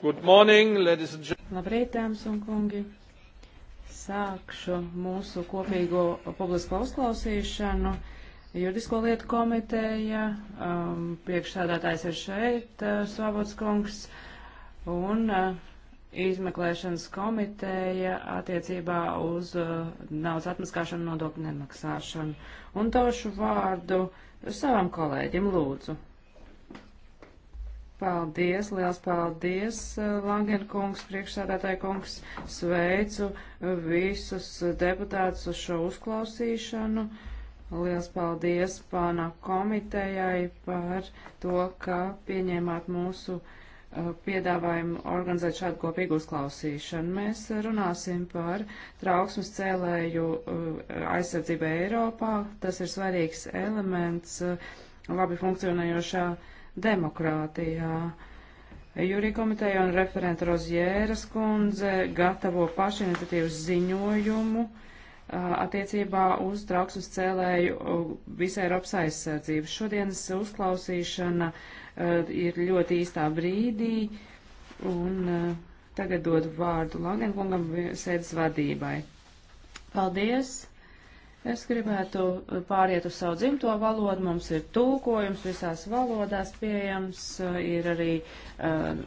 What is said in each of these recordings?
Good morning, ladies and gentlemen. Labrīt, dāmas un kungi. Sākšu mūsu kopīgo publisko uzklausīšanu. Juridisko lietu komiteja, um, priekšsādātājs ir šeit, uh, Svavots kungs, un uh, izmeklēšanas komiteja attiecībā uz uh, naudas atmaskāšanu nodokļu nemaksāšanu. Un došu vārdu uh, savam kolēģim, lūdzu. Paldies, liels paldies, eh, Langen kungs, priekšsādātāja kungs. Sveicu eh, visus deputātus uz šo uzklausīšanu. Liels paldies pāna komitejai par to, ka pieņēmāt mūsu uh, Eh, piedāvājumu organizēt šādu kopīgu uzklausīšanu. Mēs runāsim par trauksmes cēlēju eh, aizsardzību Eiropā. Tas ir svarīgs elements eh, labi funkcionējošā demokrātijā. Jūrija komiteja un referenta Rozjēras kundze gatavo pašiniciatīvas ziņojumu attiecībā uz trauksmes cēlēju visai Eiropas aizsardzību. Šodienas uzklausīšana uh, Eh, ir ļoti īstā brīdī, un eh, tagad dodu vārdu Langenkungam sēdes vadībai. Paldies! Es gribētu eh, pāriet uz savu dzimto valodu, mums ir tūkojums visās valodās pieejams, ir arī uh,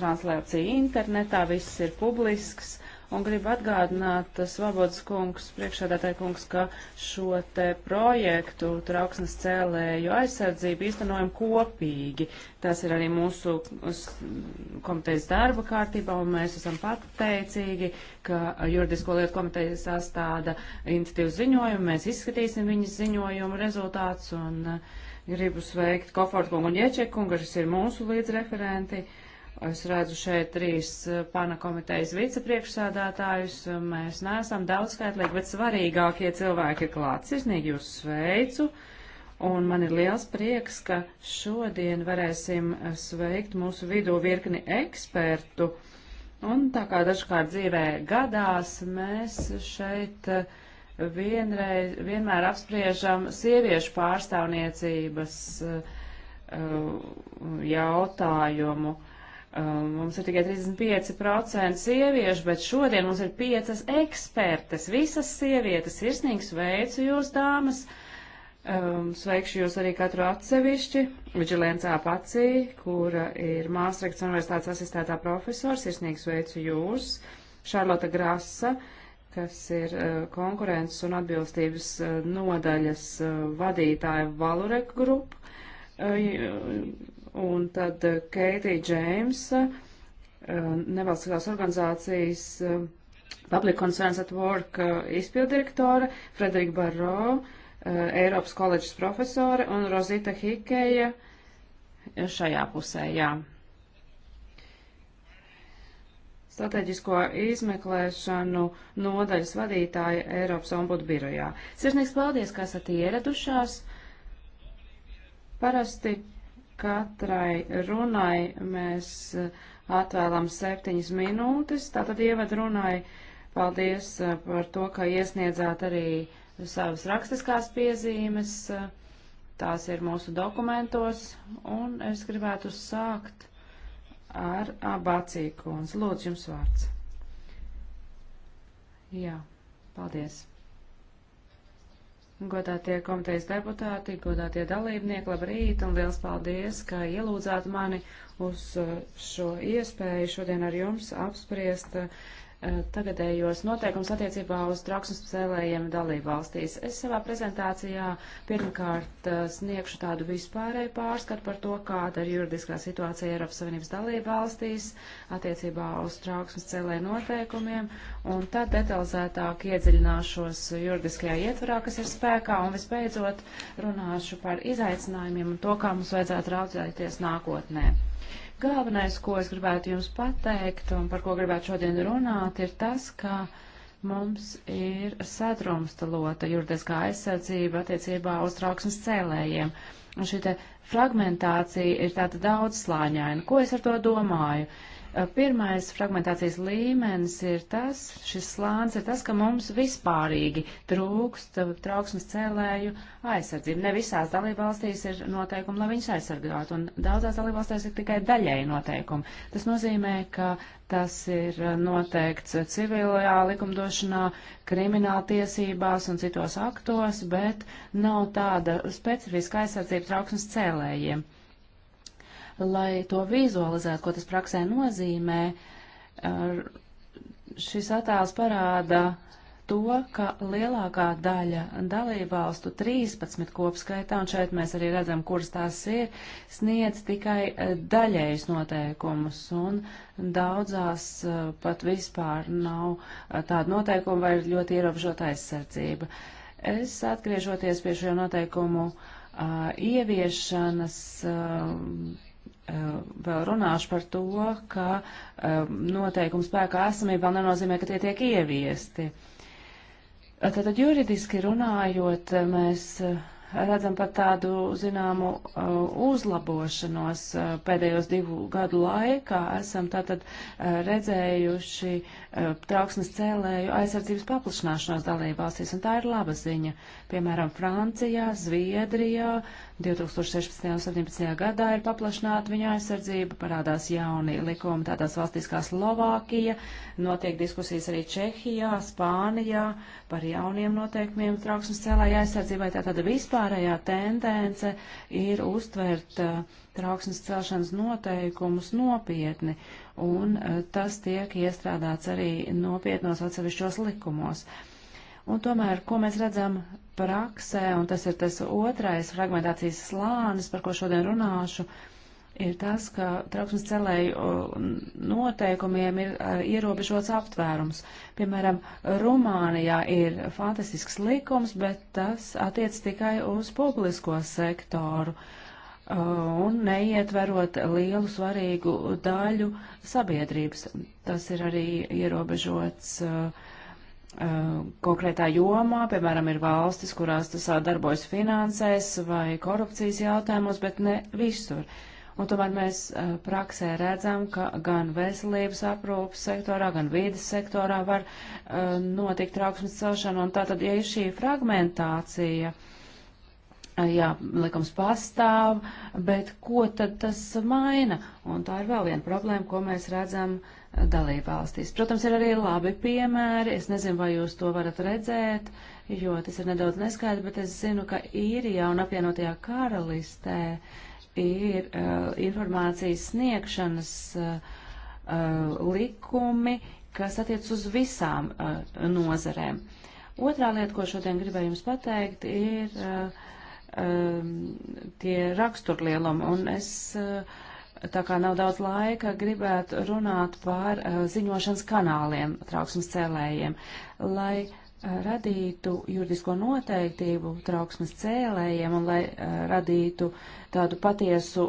translācija internetā, viss ir publisks un gribu atgādināt eh, Svabodas kungs, priekšādātāja kungs, ka šo te projektu trauksmes cēlēju aizsardzību īstenojam kopīgi. Tas ir arī mūsu komitejas darba kārtībā, un mēs esam pateicīgi, ka juridisko lietu komiteja sastāda iniciatīvu ziņojumu, mēs izskatīsim viņas ziņojumu rezultātus, un eh, gribu sveikt Kofortkungu un Ječekungu, kas ir mūsu līdzreferenti. referenti es redzu šeit trīs eh, pana komitejas vicepriekšsādātājus. Mēs neesam daudzskaitlīgi, bet svarīgākie cilvēki ir klāt. Sirsnīgi jūs sveicu. Un man ir liels prieks, ka šodien varēsim eh, sveikt mūsu vidū virkni ekspertu. Un tā kā dažkārt dzīvē gadās, mēs šeit eh, vienreiz, vienmēr apspriežam sieviešu pārstāvniecības uh, jautājumu. Um, mums ir tikai 35% sieviešu, bet šodien mums ir piecas ekspertes. Visas sievietes sirsnīgi sveicu jūs, dāmas. Um, sveikšu jūs arī katru atsevišķi. Vigilēncā Pacī, kura ir Māstrekts universitātes asistētā profesors, sirsnīgi sveicu jūs. Šarlota Grasa, kas ir uh, konkurences un atbilstības uh, nodaļas uh, vadītāja Valurek grupa. Uh, Un tad eh, Keitija Džeimsa, eh, nevalstiskās organizācijas eh, Public Concerns at Work izpildirektore, Frederika Barro, Eiropas koledžas profesore un Rozita Hikeja šajā pusē, jā. Strateģisko izmeklēšanu nodaļas vadītāja Eiropas ombudu birojā. Sirsnīgs paldies, ka esat ieradušās. Parasti Katrai runai mēs eh, atvēlam septiņas minūtes, tātad ievad runai. Paldies eh, par to, ka iesniedzāt arī savas rakstiskās piezīmes. Tās ir mūsu dokumentos, un es gribētu sākt ar abacīku. Lūdzu, jums vārds. Jā, paldies godātie komitejas deputāti, godātie dalībnieki, labrīt un liels paldies, ka ielūdzāt mani uz uh, šo iespēju šodien ar jums apspriest uh, E, tagadējos noteikums attiecībā uz trauksmes cēlējiem dalību valstīs. Es savā prezentācijā pirmkārt e, sniegšu tādu vispārēju pārskatu par to, kāda ir juridiskā situācija Eiropas Savienības dalību valstīs attiecībā uz trauksmes cēlēju noteikumiem, un tad detalizētāk iedziļināšos juridiskajā ietvarā, kas ir spēkā, un visbeidzot runāšu par izaicinājumiem un to, kā mums vajadzētu raudzēties nākotnē. Galvenais, ko es gribētu jums pateikt un par ko gribētu šodien runāt, ir tas, ka mums ir sadrumstalota juridiskā aizsardzība attiecībā uz trauksmes cēlējiem. Un šī fragmentācija ir tāda daudzslāņaina. Ko es ar to domāju? Uh, Pirmais fragmentācijas līmenis ir tas, šis slānis ir tas, ka mums vispārīgi trūkst trauksmes cēlēju aizsardzību. Ne visās dalībvalstīs ir noteikumi, lai viņus aizsargātu, un daudzās dalībvalstīs ir tikai daļēji noteikumi. Tas nozīmē, ka tas ir noteikts civilajā likumdošanā, krimināla tiesībās un citos aktos, bet nav tāda specifiska aizsardzība trauksmes cēlējiem. Uh, lai to vizualizētu, ko tas praksē nozīmē. Šis attēls parāda to, ka lielākā daļa dalībvalstu, 13 kopskaitā, un šeit mēs arī redzam, kuras tās ir, sniedz tikai eh, daļējus noteikumus, un daudzās eh, pat vispār nav eh, tāda noteikuma vai ir ļoti ierobežota aizsardzība. Es atgriežoties pie šo noteikumu uh, ieviešanas. Uh, Eh, vēl runāšu par to, ka eh, noteikumu spēkā esamība vēl nenozīmē, ka tie tiek ieviesti. Eh, tātad juridiski runājot, mēs redzam pat tādu zināmu uzlabošanos pēdējos divu gadu laikā. Esam tātad redzējuši trauksmes cēlēju aizsardzības paplašināšanos dalībvalstīs, un tā ir laba ziņa. Piemēram, Francijā, Zviedrijā, 2016. un 2017. gadā ir paplašināta viņa aizsardzība, parādās jauni likumi tādās valstīs kā Slovākija, notiek diskusijas arī Čehijā, Spānijā par jauniem noteikumiem trauksmes cēlāja aizsardzībai. Tā tāda vispārējā tendence ir uztvert uh, trauksmes celšanas noteikumus nopietni, un uh, tas tiek iestrādāts arī nopietnos atsevišķos likumos. Un tomēr, ko mēs redzam praksē, un tas ir tas otrais fragmentācijas slānis, par ko šodien runāšu, ir tas, ka trauksmes celēju noteikumiem ir ierobežots aptvērums. Piemēram, Rumānijā ir fantastisks likums, bet tas attiec tikai uz publisko sektoru un neietverot lielu svarīgu daļu sabiedrības. Tas ir arī ierobežots uh, Eh, konkrētā jomā, piemēram, ir valstis, kurās tas darbojas finansēs vai korupcijas jautājumos, bet ne visur. Un tomēr mēs eh, praksē redzam, ka gan veselības aprūpas sektorā, gan vīdes sektorā var uh, notikt trauksmes celšana, un tātad, ja ir šī fragmentācija, jā, likums pastāv, bet ko tad tas maina? Un tā ir vēl viena problēma, ko mēs redzam uh, dalībvalstīs. Protams, ir arī labi piemēri, es nezinu, vai jūs to varat redzēt, jo tas ir nedaudz neskaidri, bet es zinu, ka īrijā un apvienotajā karalistē ir uh, informācijas sniegšanas uh, uh, likumi, kas attiec uz visām uh, nozarēm. Otrā lieta, ko šodien gribēju jums pateikt, ir uh, uh, tie raksturlielumi, un es uh, tā kā nav daudz laika, gribētu runāt par uh, ziņošanas kanāliem trauksmes cēlējiem, lai uh, radītu juridisko noteiktību trauksmes cēlējiem un lai uh, radītu tādu patiesu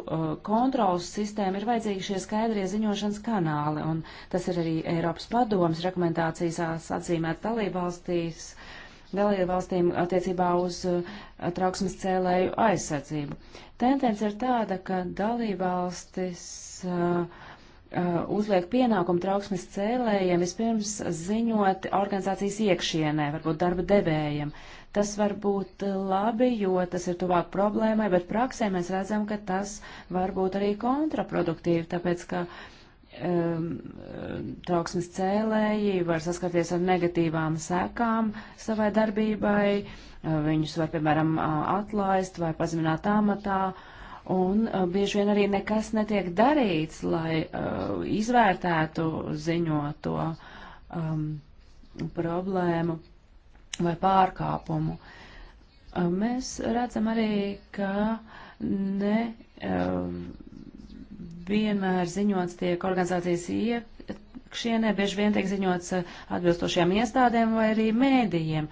kontrolas sistēmu, ir vajadzīgi šie skaidrie ziņošanas kanāli. Un tas ir arī Eiropas padomas rekomendācijās atzīmēt dalībvalstīs. valstīs dalību valstīm attiecībā uz uh, trauksmes cēlēju aizsardzību. Tendence ir tāda, ka dalību valstis uh, uh, uzliek pienākumu trauksmes cēlējiem vispirms ziņot organizācijas iekšienē, varbūt darba devējiem. Tas var būt labi, jo tas ir tuvāk problēmai, bet praksē mēs redzam, ka tas var būt arī kontraproduktīvi, tāpēc ka uh, Um, trauksmes cēlēji var saskarties ar negatīvām sekām savai darbībai, uh, viņus var, piemēram, uh, atlaist vai pazemināt amatā, un uh, bieži vien arī nekas netiek darīts, lai izvērtētu ziņoto um, problēmu vai pārkāpumu. Mēs redzam arī, ka ne. Um, vienmēr ziņots tiek organizācijas iekšienē, bieži vien tiek ziņots eh, atbilstošajām iestādēm vai arī mēdījiem.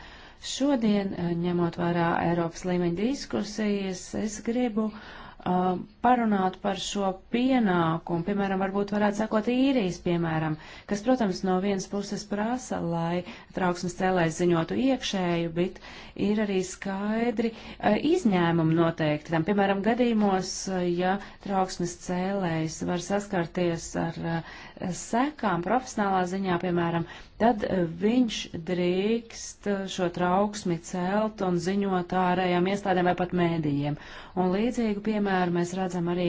Šodien, eh, ņemot vērā Eiropas līmeņa diskusijas, es gribu uh, uh, parunāt par šo pienākumu. Piemēram, varbūt varētu sakot īrijas, piemēram, kas, protams, no vienas puses prasa, lai trauksmes cēlājs ziņotu iekšēju, bet ir arī skaidri uh, izņēmumi noteikti. Tam, piemēram, gadījumos, uh, ja trauksmes cēlājs var saskarties ar uh, sekām profesionālā ziņā, piemēram, tad eh, viņš drīkst eh, šo trauksmi celt un ziņot ārējām iestādēm vai pat mēdījiem. Un līdzīgu piemēru mēs redzam arī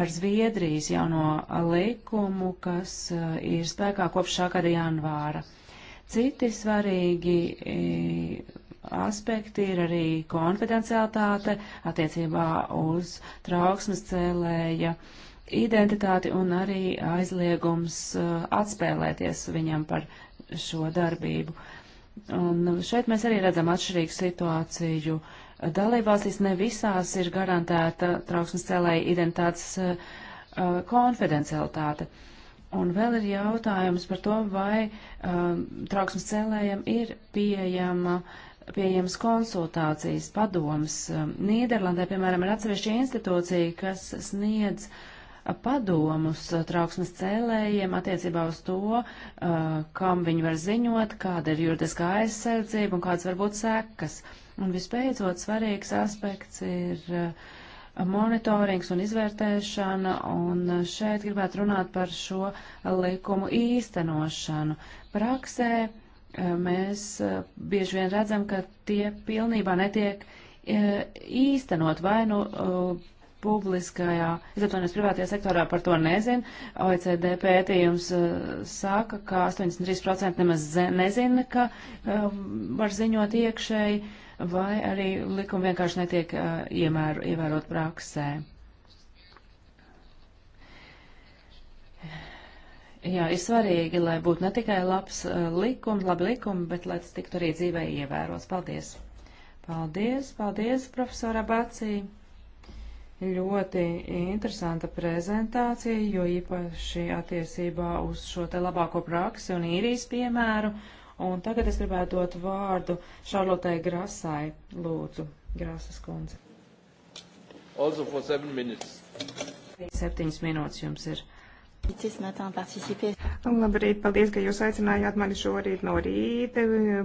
ar Zviedrijas jauno likumu, kas eh, ir spēkā kopš šā gada janvāra. Citi svarīgi aspekti ir arī konfidencialitāte attiecībā uz trauksmes cēlēja uh, identitāti un arī aizliegums uh, atspēlēties viņam par šo darbību. Un šeit mēs arī redzam atšķirīgu situāciju. Dalībvalstīs ne visās ir garantēta trauksmes cēlēja identitātes uh, uh konfidencialitāte. Un vēl ir jautājums par to, vai uh, trauksmes cēlējiem ir pieejama uh, pieejams konsultācijas, padomas. Um, Nīderlandē, piemēram, ir atsevišķa institūcija, kas sniedz padomus eh, trauksmes cēlējiem attiecībā uz to, eh, kam viņi var ziņot, kāda ir juridiskā aizsardzība un kādas var būt sekas. Un vispēcot svarīgs aspekts ir eh, monitorings un izvērtēšana, un šeit gribētu runāt par šo likumu īstenošanu. Praksē mēs bieži vien redzam, ka tie pilnībā netiek īstenot vai nu publiskajā, es atvainojos privātajā sektorā par to nezinu. OECD pētījums uh, saka, ka 83% nemaz nezina, ka uh, var ziņot iekšēji, vai arī likumi vienkārši netiek uh, iemēru, ievērot praksē. Jā, ir svarīgi, lai būtu ne tikai labs uh, likums, labi likumi, bet lai tas tiktu arī dzīvē ievēros. Paldies! Paldies, paldies, profesora Bācija! ļoti interesanta prezentācija, jo īpaši attiecībā uz šo te labāko praksi un īrijas piemēru. Un tagad es gribētu dot vārdu Šarlotei Grasai. Lūdzu, Grasas kundze. Also for seven minutes. Septiņas minūtes jums ir. Uh, Labrīt, paldies, ka jūs aicinājāt mani šorīt no rīta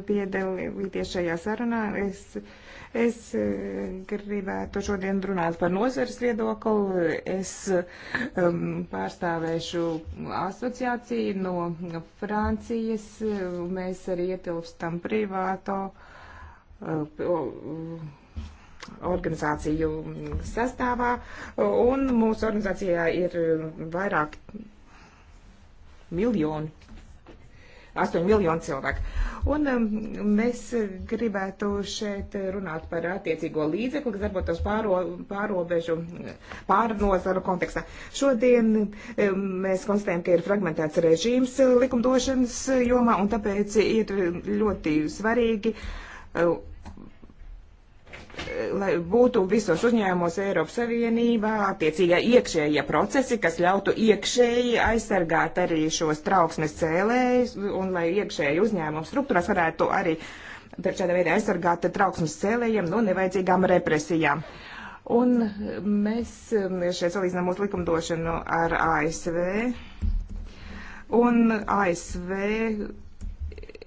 piedalīties šajā sarunā. Es, es eh, gribētu šodien runāt par nozares viedokli. Es um, pārstāvēšu asociāciju no Francijas. Mēs arī ietilpstam privāto. Uh, uh, organizāciju sastāvā, un mūsu organizācijā ir vairāk miljoni. 8 miljoni cilvēku. Un um, mēs gribētu šeit runāt par attiecīgo līdzekli, kas darbotos pāro, pārobežu, pārnozaru kontekstā. Šodien um, mēs konstatējam, ka ir fragmentēts režīms likumdošanas jomā, un tāpēc ir ļoti svarīgi uh, lai būtu visos uzņēmumos Eiropas Savienībā attiecīgie iekšējie procesi, kas ļautu iekšēji aizsargāt arī šos trauksmes cēlējus, un lai iekšēji uzņēmumu struktūrās varētu arī par šādā veidā aizsargāt trauksmes cēlējiem no nevajadzīgām represijām. Un mēs um, šeit salīdzinām mūsu likumdošanu ar ASV. Un ASV e,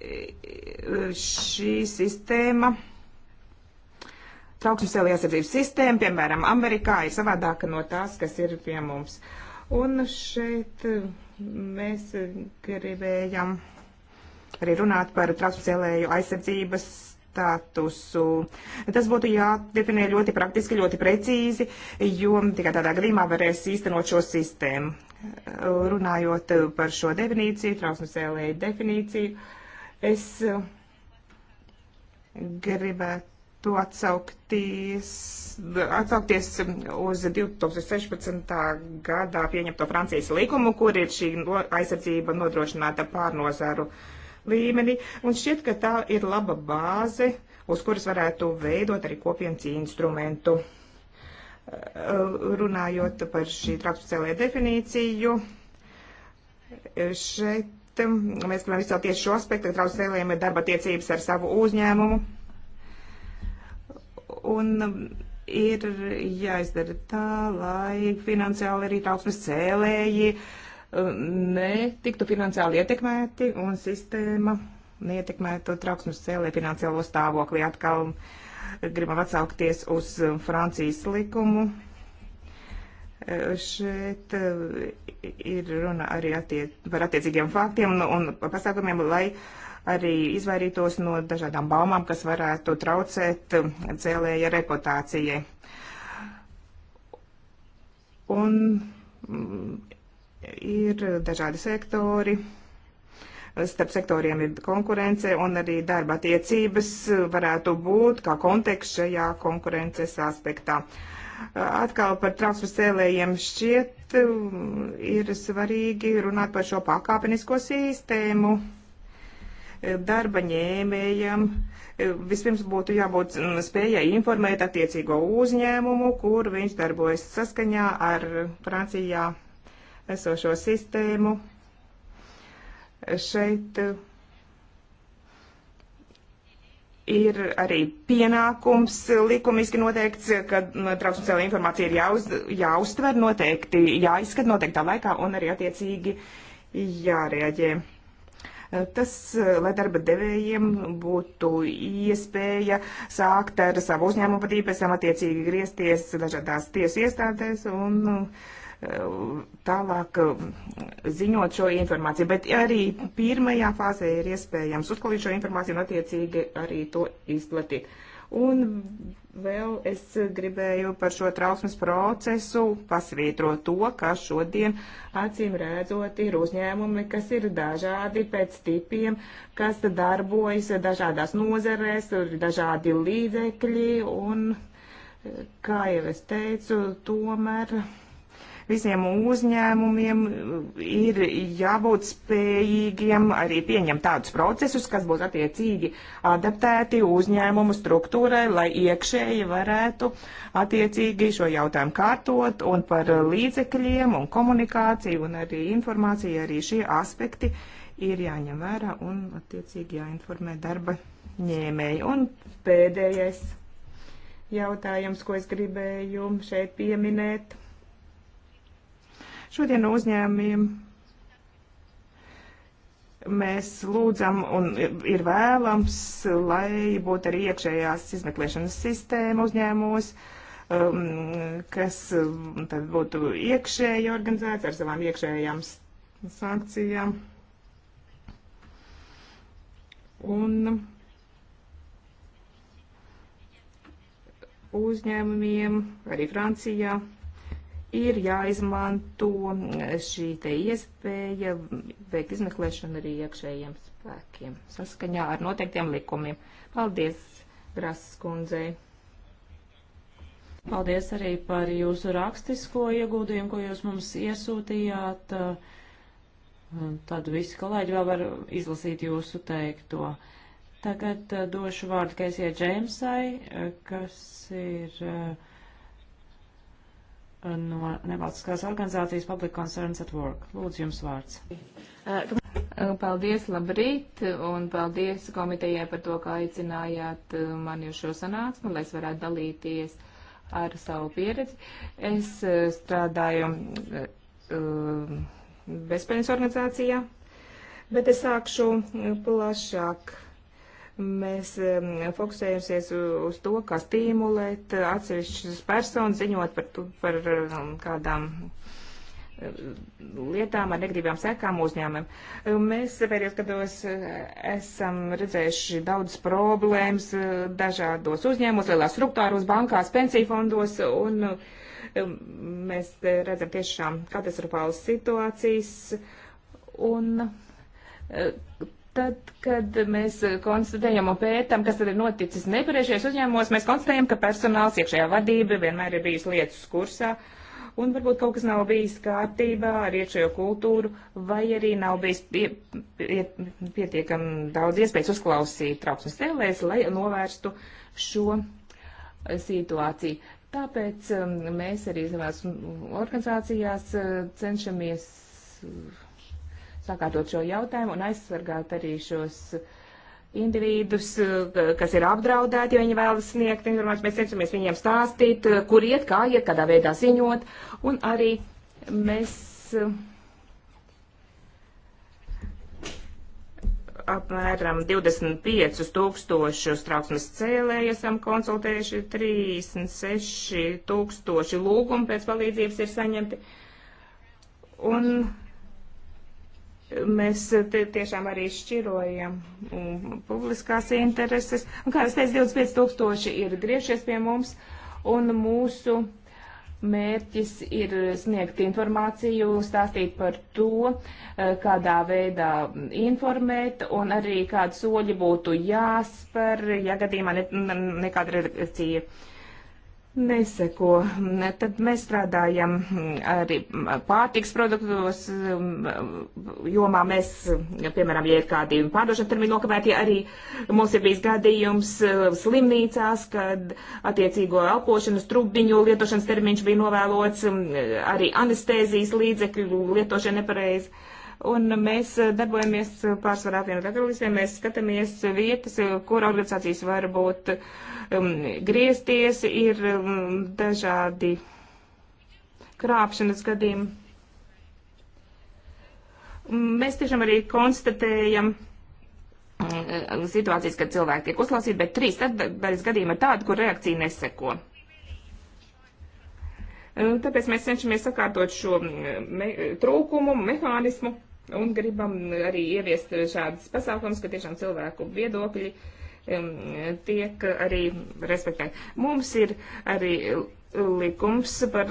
e, šī sistēma trauksmes cēlīja aizsardzības sistēma, piemēram, Amerikā, ir savādāka no tās, kas ir pie mums. Un šeit eh, mēs eh, gribējam arī runāt par trauksmes cēlēju aizsardzības statusu. Tas būtu jādefinē ļoti praktiski, ļoti precīzi, jo tikai tādā gadījumā varēs īstenot šo sistēmu. Runājot par šo definīciju, trauksmes cēlēju definīciju, es gribētu varētu atsaukties, atsaukties uz 2016. gadā pieņemto Francijas likumu, kur ir šī aizsardzība nodrošināta pārnozaru līmenī, un šķiet, ka tā ir laba bāze, uz kuras varētu veidot arī kopienas instrumentu. Runājot par šī trakspacēlē definīciju, šeit mēs gribam izcelties šo aspektu, ka trakspacēlējiem ir darba tiecības ar savu uzņēmumu Un um, ir jāizdara tā, lai finansiāli arī trauksmes cēlēji um, netiktu finansiāli ietekmēti un sistēma neietekmētu trauksmes cēlēju finansiālo stāvokli. Atkal gribam atsaukties uz Francijas likumu. Uh, šeit uh, ir runa arī attiec, par attiecīgiem faktiem un, un pasākumiem, lai uh, arī izvairītos no dažādām baumām, kas varētu traucēt um, cēlēja reputācijai. Un mm, ir dažādi sektori, starp sektoriem ir konkurence un arī darba attiecības varētu būt kā konteksts šajā konkurences aspektā. Atkal par transfersēlējiem šķiet um, ir svarīgi runāt par šo pakāpenisko sistēmu darba ņēmējam e, vispirms būtu jābūt mm, spējai informēt attiecīgo uzņēmumu, kur viņš darbojas saskaņā ar Francijā esošo sistēmu. Šeit e, ir arī pienākums likumiski noteikts, ka mm, trauksmes cēlā informācija ir jāuz, jāuztver noteikti, jāizskat noteiktā laikā un arī attiecīgi jārēģē. Tas, eh, lai darba devējiem būtu iespēja sākt ar savu uzņēmumu patību, pēc tam attiecīgi griezties dažādās tiesu iestādēs un eh, tālāk eh, ziņot šo informāciju. Bet arī pirmajā fāzē ir iespējams uzklausīt šo informāciju un attiecīgi arī to izplatīt. Uh, Un vēl es gribēju par šo trausmas procesu pasvītrot to, ka šodien acīm redzot ir uzņēmumi, kas ir dažādi pēc tipiem, kas darbojas dažādās nozerēs, ir dažādi līdzekļi un, kā jau es teicu, tomēr Visiem uzņēmumiem ir jābūt spējīgiem arī pieņemt tādus procesus, kas būs attiecīgi adaptēti uzņēmumu struktūrai, lai iekšēji varētu attiecīgi šo jautājumu kārtot un par līdzekļiem un komunikāciju un arī informāciju arī šie aspekti ir jāņem vērā un attiecīgi jāinformē darba ņēmēji. Un pēdējais jautājums, ko es gribēju šeit pieminēt, Šodien no uzņēmiem mēs lūdzam un ir vēlams, lai būtu arī iekšējās izmeklēšanas sistēma uzņēmumos, um, kas um, tad būtu iekšēji organizēts ar savām iekšējām sankcijām. Un uzņēmumiem arī Francijā ir jāizmanto mm, šī te iespēja veikt izmeklēšanu arī iekšējiem spēkiem saskaņā ar noteiktiem likumiem. Paldies, Grasas kundzei! Paldies arī par jūsu rakstisko ieguldījumu, ko jūs mums iesūtījāt. Tad visi kolēģi vēl var izlasīt jūsu teikto. Tagad eh, došu vārdu Keisijai Džeimsai, eh, kas ir uh, no nevalstiskās organizācijas Public Concerns at Work. Lūdzu, jums vārds. Uh, paldies, labrīt, un paldies komitejai par to, ka aicinājāt uh, mani uz šo sanāksmu, lai es varētu dalīties ar savu pieredzi. Es uh, strādāju bezpējas organizācijā, bet es sākšu plašāk Mēs fokusējamies uz to, kā stimulēt eh, atsevišķas personas, ziņot par, tu, par kādām eh, lietām ar negribām sekām uzņēmumiem. Eh, mēs pēdējos gados esam redzējuši daudz problēmas dažādos uzņēmumos, lielās struktūros, bankās, pensiju fondos, un mēs redzam tiešām katastrofālas situācijas. Un Tad, kad mēs konstatējam un pētam, kas tad ir noticis nepareizajos uzņēmumos, mēs konstatējam, ka personāls iekšējā vadība vienmēr ir bijis lietas kursā, un varbūt kaut kas nav bijis kārtībā ar iekšējo kultūru, vai arī nav bijis pie, pie, pietiekam daudz iespējas uzklausīt trauksmes cēlēs, lai novērstu šo situāciju. Tāpēc um, mēs arī savās organizācijās uh, cenšamies uh, sakārtot šo jautājumu un aizsargāt arī šos individus, kas ir apdraudēti, jo viņi vēlas sniegt informāciju. Mēs cenšamies viņiem stāstīt, kur iet, kā iet, kādā veidā ziņot. Un arī mēs apmēram 25 tūkstošu trauksmes cēlēju esam konsultējuši, 36 tūkstoši lūgumu pēc palīdzības ir saņemti. Un mēs tiešām arī šķirojam publiskās intereses. Un, kā es teicu, 25 tūkstoši ir griežies pie mums, un mūsu mērķis ir sniegt informāciju, stāstīt par to, eh, kādā veidā informēt, un arī kādi soļi būtu jāspēr, ja gadījumā ne, nekāda redakcija. Ne neseko. Tad mēs strādājam arī pārtiks produktos, um, jomā mēs, piemēram, ja ir kādi pārdošana termini nokavēti, arī mums ir bijis gadījums uh, slimnīcās, kad attiecīgo elpošanas trubiņu lietošanas termiņš bija novēlots, um, arī anestēzijas līdzekļu lietošana nepareizi. Un mēs uh, darbojamies uh, pārsvarā apvienotā karalistē, mēs skatāmies vietas, kur organizācijas var būt uh, Um, griezties, ir um, dažādi krāpšanas gadījumi. Um, mēs tiešām arī konstatējam, situācijas, kad cilvēki tiek uzklausīti, bet trīs daļas gadījumi ir tādi, kur reakcija neseko. Tāpēc mēs cenšamies sakārtot šo me trūkumu, mehānismu un gribam arī ieviest šādas pasākums, ka tiešām cilvēku viedokļi uh, tiek arī respektēti. Mums ir arī likums par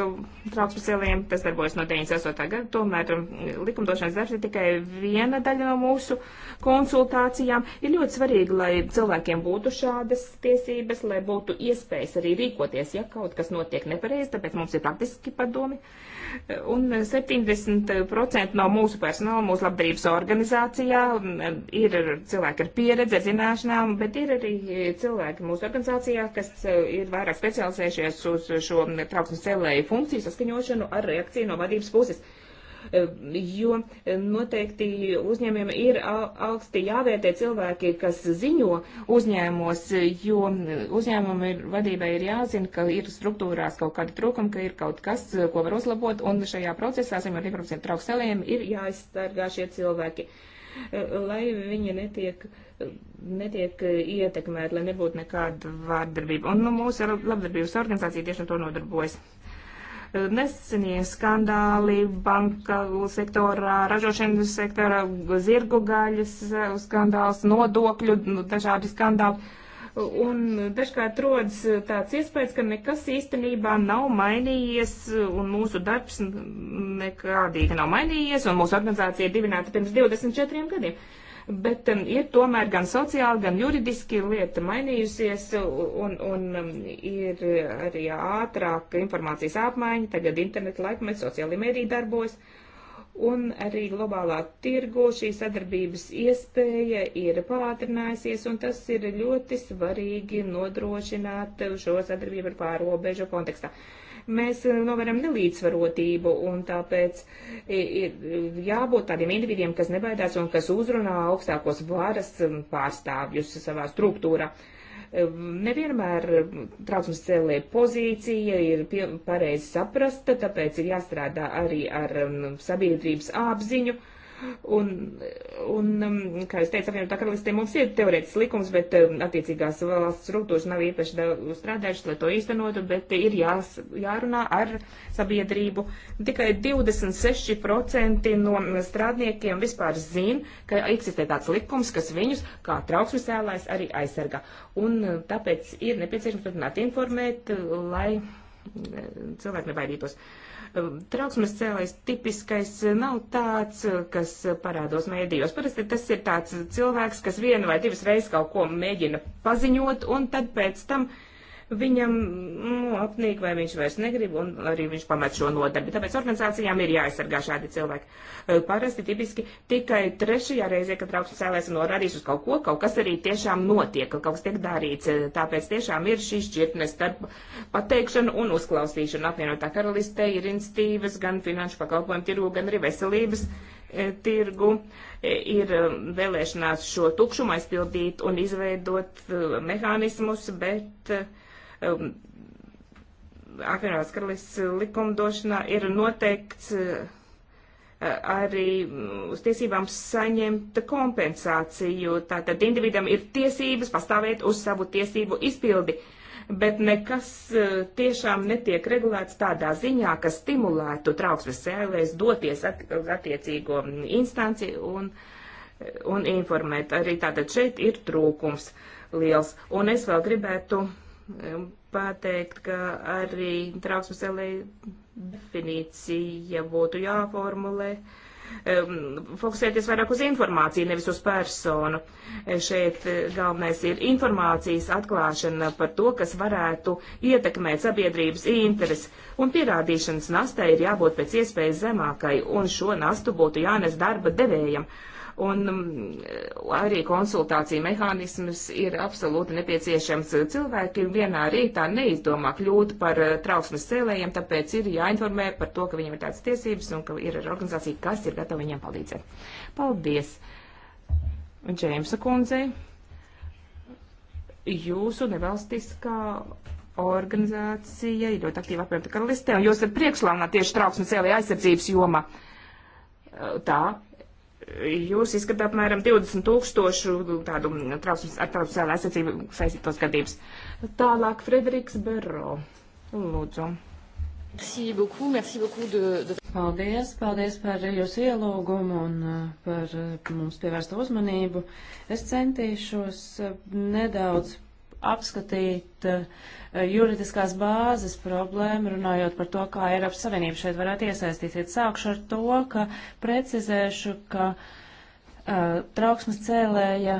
trauksmesēliem, tas darbojas no 98. gada, tomēr um, likumdošanas darbs ir tikai viena daļa no mūsu konsultācijām. Ir ļoti svarīgi, lai cilvēkiem būtu šādas tiesības, lai būtu iespējas arī rīkoties, ja kaut kas notiek nepareizi, tāpēc mums ir praktiski padomi. Un 70% no mūsu personāla, mūsu labdarības organizācijā um, ir cilvēki ar pieredzi, ar zināšanām, bet ir arī cilvēki mūsu organizācijā, kas uh, ir vairāk specializējušies uz šo trauksmes cēlēju funkciju saskaņošanu ar reakciju no vadības puses. Jo noteikti uzņēmiem ir augsti jāvērtē cilvēki, kas ziņo uzņēmumos, jo uzņēmumu ir, vadībai ir jāzina, ka ir struktūrās kaut kāda trūkuma, ka ir kaut kas, ko var uzlabot, un šajā procesā 100% trauksmes cēlējiem ir jāizstargā šie cilvēki, lai viņi netiek uh, netiek eh, ietekmēti, lai nebūtu nekāda vārdarbība. Un nu, mūsu labdarbības organizācija tieši ar to nodarbojas. Eh, nesenie skandāli banka sektorā, ražošanas sektorā, zirgu gaļas eh, skandāls, nodokļu, nu, dažādi skandāli. Un dažkārt rodas tāds iespējas, ka nekas īstenībā nav mainījies, un mūsu darbs nekādīgi nav mainījies, un mūsu organizācija ir dibināta pirms 24 gadiem. Uh, bet um, ir tomēr gan sociāli, gan juridiski lieta mainījusies un, un um, ir arī ātrāk informācijas apmaiņa, tagad internetu laikmets, sociāli mēdī darbojas. Un arī globālā tirgu šī sadarbības iespēja ir pātrinājusies, un tas ir ļoti svarīgi nodrošināt šo sadarbību ar pārobežu kontekstā. Uh, mēs eh, novēram nelīdzsvarotību, un tāpēc ir jābūt tādiem individiem, kas nebaidās un kas uzrunā augstākos varas pārstāvjus savā struktūrā. Eh, nevienmēr trauksmes cēlē pozīcija ir pareizi saprasta, tāpēc ir jāstrādā arī ar sabiedrības apziņu. Uh, Un, un um, kā es teicu, apvienotā karalistē mums ir teorētisks likums, bet um, attiecīgās valsts struktūras nav īpaši strādājušas, lai to īstenotu, bet ir jās, jārunā ar sabiedrību. Tikai 26% no strādniekiem vispār zin, ka eksistē tāds likums, kas viņus kā trauksmes cēlājs arī aizsargā. Un uh, tāpēc ir nepieciešams turpināt informēt, uh, lai uh, cilvēki nebaidītos. Uh, Trauksmes cēlājs tipiskais nav tāds, kas parādos mēdījos. Parasti tas ir tāds cilvēks, kas vienu vai divas reizes kaut ko mēģina paziņot, un tad pēc tam uh, viņam nu, mm, apnīk vai viņš vairs negrib, un arī viņš pamet šo nodarbi. Tāpēc organizācijām ir jāaizsargā šādi cilvēki. Parasti tipiski tikai trešajā reizē, kad trauksmes cēlēs un norādīs uz kaut ko, kaut kas arī tiešām notiek, kaut kas tiek darīts. Tāpēc tiešām ir šī šķirtne starp pateikšanu un uzklausīšanu. Apvienotā karalistē ir institīvas gan finanšu pakalpojumu tirgu, gan arī veselības tirgu ir vēlēšanās šo tukšumu aizpildīt un izveidot mehānismus, bet uh, um, apvienotās karalists likumdošanā ir noteikts uh, arī mm, uz tiesībām saņemt kompensāciju. Tātad individam ir tiesības pastāvēt uz savu tiesību izpildi, bet nekas uh, tiešām netiek regulēts tādā ziņā, kas stimulētu trauksmes cēlēs doties at, uz attiecīgo instanci un, un informēt. Arī tātad šeit ir trūkums liels. Un es vēl gribētu pateikt, ka arī trauksmes elē definīcija būtu jāformulē um, fokusēties vairāk uz informāciju, nevis uz personu. Šeit eh, galvenais ir informācijas atklāšana par to, kas varētu ietekmēt sabiedrības interesi, un pierādīšanas nastai ir jābūt pēc iespējas zemākai, un šo nastu būtu jānes darba devējam. Uh, un um, arī konsultācija mehānisms ir absolūti nepieciešams. Cilvēki vienā rītā neizdomā kļūt par uh, trauksmes cēlējiem, tāpēc ir jāinformē par to, ka viņiem ir tādas tiesības un ka ir organizācija, kas ir gatava viņiem palīdzēt. Paldies! Džeimsa kundzei, jūsu nevalstiskā organizācija ir ļoti aktīva apvienotā karalistē, un jūs esat priekšlānā tieši trauksmes cēlēja aizsardzības joma. Uh, tā jūs izskatāt apmēram 20 tūkstošu tādu trauksmes, ar trauksmes aizsardzību saistītos gadības. Tālāk Frederiks Bero. Lūdzu. Merci beaucoup, merci beaucoup de, de... Paldies, paldies par jūsu ielūgumu un uh, par uh, mums pievērsto uzmanību. Es centīšos uh, nedaudz apskatīt eh, juridiskās bāzes problēmu, runājot par to, kā Eiropas Savienība šeit varētu iesaistīties. Sākšu ar to, ka precizēšu, ka uh, trauksmes cēlēja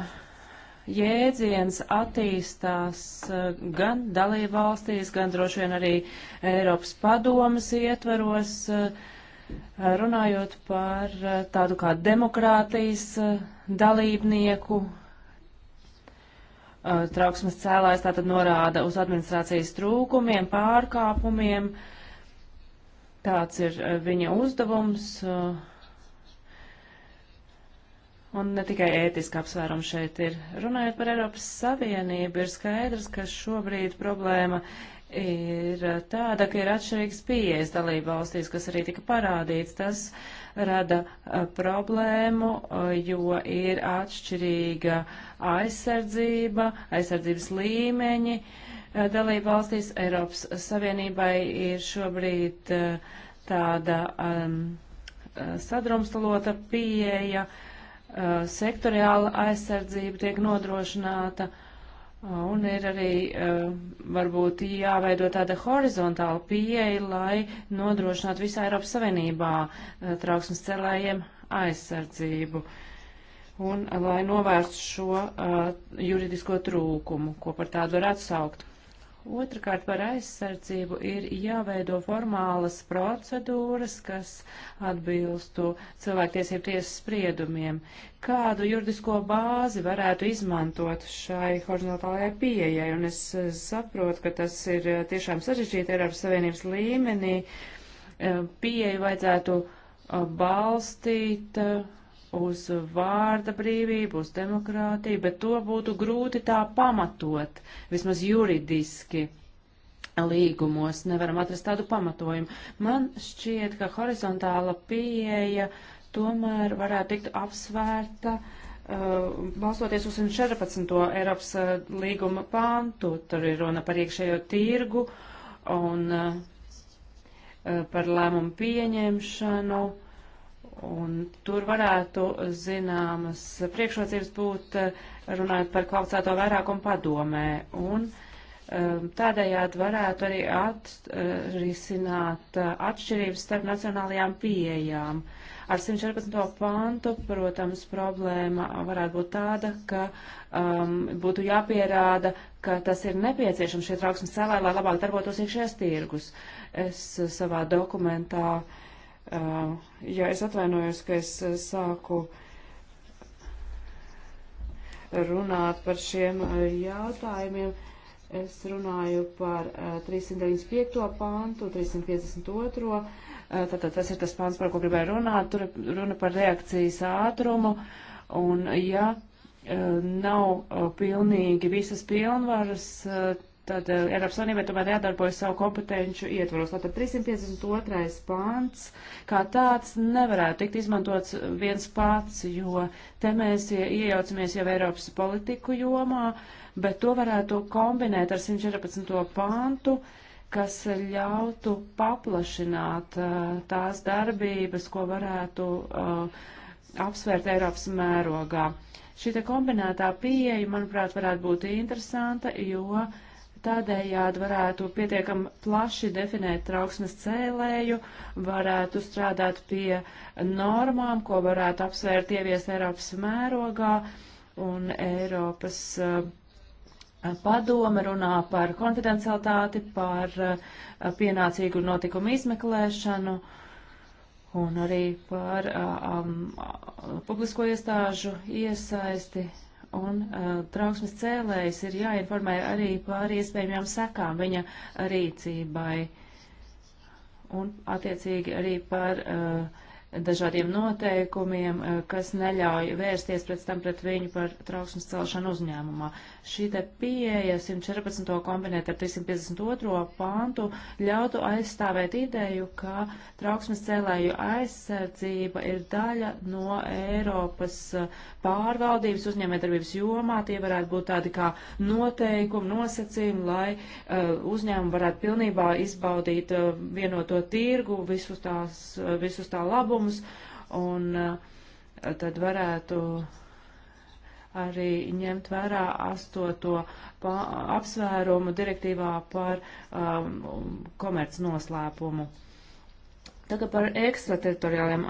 jēdziens attīstās eh, gan dalībvalstīs, gan droši vien arī Eiropas padomas ietvaros, runājot par tādu kā demokrātijas dalībnieku Uh, trauksmes cēlājs tātad norāda uz administrācijas trūkumiem, pārkāpumiem. Tāds ir uh, viņa uzdevums. Uh, un ne tikai ētiski apsvērumi šeit ir. Runājot par Eiropas Savienību, ir skaidrs, ka šobrīd problēma ir tāda, ka ir atšķirīgs pieejas dalība valstīs, kas arī tika parādīts. Tas uh, rada problēmu, jo ir atšķirīga aizsardzība, aizsardzības līmeņi dalība valstīs. Eiropas Savienībai ir šobrīd tāda um, sadrumstalota pieeja, sektoriāla aizsardzība tiek nodrošināta. Uh, Un ir arī eh, varbūt jāveido tāda horizontāla pieeja, lai nodrošinātu visā Eiropas Savienībā eh, trauksmes celējiem aizsardzību un eh, lai novērstu šo juridisko trūkumu, ko par tādu varētu saukt. Otrakārt par aizsardzību ir jāveido formālas procedūras, kas atbilstu cilvēktiesību tiesas spriedumiem. Kādu juridisko bāzi varētu izmantot šai horizontālajai pieejai? Un es eh, saprotu, ka tas ir eh, tiešām sarežģīti Eiropas Savienības līmenī. Eh, pieeju vajadzētu balstīt uz vārda brīvību, uz demokrātiju, bet to būtu grūti tā pamatot, vismaz juridiski līgumos nevaram atrast tādu pamatojumu. Man šķiet, ka horizontāla pieeja tomēr varētu tikt apsvērta uh, balstoties uz 114. Eiropas uh, līguma pāntu. Tur ir runa par iekšējo tirgu un uh, par lēmumu pieņemšanu. Uh, Un tur varētu zināmas priekšrocības būt, eh, runājot par kvalificēto vairākumu padomē. Un eh, tādējādi varētu arī atrisināt eh, atšķirības starp nacionālajām pieejām. Ar 114. pantu, protams, problēma varētu būt tāda, ka um, būtu jāpierāda, ka tas ir nepieciešams šie trauksmes cēlē, lai labāk darbotos iekšējais tirgus. Es savā dokumentā uh, Ja es atvainojos, ka es sāku runāt par šiem jautājumiem, es runāju par 395. pāntu, 352. Tātad tas ir tas pāns, par ko gribēju runāt. Tur ir runa par reakcijas ātrumu. Un, ja nav pilnīgi visas pilnvaras, Tad uh, Eiropas Savienībai tomēr jādarbojas savu kompetenču ietvaros. Tātad 352. pāns kā tāds nevarētu tikt izmantots viens pats, jo te mēs iejaucamies jau Eiropas politiku jomā, bet to varētu kombinēt ar 114. pāntu kas ļautu paplašināt uh, tās darbības, ko varētu uh, apsvērt Eiropas mērogā. Šī kombinētā pieeja, manuprāt, varētu būt interesanta, jo uh, Tādējādi varētu pietiekam plaši definēt trauksmes cēlēju, varētu strādāt pie normām, ko varētu apsvērt ievies Eiropas mērogā un Eiropas uh, padome runā par konfidencialitāti, par uh, pienācīgu notikumu izmeklēšanu un arī par um, publisko iestāžu iesaisti un uh, trauksmes cēlējs ir jāinformē arī par iespējamajām sekām viņa rīcībai un attiecīgi arī par uh, dažādiem noteikumiem, eh, kas neļauj vērsties pēc tam pret viņu par trauksmes celšanu uzņēmumā. Šī te pieeja 114. kombinēt ar 352. pantu ļautu aizstāvēt ideju, ka trauksmes cēlēju aizsardzība ir daļa no Eiropas eh, pārvaldības uzņēmētarbības jomā. Tie varētu būt tādi kā noteikumi, nosacījumi, lai uh, uzņēmumi varētu pilnībā izbaudīt uh, vienoto tirgu, visus, tās, uh, visus tā labumu labumus, un eh, tad varētu arī ņemt vērā astoto apsvērumu direktīvā par um, komerc noslēpumu. Tagad par ekstrateritoriāliem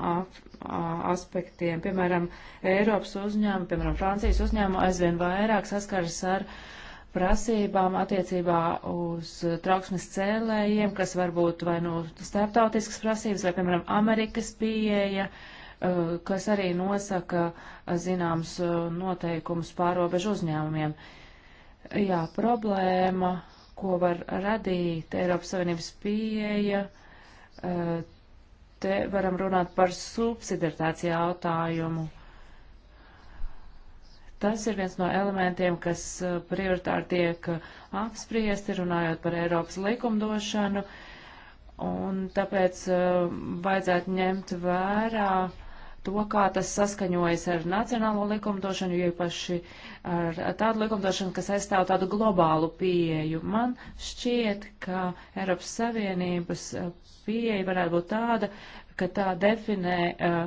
aspektiem. Piemēram, Eiropas uzņēmumi, piemēram, Francijas uzņēmumi aizvien vairāk saskaras ar uh, prasībām attiecībā uz trauksmes cēlējiem, kas varbūt vai nu no starptautiskas prasības, vai, piemēram, Amerikas pieeja, uh, kas arī nosaka uh, zināms uh, noteikumus pārobežu uzņēmumiem. Jā, problēma, ko var radīt Eiropas Savienības pieeja, te varam runāt par subsidiartāciju jautājumu Tas ir viens no elementiem, kas eh, prioritāri tiek eh, apspriesti, runājot par Eiropas likumdošanu, un tāpēc eh, vajadzētu ņemt vērā to, kā tas saskaņojas ar nacionālo likumdošanu, jo īpaši ar tādu likumdošanu, kas aizstāv tādu globālu pieeju. Man šķiet, ka Eiropas Savienības pieeja varētu būt tāda, ka tā definē uh,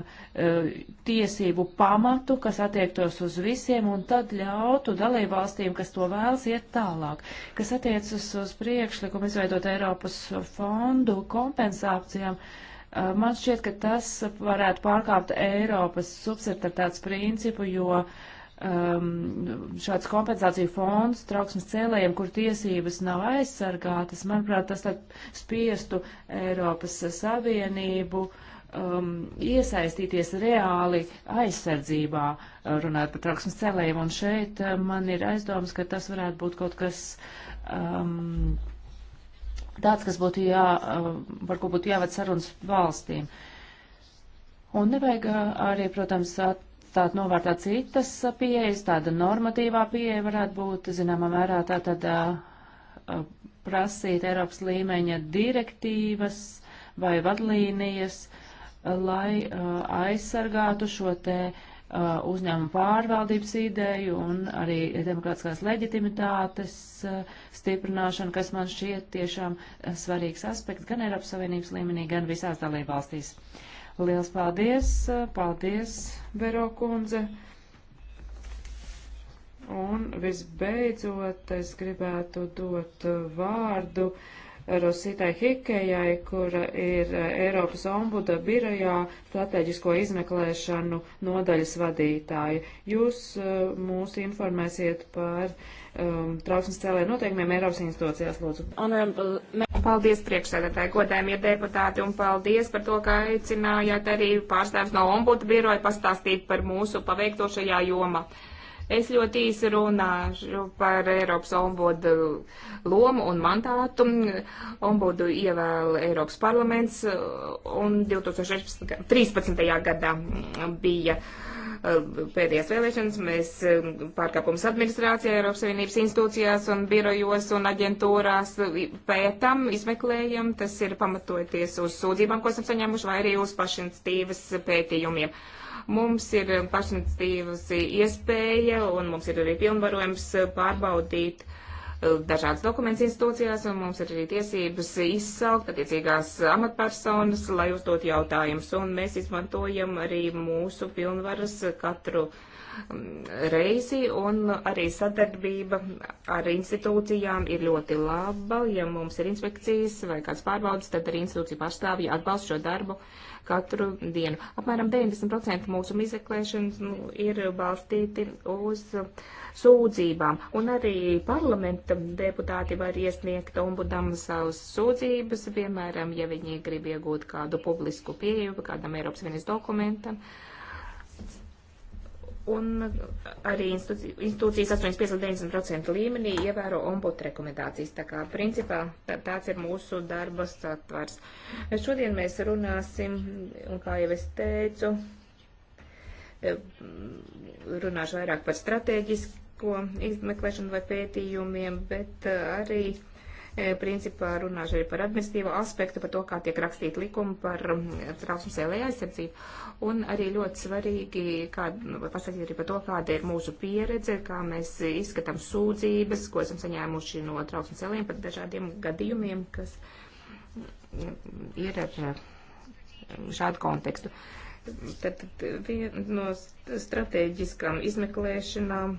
uh, tiesību pamatu, kas attiektos uz visiem, un tad ļautu dalībvalstīm, kas to vēlas, iet tālāk. Kas attiecas uz priekšlikumu izveidot Eiropas fondu kompensācijām, uh, man šķiet, ka tas varētu pārkāpt Eiropas subsidiaritātes principu, jo uh, um, šāds kompensāciju fonds trauksmes cēlējiem, kur tiesības nav aizsargātas, manuprāt, tas tad spiestu Eiropas Savienību um, iesaistīties reāli aizsardzībā, uh, runāt par trauksmes cēlējiem. Un šeit uh, man ir aizdomas, ka tas varētu būt kaut kas. Um, Tāds, kas būtu jā, par uh, ko būtu jāved sarunas valstīm. Un nevajag arī, protams, at, atstāt novārtā citas pieejas, tāda normatīvā pieeja varētu būt, zināmā mērā, tā tad prasīt Eiropas līmeņa direktīvas vai vadlīnijas, lai aizsargātu šo te uzņēmumu pārvaldības ideju un arī demokrātiskās leģitimitātes stiprināšanu, kas man šķiet tiešām svarīgs aspekts gan Eiropas Savienības līmenī, gan visās dalībvalstīs. valstīs. Liels paldies! Paldies, Vero kundze! Un visbeidzot, es gribētu dot vārdu Rositai Hikejai, kura ir Eiropas ombuda birojā strateģisko izmeklēšanu nodaļas vadītāja. Jūs eh, mūs informēsiet par uh, um, trauksmes cēlēju noteikumiem Eiropas institūcijās, lūdzu. Paldies priekšsēdētāji, godējumie deputāti, un paldies par to, ka aicinājāt arī pārstāvis no ombudu biroja pastāstīt par mūsu paveikto šajā jomā. Es ļoti īsi runāšu par Eiropas ombudu lomu un mandātu. Ombudu ievēla Eiropas parlaments un 2013. gadā bija uh, Eh, pēdējās vēlēšanas mēs eh, pārkāpums administrācijā, Eiropas Savienības institūcijās un birojos un aģentūrās eh, pētam, izmeklējam, tas ir pamatojoties uz sūdzībām, ko esam saņēmuši, vai arī uz pašinstīvas pētījumiem. Mums ir pašinstīvas iespēja un mums ir arī pilnvarojums pārbaudīt dažādas dokumentus institūcijās, un mums ir arī tiesības izsaukt attiecīgās amatpersonas, lai uzdot jautājumus. Un mēs izmantojam arī mūsu pilnvaras katru uh, reizi, un arī sadarbība ar institūcijām ir ļoti laba. Ja mums ir inspekcijas vai kāds pārbaudas, tad arī institūcija pārstāvja atbalsta šo darbu katru dienu. Apmēram 90% mūsu izmeklēšanas nu, ir balstīti uz sūdzībām, un arī parlamenta deputāti var iesniegt ombudam savas sūdzības, piemēram, ja viņi grib iegūt kādu publisku pieeju kādam Eiropas vienas dokumentam. Uh, un arī institūcijas 85-90% līmenī ievēro ombudu rekomendācijas. Tā kā principā tāds ir mūsu darba satvars. Šodien mēs runāsim, un kā jau es teicu, runāšu vairāk par strateģisko izmeklēšanu vai pētījumiem, bet eh, arī E, principā runāšu arī par administratīvo aspektu, par to, kā tiek rakstīti likumi par mm, trauksmes ēlēju aizsardzību. Un arī ļoti svarīgi nu, pasakīt arī par to, kāda ir mūsu pieredze, kā mēs izskatām sūdzības, ko esam saņēmuši no trauksmes ēlējiem par dažādiem gadījumiem, kas mm, ir ar mm, šādu kontekstu. Uh, Tad viena no strateģiskām izmeklēšanām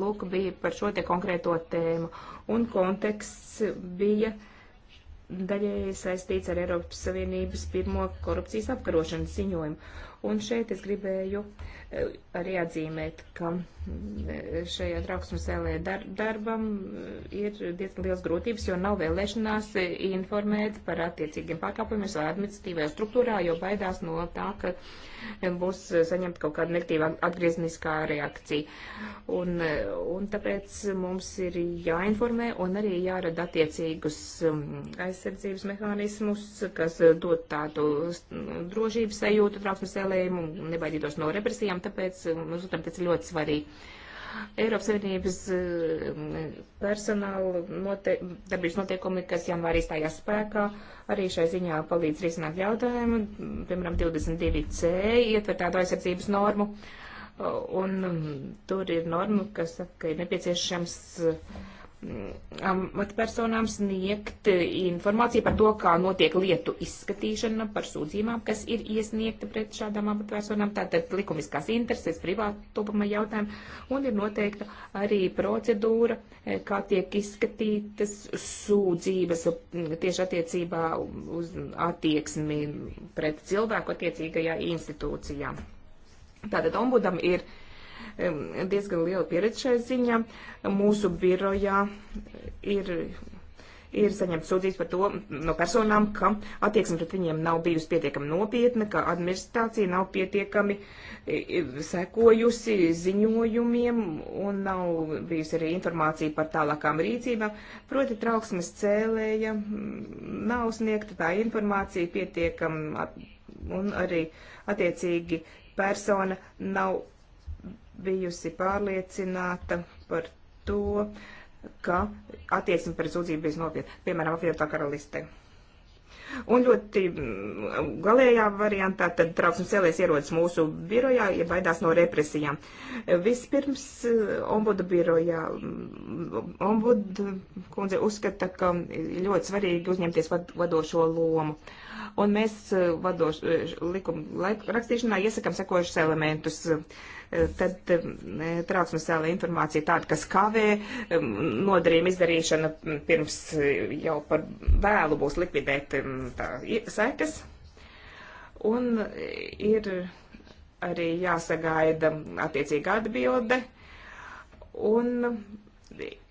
lūk bija par šo te konkrēto tēmu, un konteksts bija daļēji saistīts ar Eiropas Savienības pirmo korupcijas apkarošanas ziņojumu. Un šeit es gribēju eh, arī atzīmēt, ka mm, šajā trauksmes ēlē dar darbam eh, ir diezgan liels grūtības, jo nav vēlēšanās informēt par attiecīgiem pārkāpumiem savā administratīvajā struktūrā, jo baidās no tā, ka būs saņemta kaut kāda negatīva atgriezniskā reakcija. Un, eh, un tāpēc mums ir jāinformē un arī jārada attiecīgus mm, aizsardzības mehānismus, kas dod tādu drošības sajūtu trauksmes ēlē paralēm un nebaidītos no represijām, tāpēc mums otram tas ir ļoti svarīgi. Eiropas Savienības um, personāla note, darbības noteikumi, kas janvārī stājās spēkā, arī šai ziņā palīdz risināt jautājumu. Piemēram, 22C ietver tādu aizsardzības normu, un um, tur ir norma, kas saka, ka ir nepieciešams uh, amatpersonām sniegt informāciju par to, kā notiek lietu izskatīšana par sūdzībām, kas ir iesniegta pret šādām amatpersonām, tātad likumiskās intereses, privātuma jautājumi, un ir noteikta arī procedūra, eh, kā tiek izskatītas sūdzības mm, tieši attiecībā uz attieksmi pret cilvēku attiecīgajā institūcijā. Tātad ombudam ir diezgan liela pieredze šai ziņā. Mūsu birojā ir ir saņemts sūdzības par to no personām, ka attieksme pret viņiem nav bijusi pietiekami nopietna, ka administrācija nav pietiekami e, e, sekojusi ziņojumiem un nav bijusi arī informācija par tālākām rīcībām. Proti trauksmes cēlēja nav sniegta tā informācija pietiekami un arī attiecīgi persona nav bijusi pārliecināta par to, ka attieksme pret sūdzību bija nopietna, piemēram, apvienotā karalistē. Un ļoti mm, galējā variantā tad trauksmes cēlies ierodas mūsu birojā, ja baidās no represijām. Vispirms eh, ombuda birojā mm, ombuda kundze uzskata, ka ļoti svarīgi uzņemties vadošo lomu. Uh, un mēs eh, vadoš, eh, likuma rakstīšanā iesakam sekojušus elementus. Eh, tad trauksmes cēlē informācija tāda, kas kavē nodarījuma izdarīšana mm, pirms jau par vēlu būs likvidēt mm, tā, sekas. Un ir arī jāsagaida attiecīga atbilde. Un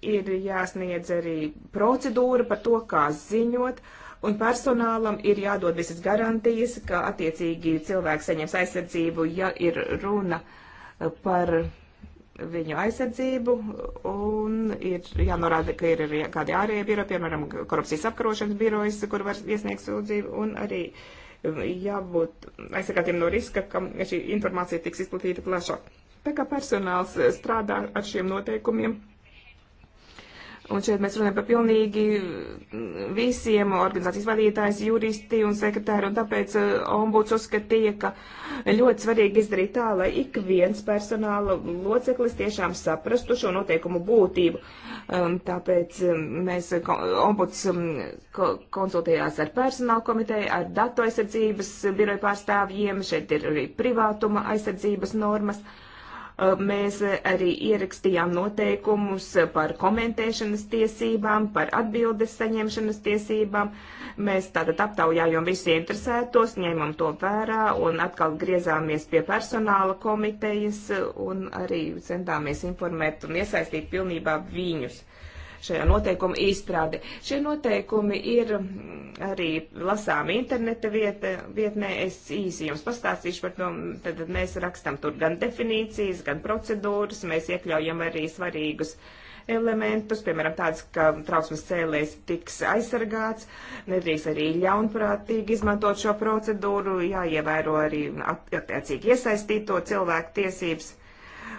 ir jāsniedz arī procedūra par to, kā ziņot. Uh, un personālam ir jādod visas garantijas, ka attiecīgi cilvēks saņems aizsardzību, ja ir runa uh, par viņu aizsardzību, un ir jānorāda, ka ir arī kādi ārējie biroji, piemēram, korupcijas apkarošanas birojas, kur var iesniegt sūdzību, un arī um, jābūt aizsargātiem no riska, ka šī informācija tiks izplatīta plašāk. Tā kā personāls strādā ar šiem noteikumiem Un šeit mēs runājam par pilnīgi mm, visiem organizācijas vadītājs, juristi un sekretāri, un tāpēc eh, ombuds uzskatīja, ka ļoti svarīgi izdarīt tā, lai ik viens personāla loceklis tiešām saprastu šo noteikumu būtību. Um, tāpēc um, mēs ombuds um, konsultējās ar personāla komiteju, ar datu aizsardzības biroju pārstāvjiem, šeit ir arī privātuma aizsardzības normas. Mēs arī ierakstījām noteikumus par komentēšanas tiesībām, par atbildes saņemšanas tiesībām. Mēs tātad aptaujājām visi interesētos, ņēmām to vērā un atkal griezāmies pie personāla komitejas un arī centāmies informēt un iesaistīt pilnībā viņus šajā noteikuma izstrādi. Šie noteikumi ir mm, arī lasāmi interneta vieta, vietnē. Es īsi jums pastāstīšu par to. Tad mēs rakstam tur gan definīcijas, gan procedūras. Mēs iekļaujam arī svarīgus elementus, piemēram, tāds, ka trauksmes cēlējs tiks aizsargāts, nedrīkst arī ļaunprātīgi izmantot šo procedūru, jāievēro arī attiecīgi iesaistīto cilvēku tiesības.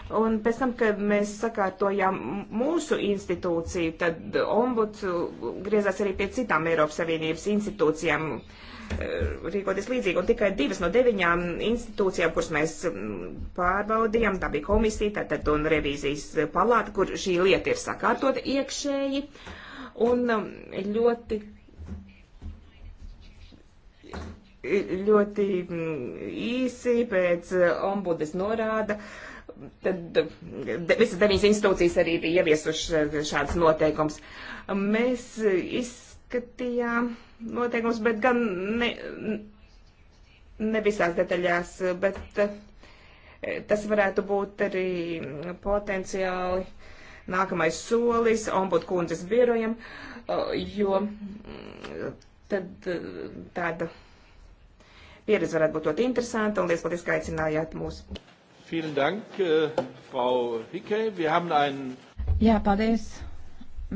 Un pēc tam, kad mēs sakārtojām mūsu institūciju, tad ombuds griezās arī pie citām Eiropas Savienības institūcijām eh, rīkoties līdzīgi. Un tikai divas no deviņām institūcijām, kuras mēs mm, pārbaudījām, tā bija komisija, tātad un revīzijas palāta, kur šī lieta ir sakārtota iekšēji. Un mm, ļoti ļoti mm, īsi pēc ombudes norāda, uh, tad visas deviņas institūcijas arī bija ieviesušas šādas noteikums. Mēs izskatījām noteikums, bet gan ne, ne visās detaļās, bet eh, tas varētu būt arī potenciāli nākamais solis ombud kundzes birojam, eh, jo tad eh, tāda pieredze varētu būt ļoti interesanta un liels paldies, ka aicinājāt mūs. Vielen Dank, äh, Frau Hicke. Wir haben einen. Jā, paldies.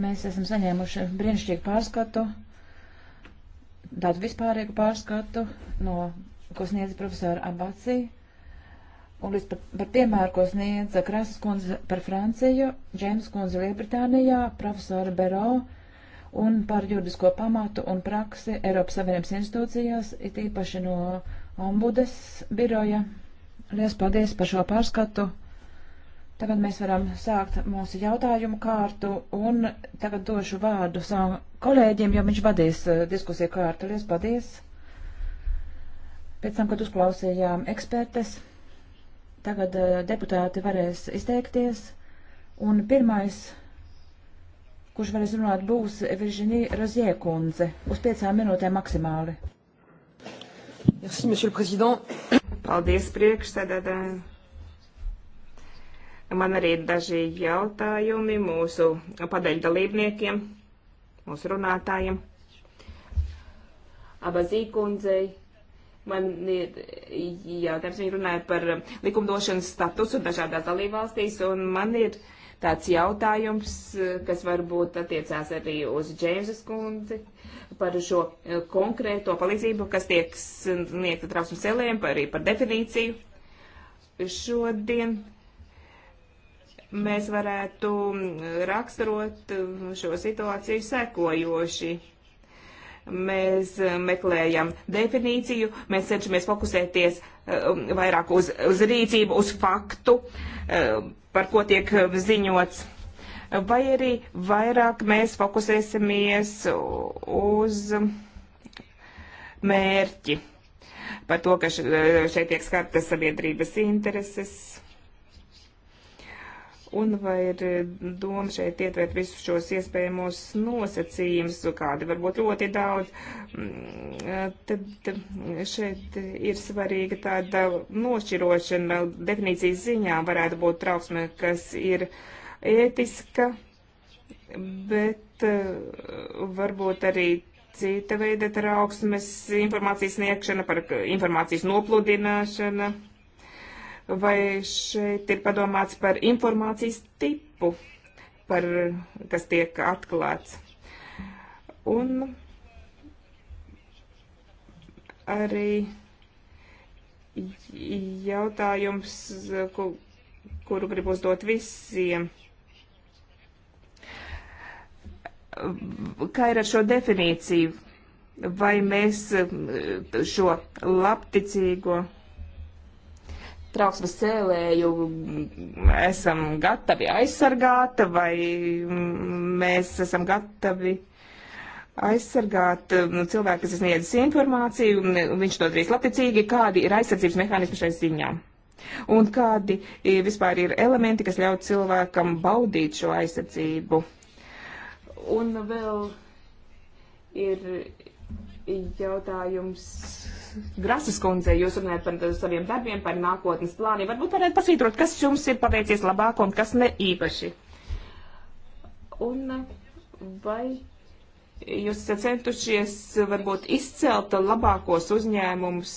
Mēs esam saņēmuši brīnišķīgu pārskatu, tādu vispārīgu pārskatu, no, ko sniedz profesora Abacī. Un līdz par, par piemēru, ko sniedza Krasas kundze par Franciju, Džēmas kundze Lielbritānijā, profesora Bero un par juridisko pamatu un praksi Eiropas Savienības institūcijās, it īpaši no ombudes biroja. Lielas paldies par šo pārskatu. Tagad mēs varam sākt mūsu jautājumu kārtu un tagad došu vārdu savam kolēģim, jo viņš vadīs eh, diskusiju kārtu. Lies, paldies! Pēc tam, kad uzklausījām ekspertes, tagad eh, deputāti varēs izteikties. Un pirmais, kurš varēs runāt, būs Virģinija Roziekundze uz piecām minūtēm maksimāli. Merci, Paldies priekšsēdētājiem. Man arī ir daži jautājumi mūsu padeļdalībniekiem, mūsu runātājiem. Abazīkundzei. Man ir jautājums, viņa runāja par likumdošanas statusu dažādās dalībvalstīs, un man ir uh, tāds jautājums, eh, kas varbūt attiecās arī uz Džeimsas kundzi par šo eh, konkrēto palīdzību, kas tiek sniegta trauksmes cēlējiem, arī par definīciju. Šodien mēs varētu mm, raksturot mm, šo situāciju sekojoši. Mēs eh, meklējam definīciju, mēs cenšamies fokusēties vairāk uz, uz rīcību, uz faktu, par ko tiek eh, ziņots. Vai arī vairāk mēs fokusēsimies uz mērķi, par to, ka eh, šeit tiek skartas sabiedrības intereses, Un vai ir eh, doma šeit ietvērt visus šos iespējamos nosacījumus, kādi varbūt ļoti daudz, mm, eh, tad šeit ir svarīga tāda nošķirošana, definīcijas ziņā varētu būt trauksme, kas ir ētiska, bet eh, varbūt arī cita veida trauksmes informācijas sniegšana, par informācijas nopludināšana Vai šeit ir padomāts par informācijas tipu, par, kas tiek atklāts? Un arī jautājums, ku, kuru gribu uzdot visiem. Kā ir ar šo definīciju? Vai mēs šo labticīgo trauksmes cēlēju esam gatavi aizsargāt, vai mēs esam gatavi aizsargāt nu, cilvēku, kas sniedzas informāciju, un viņš to darīs labticīgi, kādi ir aizsardzības mehānismi šai ziņā. Un kādi e, vispār ir elementi, kas ļauj cilvēkam baudīt šo aizsardzību. Un vēl ir jautājums Grasas kundzei, jūs runājat par saviem darbiem, par nākotnes plāniem. Varbūt varētu pasvītrot, kas jums ir paveicies labāk un kas ne īpaši. Un vai jūs esat centušies varbūt izcelt labākos uzņēmumus?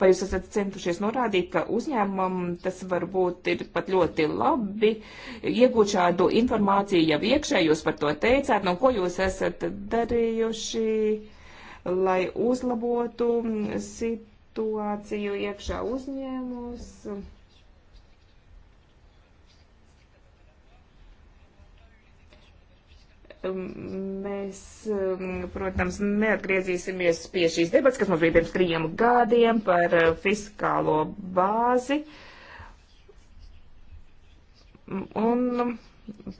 Vai jūs esat centušies norādīt, ka uzņēmumam tas varbūt ir pat ļoti labi iegūt šādu informāciju jau iekšē, jūs par to teicāt, no nu, ko jūs esat darījuši? Uh, lai uzlabotu situāciju iekšā uzņēmumos. mēs, protams, neatgriezīsimies pie šīs debats, kas mums bija pirms trījiem gadiem par fiskālo bāzi. Un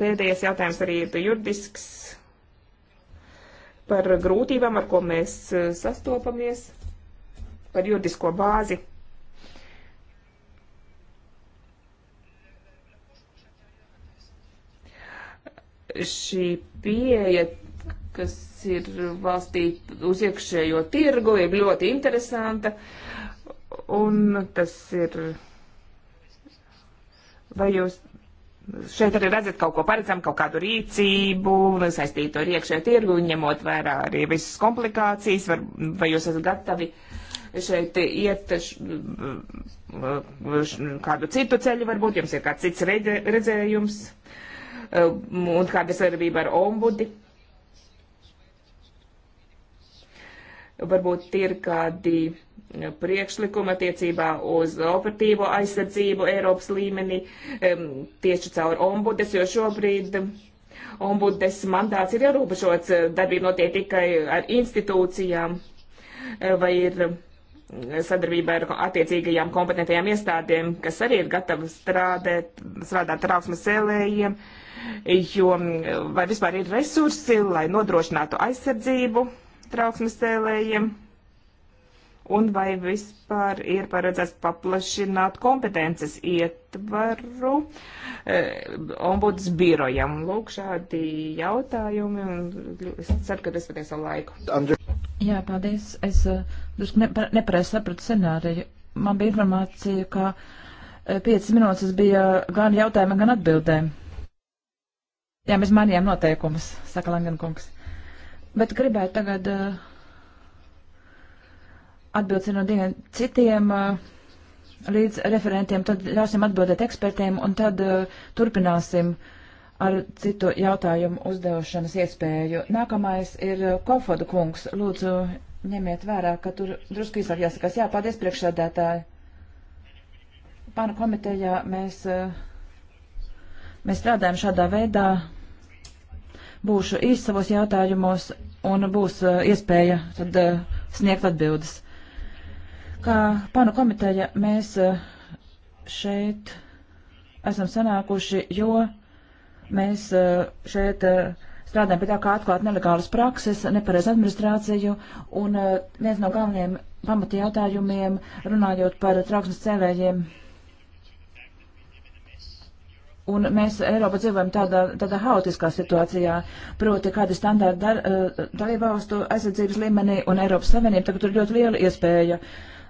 pēdējais jautājums arī ir juridisks par grūtībām, ar ko mēs eh, sastopamies, par juridisko bāzi. Šī pieeja, kas ir valstī uz iekšējo tirgu, ir ļoti interesanta, un tas ir Vai jūs Šeit arī redzat kaut ko paredzam, kaut kādu rīcību, saistītu ar iekšējo tirgu, ņemot vērā arī visas komplikācijas, var, vai jūs esat gatavi šeit iet š, š, kādu citu ceļu, varbūt jums ir kāds cits redzējums, um, un kāda sadarbība ar ombudi. Varbūt ir kādi priekšlikumu attiecībā uz operatīvo aizsardzību Eiropas līmenī tieši caur ombudes, jo šobrīd ombudes mandāts ir ierobežots, darbība notiek tikai ar institūcijām vai ir sadarbībā ar attiecīgajām kompetentajām iestādēm, kas arī ir gatavi strādāt, strādāt trauksmes cēlējiem, jo vai vispār ir resursi, lai nodrošinātu aizsardzību trauksmes cēlējiem un vai vispār ir paredzēts paplašināt kompetences ietvaru e, ombuds birojam. Lūk, šādi jautājumi, un es ceru, ka es patiesi laiku. Jā, paldies. Es e, drusku nepar, nepareiz sapratu scenāriju. Man bija informācija, ka 5 e, minūtes bija gan jautājumi, gan atbildēm. Jā, mēs mainījām noteikumus, saka Langenkungs. Bet gribētu tagad uh, atbildes no diviem citiem uh, līdz referentiem, tad ļausim atbildēt ekspertiem un tad uh, turpināsim ar citu jautājumu uzdevošanas iespēju. Nākamais ir uh, Kofoda kungs. Lūdzu, ņemiet vērā, ka tur drusku īsāk jāsakās. Jā, paldies priekšsēdētāji. Pāna komitejā mēs, mēs strādājam šādā veidā. Būšu īsts savos jautājumos un būs iespēja tad sniegt atbildes. Kā panu komiteja mēs eh, šeit esam sanākuši, jo mēs eh, šeit eh, strādājam pie tā, kā atklāt nelegālas prakses, nepareizu administrāciju, un viens no galvenajiem pamata jautājumiem, runājot par trauksmes cēlējiem. Un mēs Eiropā dzīvojam tādā, tādā haotiskā situācijā, proti kādi standārti dar, dalībvalstu aizsardzības līmenī un Eiropas Savienība, tagad tur ir ļoti liela iespēja uh,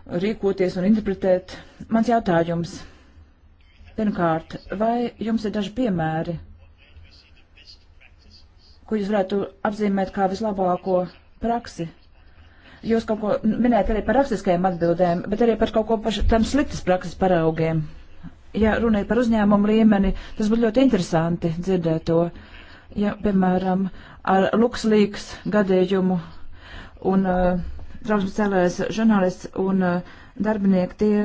rīkoties un interpretēt. Mans jautājums. Pirmkārt, vai jums ir daži piemēri, ko jūs varētu apzīmēt kā vislabāko praksi? Jūs kaut ko minējat arī par rakstiskajām atbildēm, bet arī par kaut ko par tam sliktas prakses paraugiem. Ja runa ir par uzņēmumu līmeni, tas būtu ļoti interesanti dzirdēt to. Ja, piemēram, ar Luxlīks gadījumu un uh, transversālais žurnālists un uh, darbinieki tie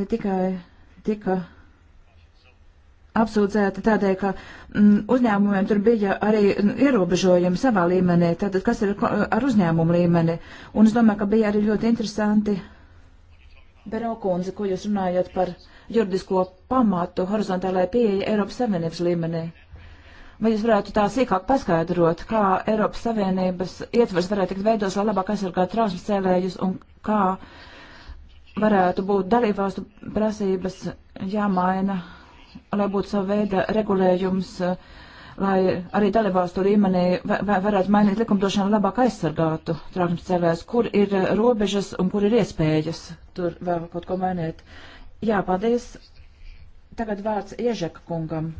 ne tikai tika apsūdzēti tādēļ, ka m, mm, uzņēmumiem tur bija arī mm, ierobežojumi savā līmenī, tātad kas ir ar uzņēmumu līmeni. Un es domāju, ka bija arī ļoti interesanti Berokundze, ko jūs runājat par juridisko pamatu horizontālajai pieeja Eiropas Savienības līmenī. Vai jūs varētu tā sīkāk paskaidrot, kā Eiropas Savienības ietvers varētu tikt veidos, lai labāk aizsargātu trauksmes cēlējus un kā varētu būt dalībvalstu prasības jāmaina, lai būtu sava veida regulējums, lai arī dalībvalstu līmenī varētu mainīt likumdošanu, lai labāk aizsargātu trauksmes cēlējus, kur ir robežas un kur ir iespējas tur vēl kaut ko mainīt. Jā, paldies. Tagad vārds Iežeka kungam.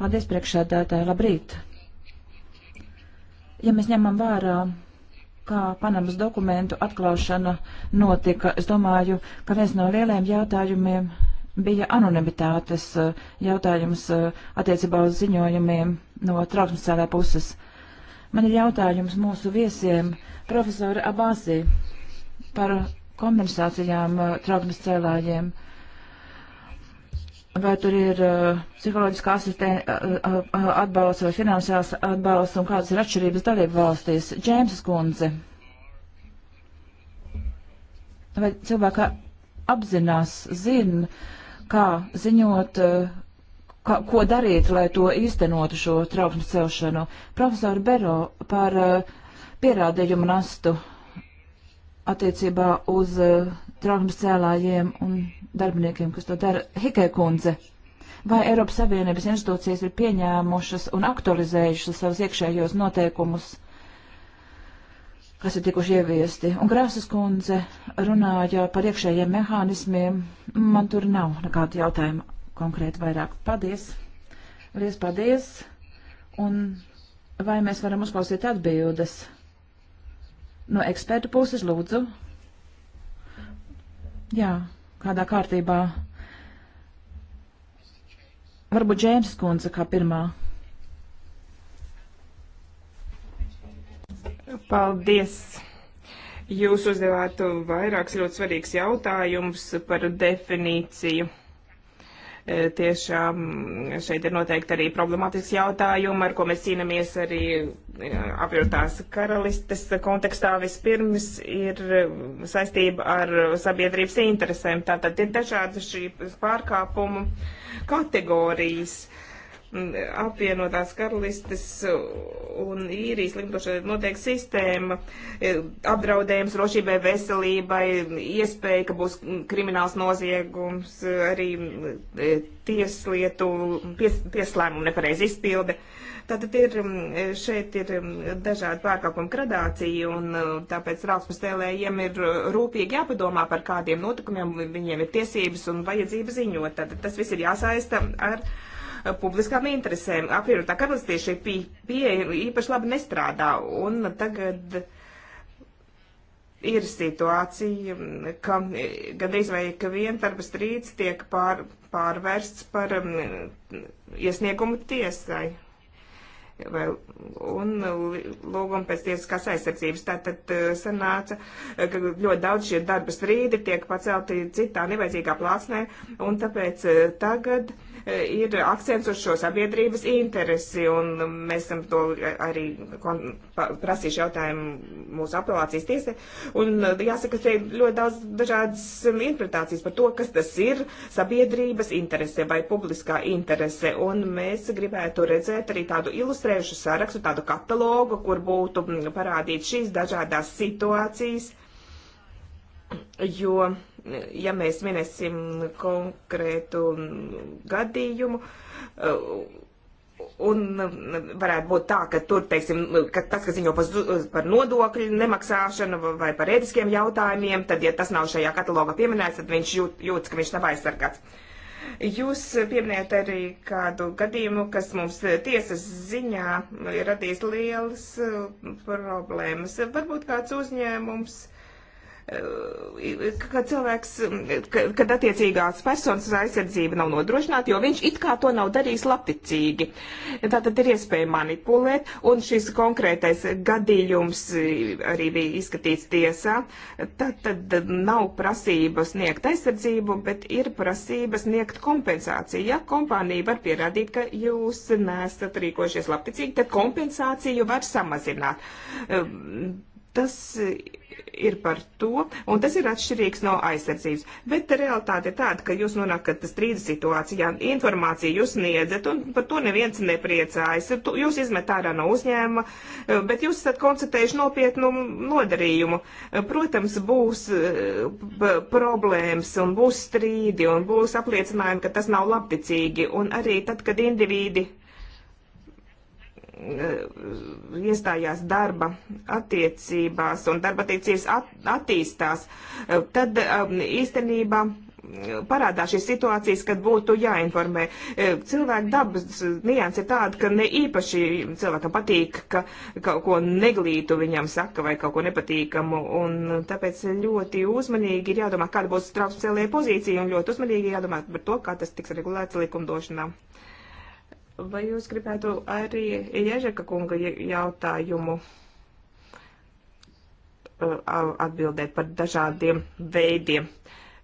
Paldies, priekšsēdētāji, labrīt! Ja mēs ņemam vērā, kā Panamas dokumentu atklāšana notika, es domāju, ka viens no lielajiem jautājumiem bija anonimitātes eh, jautājums eh, attiecībā uz ziņojumiem no trauksmesēlē puses. Man ir jautājums mūsu viesiem, profesori Abāsī, par kompensācijām eh, trauksmesēlājiem vai tur ir uh, psiholoģiskā asistenta uh, uh, uh, atbalsts vai finansiāls atbalsts un kādas ir atšķirības dalību valstīs. Džēmsas kundze, vai cilvēka apzinās, zina, kā ziņot, uh, kā, ko darīt, lai to īstenotu šo trauksmes celšanu. Profesori Bero par uh, pierādījumu nastu attiecībā uz trauksmes cēlājiem un darbiniekiem, kas to dara. Hikai kundze, vai Eiropas Savienības institūcijas ir pieņēmušas un aktualizējušas savus iekšējos noteikumus, kas ir tikuši ieviesti? Un Grāsas kundze runāja par iekšējiem mehānismiem. Man tur nav nekādu jautājumu konkrēti vairāk. Paldies! Lies paldies! Un vai mēs varam uzklausīt atbildes? No ekspertu puses lūdzu. Jā, kādā kārtībā. Varbūt Džēms kundze kā pirmā. Paldies! Jūs uzdevāt vairākus ļoti svarīgus jautājumus par definīciju. E, tiešām šeit ir noteikti arī problemātisks jautājumi, ar ko mēs cīnāmies arī e, apjūtās karalistes kontekstā. Vispirms ir saistība ar sabiedrības interesēm, tātad ir dažādi šī pārkāpumu kategorijas. Uh, apvienotās karalistes un īrijas likumdošana notiek sistēma, e, apdraudējums drošībai, veselībai, iespēja, ka būs krimināls noziegums, arī e, tieslietu, pies, pieslēmumu nepareiz izpilde. Tātad ir, šeit ir dažādi pārkāpumi gradācija, un e, tāpēc rauksmes tēlējiem ir rūpīgi jāpadomā par kādiem notikumiem, viņiem ir tiesības un vajadzība ziņot. Tātad tas viss ir jāsaista ar publiskām interesēm. Apvienotā karalistē šī pieeja īpaši labi nestrādā, un tagad ir situācija, ka gandrīz vai ka vientarpa strīds tiek pār, pārvērsts par um, iesniegumu tiesai. Vai, un lūguma pēc tiesiskās aizsardzības. Tātad uh, sanāca, ka ļoti daudz šie darba strīdi tiek pacelti citā nevajadzīgā plāksnē, un tāpēc uh, tagad uh, ir akcents uz šo sabiedrības interesi, un mēs esam to arī prasījuši jautājumu mūsu apelācijas tiesē. Un jāsaka, te ir ļoti daudz dažādas interpretācijas par to, kas tas ir sabiedrības interese vai publiskā interese. Un mēs gribētu redzēt arī tādu ilustrējušu sarakstu, tādu katalogu, kur būtu parādīt šīs dažādās situācijas. Jo ja mēs minēsim konkrētu gadījumu, un varētu būt tā, ka tur, teiksim, ka tas, kas ziņo par nodokļu nemaksāšanu vai par ētiskiem jautājumiem, tad, ja tas nav šajā katalogā pieminēts, tad viņš jūt, jūtas, ka viņš nav aizsargāts. Jūs pieminējat arī kādu gadījumu, kas mums tiesas ziņā radīs lielas uh, problēmas. Varbūt kāds uzņēmums Eh, ka cilvēks, mm, ka, kad attiecīgās personas aizsardzība nav nodrošināta, jo viņš it kā to nav darījis labticīgi. Tātad ir iespēja manipulēt, un šis konkrētais gadījums eh, arī bija izskatīts tiesā. Tātad nav prasība sniegt aizsardzību, bet ir prasība sniegt kompensāciju. Ja kompānija var pierādīt, ka jūs nesat rīkojušies labticīgi, tad kompensāciju var samazināt. Ehm, Tas ir par to, un tas ir atšķirīgs no aizsardzības. Bet realitāte ir tāda, ka jūs nonākat strīda situācijā, informāciju jūs sniedzat, un par to neviens nepriecājas. Jūs izmet ārā no uzņēmuma, eh, bet jūs esat konstatējuši nopietnu nodarījumu. Eh, protams, būs eh, problēmas, un būs strīdi, un būs apliecinājumi, ka tas nav labticīgi, un arī tad, kad indivīdi Eh, iestājās darba attiecībās un darba attiecības at, attīstās, eh, tad eh, īstenībā parādās šīs situācijas, kad būtu jāinformē. Cilvēka dabas nianses ir tāda, ka ne īpaši cilvēkam patīk, ka kaut ko neglītu viņam saka vai kaut ko nepatīkamu, un tāpēc ļoti uzmanīgi ir jādomā, kāda būs trauksmecēlēja pozīcija, un ļoti uzmanīgi jādomā par to, kā tas tiks regulēts likumdošanā. Vai jūs gribētu arī Ježeka kunga jautājumu uh, atbildēt par dažādiem veidiem?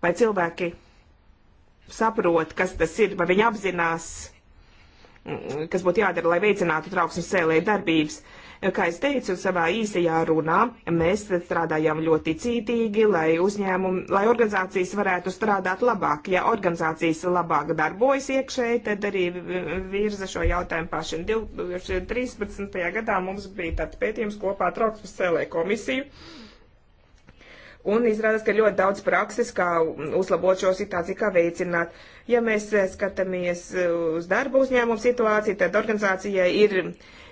Vai cilvēki saprot, kas tas ir, vai viņi apzinās, mm, kas būtu jādara, lai veicinātu trauksmes sēlē darbības? Uh, Kā es teicu savā īsajā runā, mēs strādājam ļoti cītīgi, lai uzņēmumi, lai organizācijas varētu strādāt labāk. Ja organizācijas labāk darbojas iekšēji, tad arī virza šo jautājumu paši. 2013. gadā mums bija tāds pētījums kopā ar Trokspas Selē komisiju. Un izrādās, ka ļoti daudz prakses, kā uzlabot šo situāciju, kā veicināt. Ja mēs skatāmies uz darba uzņēmumu situāciju, tad organizācijai ir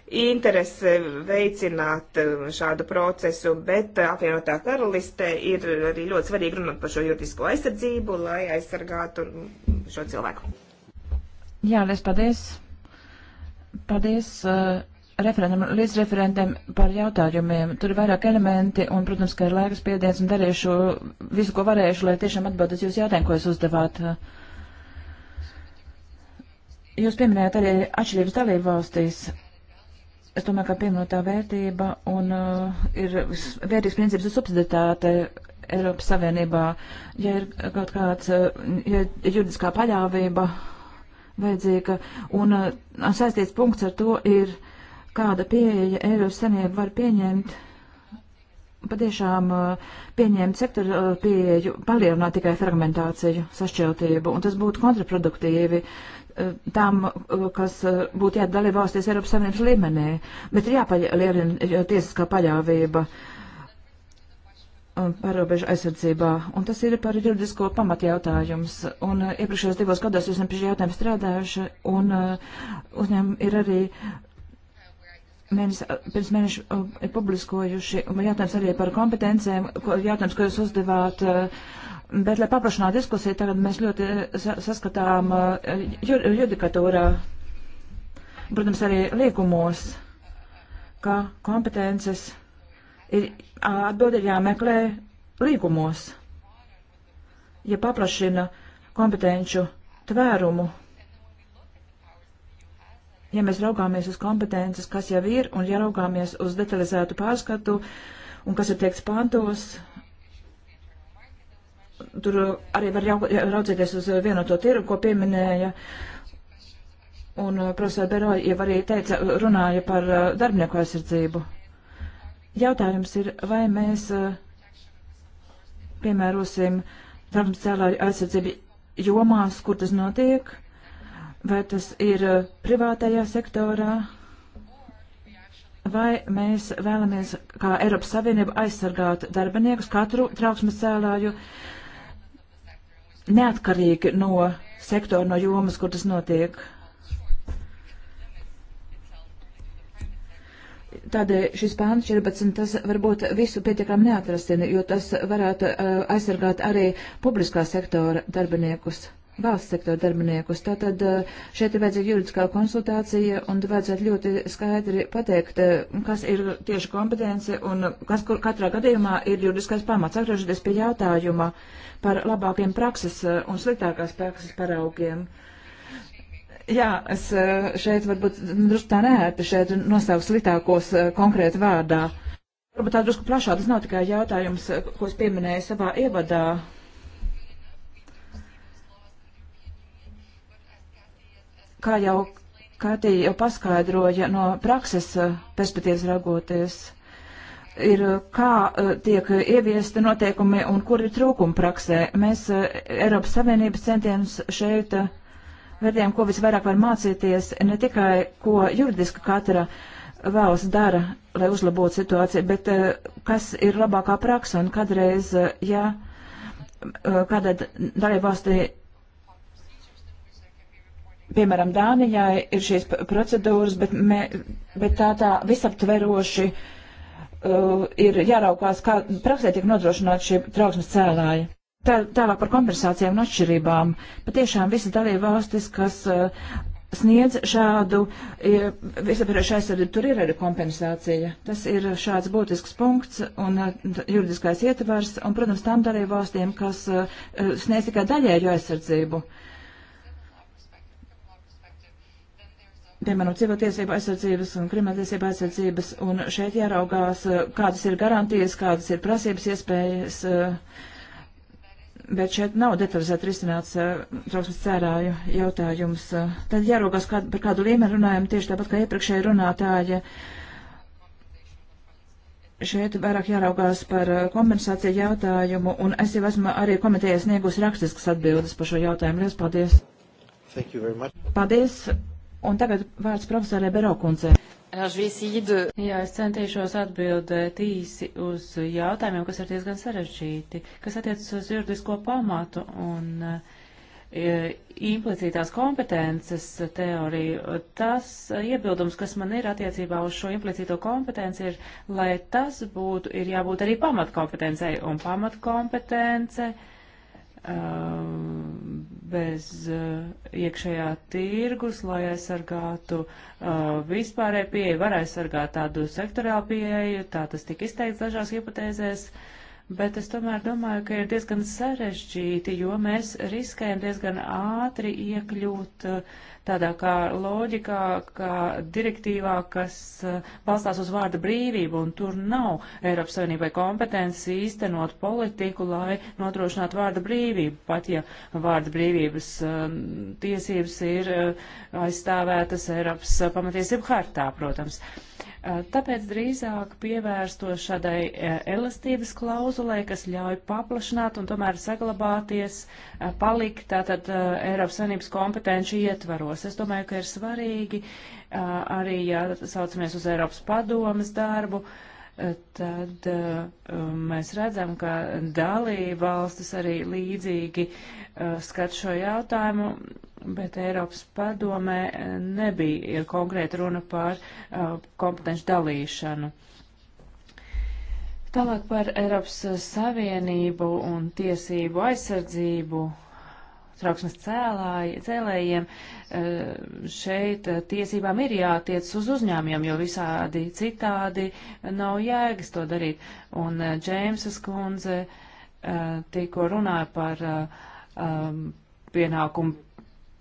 interese veicināt um, šādu procesu, bet uh, apvienotā karaliste ir arī ļoti svarīgi runāt par šo juridisko aizsardzību, lai aizsargātu mm, šo cilvēku. Jā, liels paldies. Paldies uh, referendam, līdz referentiem par jautājumiem. Tur ir vairāk elementi un, protams, ka ir laikas piediens un darīšu visu, ko varēšu, lai tiešām atbildētu jūs jautājumu, ko jūs uzdevāt. Uh, Jūs pieminējāt arī atšķirības dalību valstīs. Es domāju, ka pieminotā vērtība un uh, ir vērtīgs princips subsiditāte Eiropas Savienībā. Ja ir kaut kāds, uh, ja ir juridiskā paļāvība vajadzīga un uh, saistīts punkts ar to ir, kāda pieeja Eiropas Savienība var pieņemt patiešām uh, pieņēma sektoru uh, pieeju, palielināt tikai fragmentāciju, sašķeltību, un tas būtu kontraproduktīvi. Uh, Eh, tām, eh, kas eh, būtu jādara dalībvalstīs Eiropas Savienības līmenī, bet ir jāpalielina tiesiskā paļāvība pārobežu aizsardzībā, un tas ir par juridisko pamatu jautājums. Un iepriekšējos divos gados esam pie šī jautājuma strādājuši, un uzņēmumi ir arī mēnesi, pirms mēneša ir publiskojuši, un jautājums arī par kompetencēm, jautājums, ko jūs uzdevāt. Uh, Bet, lai paplašinātu diskusiju, tagad mēs ļoti eh, saskatām eh, judikatūrā, protams, arī līgumos, ka kompetences ir atbildīgi jāmeklē līgumos, ja paplašina kompetenču tvērumu. Ja mēs raugāmies uz kompetences, kas jau ir, un ja raugāmies uz detalizētu pārskatu, un kas ir teikts pantos, tur arī var raudzīties uz vienoto tirgu, ko pieminēja. Un eh, profesora Beroja jau arī teica, runāja par eh, darbinieku aizsardzību. Jautājums ir, vai mēs eh, piemērosim darbcēlāju aizsardzību jomās, kur tas notiek, vai tas ir privātajā sektorā, vai mēs vēlamies kā Eiropas Savienība aizsargāt darbiniekus katru trauksmes cēlāju. Uh, neatkarīgi no sektora, no jomas, kur tas notiek. Tādēļ šis pāns 14, tas varbūt visu pietiekami neatrastina, jo tas varētu uh, aizsargāt arī publiskā sektora darbiniekus valsts sektora darbiniekus. Tātad eh, šeit ir vajadzīga juridiskā konsultācija un vajadzētu ļoti skaidri pateikt, eh, kas ir tieši kompetence un kas katrā gadījumā ir juridiskais pamats. Atgriežoties pie jautājuma par labākiem prakses eh, un sliktākās prakses paraugiem. Jā, es šeit varbūt drusku tā neērti šeit nosaukt sliktākos konkrēti vārdā. Varbūt tā drusku plašāk, tas nav tikai jautājums, ko es pieminēju savā ievadā kā jau Katī jau paskaidroja no prakses eh, perspektīvas ragoties, ir kā eh, tiek ieviesti noteikumi un kur ir trūkumi praksē. Mēs eh, Eiropas Savienības centienus šeit vērtējam, ko visvairāk var mācīties, ne tikai ko juridiski katra vēlas dara, lai uzlabotu situāciju, bet kas ir labākā praksa un kādreiz, ja kādā dalībvalstī piemēram, Dānijai ir šīs procedūras, bet, me, bet tā tā visaptveroši uh, ir jāraukās, kā praksē tiek nodrošināt šie trauksmes cēlāji. Tā, tālāk par kompensācijām un atšķirībām. Patiešām visas dalība valstis, kas uh, sniedz šādu ja, visaptverošu aizsardzību, tur ir arī kompensācija. Tas ir šāds būtisks punkts un uh, juridiskais ietvars, un, protams, tām dalību valstīm, kas uh, sniedz tikai daļēju aizsardzību. Uh, piemēram, cilvēktiesība aizsardzības un krimināltiesība aizsardzības, un šeit jāraugās, eh, kādas ir garantijas, kādas ir prasības iespējas, eh, bet šeit nav detalizēti risināts eh, trauksmes cērāju jautājums. Tad jāraugās, kād, par kādu līmeni runājam, tieši tāpat kā iepriekšēja runātāja. Šeit vairāk jāraugās par kompensāciju jautājumu, un es jau esmu arī komitējai sniegus rakstiskas atbildes par šo jautājumu. Lielas paldies! Paldies! Un tagad vārds profesorē Berokundzei. Jā, es centīšos atbildēt īsi uz jautājumiem, kas ir diezgan sarežģīti, kas attiecas uz juridisko pamatu un e, implicītās kompetences teoriju. Tas iebildums, kas man ir attiecībā uz šo implicīto kompetenci, ir, lai tas būtu, ir jābūt arī pamatkompetencei un pamatkompetence. Uh, Um, bez uh, iekšējā tirgus, lai aizsargātu uh, vispārēju pieeju, var aizsargāt tādu sektoriālu pieeju, tā tas tika izteikts dažās hipotēzēs, bet es tomēr domāju, ka ir diezgan sarežģīti, jo mēs riskējam diezgan ātri iekļūt uh, tādā kā loģikā, kā direktīvā, kas eh, balstās uz vārda brīvību, un tur nav Eiropas Savienībai kompetences īstenot politiku, lai nodrošinātu vārda brīvību, pat ja vārda brīvības eh, tiesības ir eh, aizstāvētas Eiropas pamatiesību hartā, protams. Tāpēc drīzāk pievērstos šādai elastības klauzulē, kas ļauj paplašināt un tomēr saglabāties, palikt tātad Eiropas Savienības kompetenci ietvaros ietvaros. Es domāju, ka ir svarīgi arī, ja saucamies uz Eiropas padomas darbu, tad mēs redzam, ka dalība valstis arī līdzīgi skat šo jautājumu, bet Eiropas padomē nebija konkrēta runa par kompetenci dalīšanu. Tālāk par Eiropas Savienību un tiesību aizsardzību trauksmes cēlāji, cēlējiem e, šeit e, tiesībām ir jātiec uz uzņēmjiem, jo visādi citādi nav jēgas to darīt. Un e, Džēmsas kundze tikko runāja par pienākumu,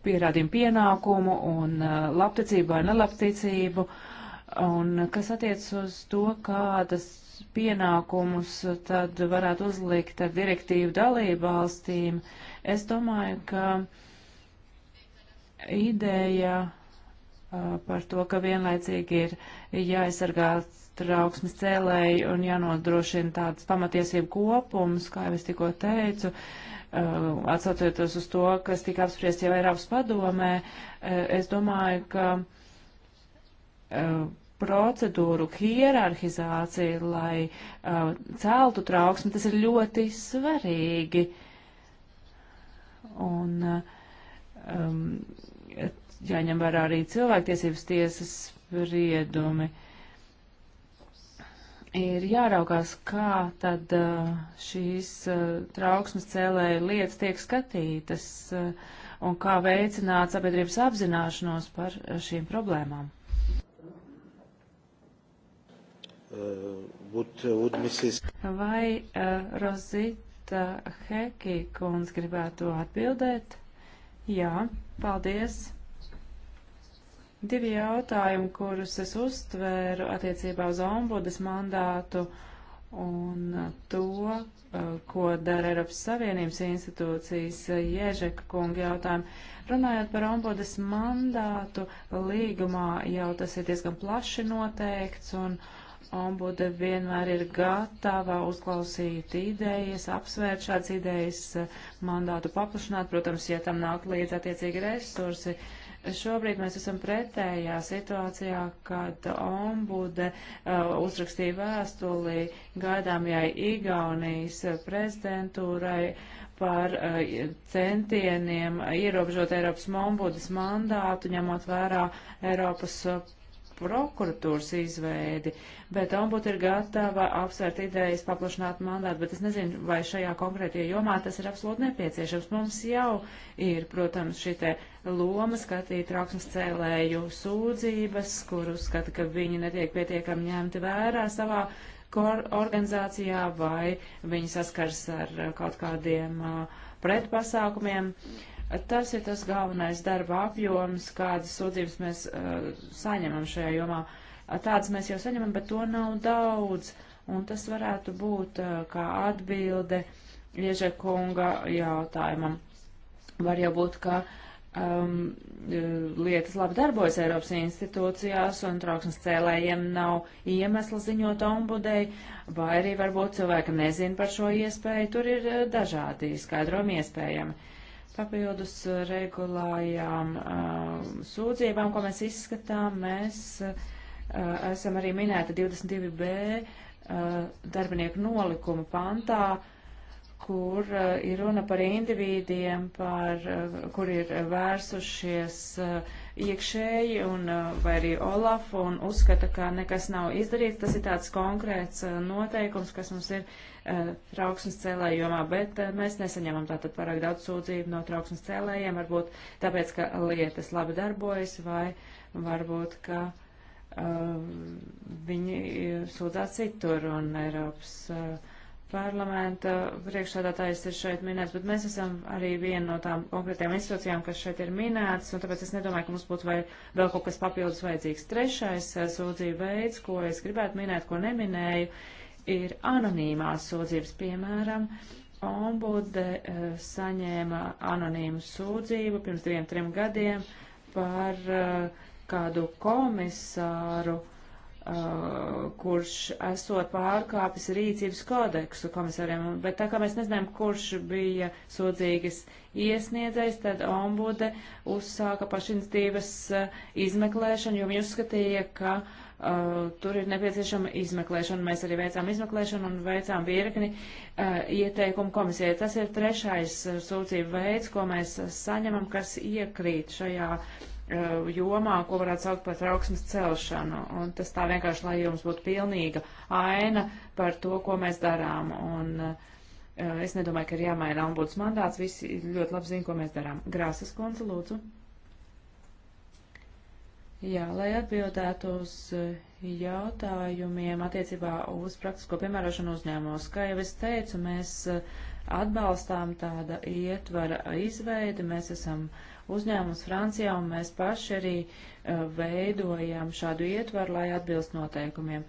pierādījumu pienākumu un labticību vai nelabticību. Un kas attiec uz to, kādas pienākumus tad varētu uzlikt ar direktīvu dalību valstīm. Es domāju, ka ideja par to, ka vienlaicīgi ir jāaizsargā trauksmes cēlēji un jānodrošina tāds pamatiesību kopums, kā jau es tikko teicu, atsaucoties uz to, kas tika apspriests jau Eiropas padomē, es domāju, ka procedūru hierarhizāciju, lai uh, celtu trauksmi, tas ir ļoti svarīgi. Un uh, um, jāņem vērā arī cilvēktiesības tiesas spriedumi. Ir jāraugās, kā tad uh, šīs uh, trauksmes cēlēja lietas tiek skatītas uh, un kā veicināt sabiedrības apzināšanos par uh, šīm problēmām. would, would Mrs. Vai uh, Rozita Heki kundz gribētu atbildēt? Jā, paldies. Divi jautājumi, kurus es uztvēru attiecībā uz ombudas mandātu un to, eh, ko dara Eiropas Savienības institūcijas eh, Ježeka kunga jautājumu. Runājot par ombudas mandātu, līgumā jau tas ir diezgan plaši noteikts, un ombude vienmēr ir gatava uzklausīt idejas, apsvērt šādas idejas, mandātu paplašināt, protams, ja tam nāk līdz attiecīgi resursi. Šobrīd mēs esam pretējā situācijā, kad ombude uh, uzrakstīja vēstuli gaidāmajai Igaunijas prezidentūrai par uh, centieniem ierobežot Eiropas ombudes mandātu, ņemot vērā Eiropas uh, prokuratūras izveidi, bet ombuds ir gatava apsvērt idejas, paplašināt mandātu, bet es nezinu, vai šajā konkrētajā jomā tas ir absolūti nepieciešams. Mums jau ir, protams, šī te loma skatīt trauksmes cēlēju sūdzības, kuru skata, ka viņi netiek pietiekami ņemti vērā savā organizācijā vai viņi saskars ar kaut kādiem pretpasākumiem. Uh, Tas ir tas galvenais darba apjoms, kādas sūdzības mēs uh, saņemam šajā jomā. Tādas mēs jau saņemam, bet to nav daudz, un tas varētu būt uh, kā atbilde Iežekunga jautājumam. Var jau būt, ka um, uh, lietas labi darbojas Eiropas institūcijās, un trauksmes cēlējiem nav iemesla ziņot ombudēji, vai arī varbūt cilvēki nezin par šo iespēju, tur ir uh, dažādi skaidrojumi iespējami. Uh, Papildus regulājām um, sūdzībām, ko mēs izskatām, mēs uh, esam arī minēti 22b uh, darbinieku nolikuma pantā, kur uh, ir runa par indivīdiem, par, uh, kur ir vērsušies uh, iekšēji un, vai arī Olaf un uzskata, ka nekas nav izdarīts. Tas ir tāds konkrēts noteikums, kas mums ir trauksmes cēlējumā, bet mēs nesaņemam tātad pārāk daudz sūdzību no trauksmes cēlējiem, varbūt tāpēc, ka lietas labi darbojas vai varbūt, ka uh, viņi sūdzās citur un Eiropas. Uh, parlamenta priekšsādātājs ir šeit minēts, bet mēs esam arī viena no tām konkrētajām institūcijām, kas šeit ir minēts, un tāpēc es nedomāju, ka mums būtu vai, vēl kaut kas papildus vajadzīgs. Trešais eh, sūdzība veids, ko es gribētu minēt, ko neminēju, ir anonīmās sūdzības, piemēram. Ombude eh, saņēma anonīmu sūdzību pirms diviem, trim gadiem par eh, kādu komisāru, uh, Uh, kurš esot pārkāpis rīcības kodeksu komisāriem, bet tā kā mēs nezinām, kurš bija sodzīgas iesniedzējs, tad ombude uzsāka pašinstīvas uh, izmeklēšanu, jo viņi uzskatīja, ka uh, tur ir nepieciešama izmeklēšana. Mēs arī veicām izmeklēšanu un veicām virkni uh, ieteikumu komisijai. Tas ir trešais uh, sūdzību veids, ko mēs saņemam, kas iekrīt šajā uh, Eh, jomā, ko varētu saukt par trauksmes celšanu. Un tas tā vienkārši, lai jums būtu pilnīga aina par to, ko mēs darām. Un eh, es nedomāju, ka ir jāmaina ombuds mandāts. Visi ļoti labi zina, ko mēs darām. Grāsas konca, lūdzu. Jā, lai atbildētu uz eh, jautājumiem attiecībā uz praktisko piemērošanu uzņēmumos, kā jau es teicu, mēs atbalstām tāda ietvara izveidi, mēs esam uh, uzņēmums Francijā, un mēs paši arī uh, veidojam šādu ietvaru, lai atbilst noteikumiem.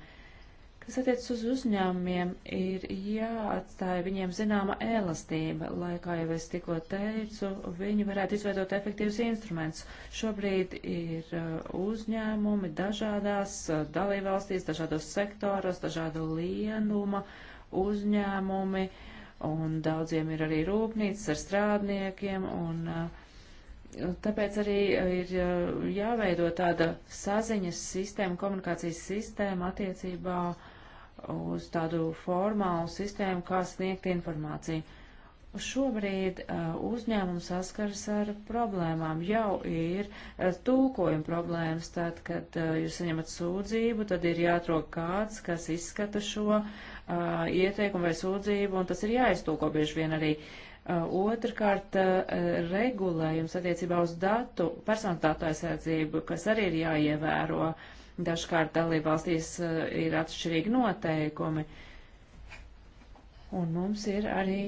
Kas attiecas uz uzņēmumiem, ir jāatstāja viņiem zināma elastība, lai, kā jau es tikko teicu, viņi varētu izveidot efektīvus instrumentus. Šobrīd ir e, uzņēmumi dažādās e, dalībvalstīs, dažādos sektoros, dažādu lienuma uzņēmumi, un daudziem ir arī rūpnīcas ar strādniekiem, un uh, Tāpēc arī eh, ir eh, jāveido tāda saziņas sistēma, komunikācijas sistēma attiecībā uz tādu formālu sistēmu, kā sniegt informāciju. Šobrīd eh, uzņēmumi saskaras ar problēmām. Jau ir tulkojuma problēmas, tad, kad jūs saņemat sūdzību, tad ir jāatrod kāds, kas izskata šo ieteikumu vai sūdzību, un tas ir jāiztulko bieži vien arī. Uh, Uh, Otrakārt, uh, regulējums attiecībā uz datu, personu datu aizsardzību, kas arī ir jāievēro. Dažkārt dalībvalstīs uh, ir atšķirīgi noteikumi. Un mums ir arī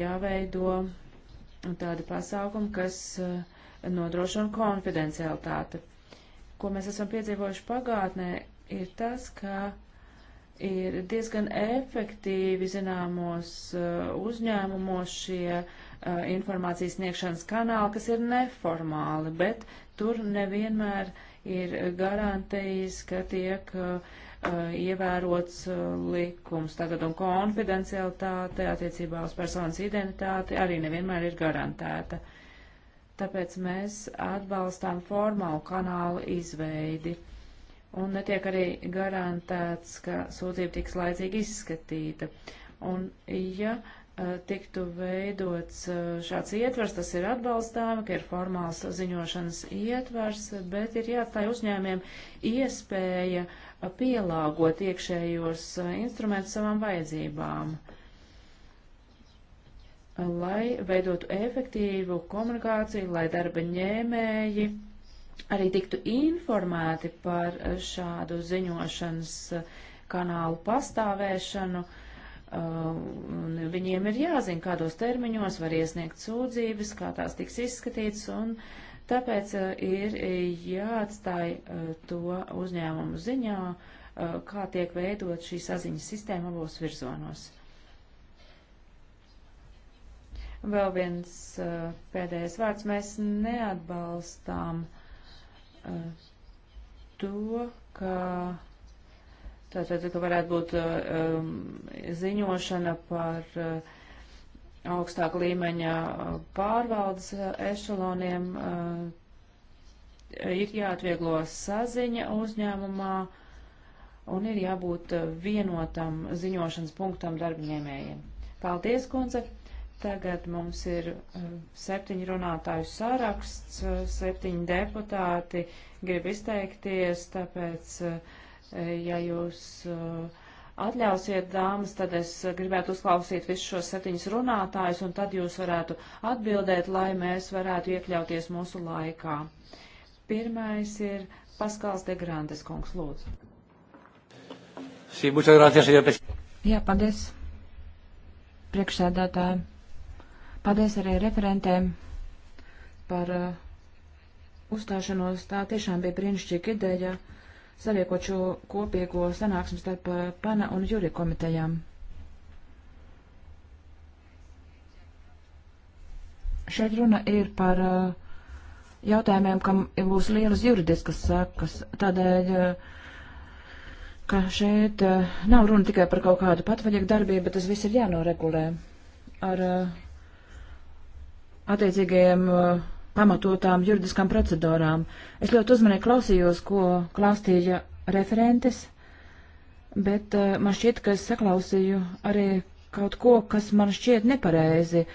jāveido tādi pasākumi, kas nodrošina konfidencialitāti. Ko mēs esam piedzīvojuši pagātnē, ir tas, ka ir diezgan efektīvi zināmos uh, uzņēmumos šie uh, informācijas sniegšanas kanāli, kas ir neformāli, bet tur nevienmēr ir garantijas, ka tiek uh, ievērots likums. Tātad un konfidencialitāte attiecībā uz personas identitāti arī nevienmēr ir garantēta. Tāpēc mēs atbalstām formālu kanālu izveidi un netiek arī garantēts, ka sūdzība tiks laicīgi izskatīta. Un, ja eh, tiktu veidots eh, šāds ietvers, tas ir atbalstāmi, ka ir formāls ziņošanas ietvers, bet ir jāatstāj uzņēmiem iespēja eh, pielāgot iekšējos instrumentus savām vajadzībām, lai veidotu efektīvu komunikāciju, lai darba ņēmēji. Mm arī tiktu informēti par šādu ziņošanas kanālu pastāvēšanu. Uh, viņiem ir jāzina, kādos termiņos var iesniegt sūdzības, kā tās tiks izskatītas, un tāpēc uh, ir jāatstāj uh, to uzņēmumu ziņā, kā tiek veidot šī saziņas sistēma abos virzonos. Vēl viens pēdējais vārds. Mēs neatbalstām uh, Eh, to, ka tātad, ka varētu būt eh, um, ziņošana par uh, augstāka līmeņa pārvaldes ešaloniem, uh, ir jāatvieglo saziņa uzņēmumā un ir jābūt vienotam ziņošanas punktam darbiņēmējiem. Paldies, kundze! Tagad mums ir eh, septiņu runātāju saraksts, eh, septiņi deputāti grib izteikties, tāpēc, eh, ja jūs atļausiet, dāmas, tad es gribētu uzklausīt visus šos septiņus runātājus, un tad jūs varētu atbildēt, lai mēs varētu iekļauties mūsu laikā. Pirmais ir Paskals de Grandes kungs, lūdzu. Sí, gracias, Jā, paldies. Priekšsēdētāji Paldies arī referentēm par uh, uzstāšanos. Tā tiešām bija brīnišķīga ideja saviekot šo kopīgo sanāksmu starp uh, PANA un jūri komitejām. Šeit runa ir par uh, jautājumiem, kam būs lielas juridiskas sakas. Tādēļ, uh, ka šeit uh, nav runa tikai par kaut kādu patvaļīgu darbību, bet tas viss ir jānoregulē ar uh, attiecīgajiem uh, pamatotām juridiskām procedūrām. Es ļoti uzmanīgi klausījos, ko klāstīja referentes, bet uh, man šķiet, ka es saklausīju arī kaut ko, kas man šķiet nepareizi.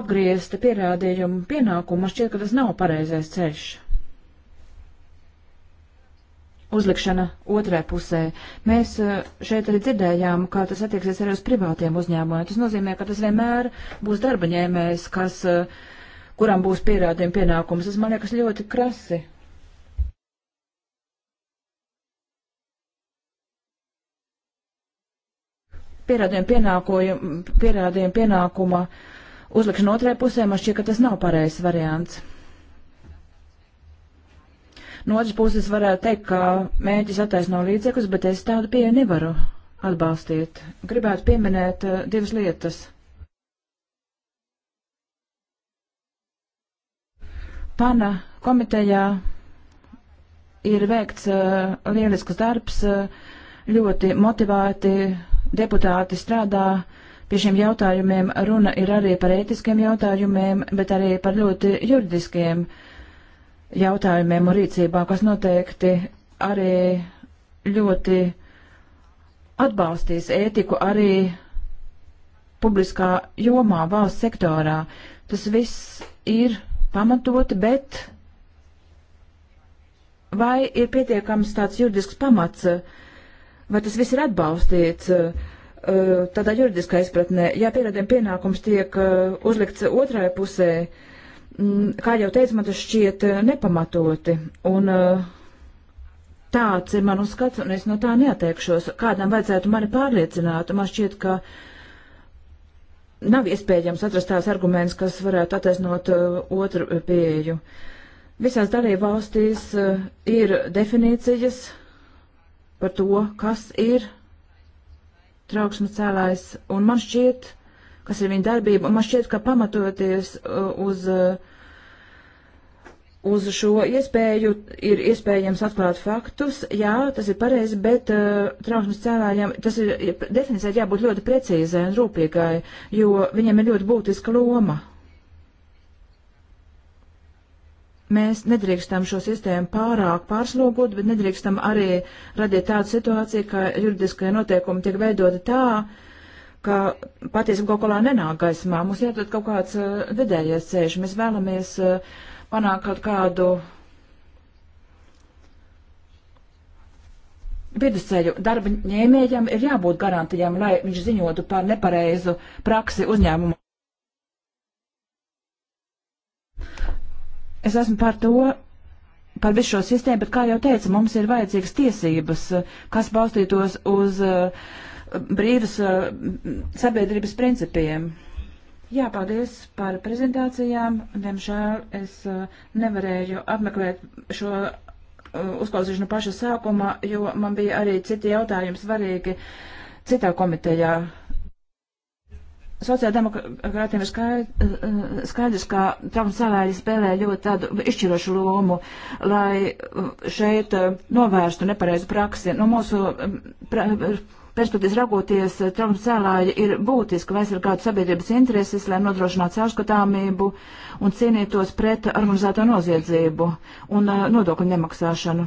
Apgriezta pierādījuma pienākumu man šķiet, ka tas nav pareizais ceļš uzlikšana otrē pusē. Mēs eh, šeit arī dzirdējām, kā tas attieksies arī uz privātiem uzņēmumiem. Tas nozīmē, ka tas vienmēr būs darba ņēmējs, kas, eh, kuram būs pierādījuma pienākums. Tas man liekas ļoti krasi. Pierādījuma pienākuma uzlikšana otrē pusē man šķiet, ka tas nav pareizs variants. No otras puses varētu teikt, ka mēģis attaisno līdzekļus, bet es tādu pieeju nevaru atbalstīt. Gribētu pieminēt uh, divas lietas. Pana komitejā ir veikts uh, lielisks darbs, uh, ļoti motivēti deputāti strādā pie šiem jautājumiem. Runa ir arī par ētiskiem jautājumiem, bet arī par ļoti juridiskiem jautājumiem jautājumiem un rīcībām, kas noteikti arī ļoti atbalstīs ētiku arī publiskā jomā, valsts sektorā. Tas viss ir pamatoti, bet vai ir pietiekams tāds juridisks pamats, vai tas viss ir atbalstīts? Uh, tādā juridiskā izpratnē, ja pierādījuma pienākums tiek uh, uzlikts otrai pusē, uh, Mm, kā jau teicu, man tas šķiet eh, nepamatoti. Un eh, tāds ir man uzskats, un es no tā neatteikšos. Kādam vajadzētu mani pārliecināt, man šķiet, ka nav iespējams atrast tās arguments, kas varētu attaisnot eh, otru pieeju. Visās dalību valstīs ir definīcijas par to, kas ir trauksmes cēlājs, un man šķiet, kas ir viņa darbība. Un man šķiet, ka pamatoties uh, uz, uh, uz šo iespēju, ir iespējams atklāt faktus. Jā, tas ir pareizi, bet uh, trauksmes cēlājiem tas ir definicēt jābūt ļoti precīzai un rūpīgai, jo viņiem ir ļoti būtiska loma. Mēs nedrīkstam šo sistēmu pārāk pārslogot, bet nedrīkstam arī radīt tādu situāciju, ka juridiskie noteikumi tiek veidoti tā, uh, ka patiesība kaut kādā nenāk gaismā. Mums jādod kaut kāds uh, vidējais ceļš. Mēs vēlamies uh, panākt kaut kādu vidusceļu darba ņēmējam ir jābūt garantijām, lai viņš ziņotu par nepareizu praksi uzņēmumu. Es esmu par to, par visu šo sistēmu, bet, kā jau teicu, mums ir vajadzīgas tiesības, eh, kas balstītos uz uh, brīvas sabiedrības principiem. Jā, paldies par prezentācijām. Diemžēl es nevarēju apmeklēt šo uzklausīšanu paša sākuma, jo man bija arī citi jautājumi svarīgi citā komitejā. Sociāldemokrātiem ir skaidrs, ka Trumps savāļi spēlē ļoti tādu izšķirošu lomu, lai šeit novērstu nepareizu praksi. No mūsu pra, perspektīvas raugoties, eh, Trumps cēlāja ir būtiski, lai aizsargātu sabiedrības intereses, lai nodrošinātu caurskatāmību un cīnītos pret organizēto noziedzību un eh, nodokļu nemaksāšanu.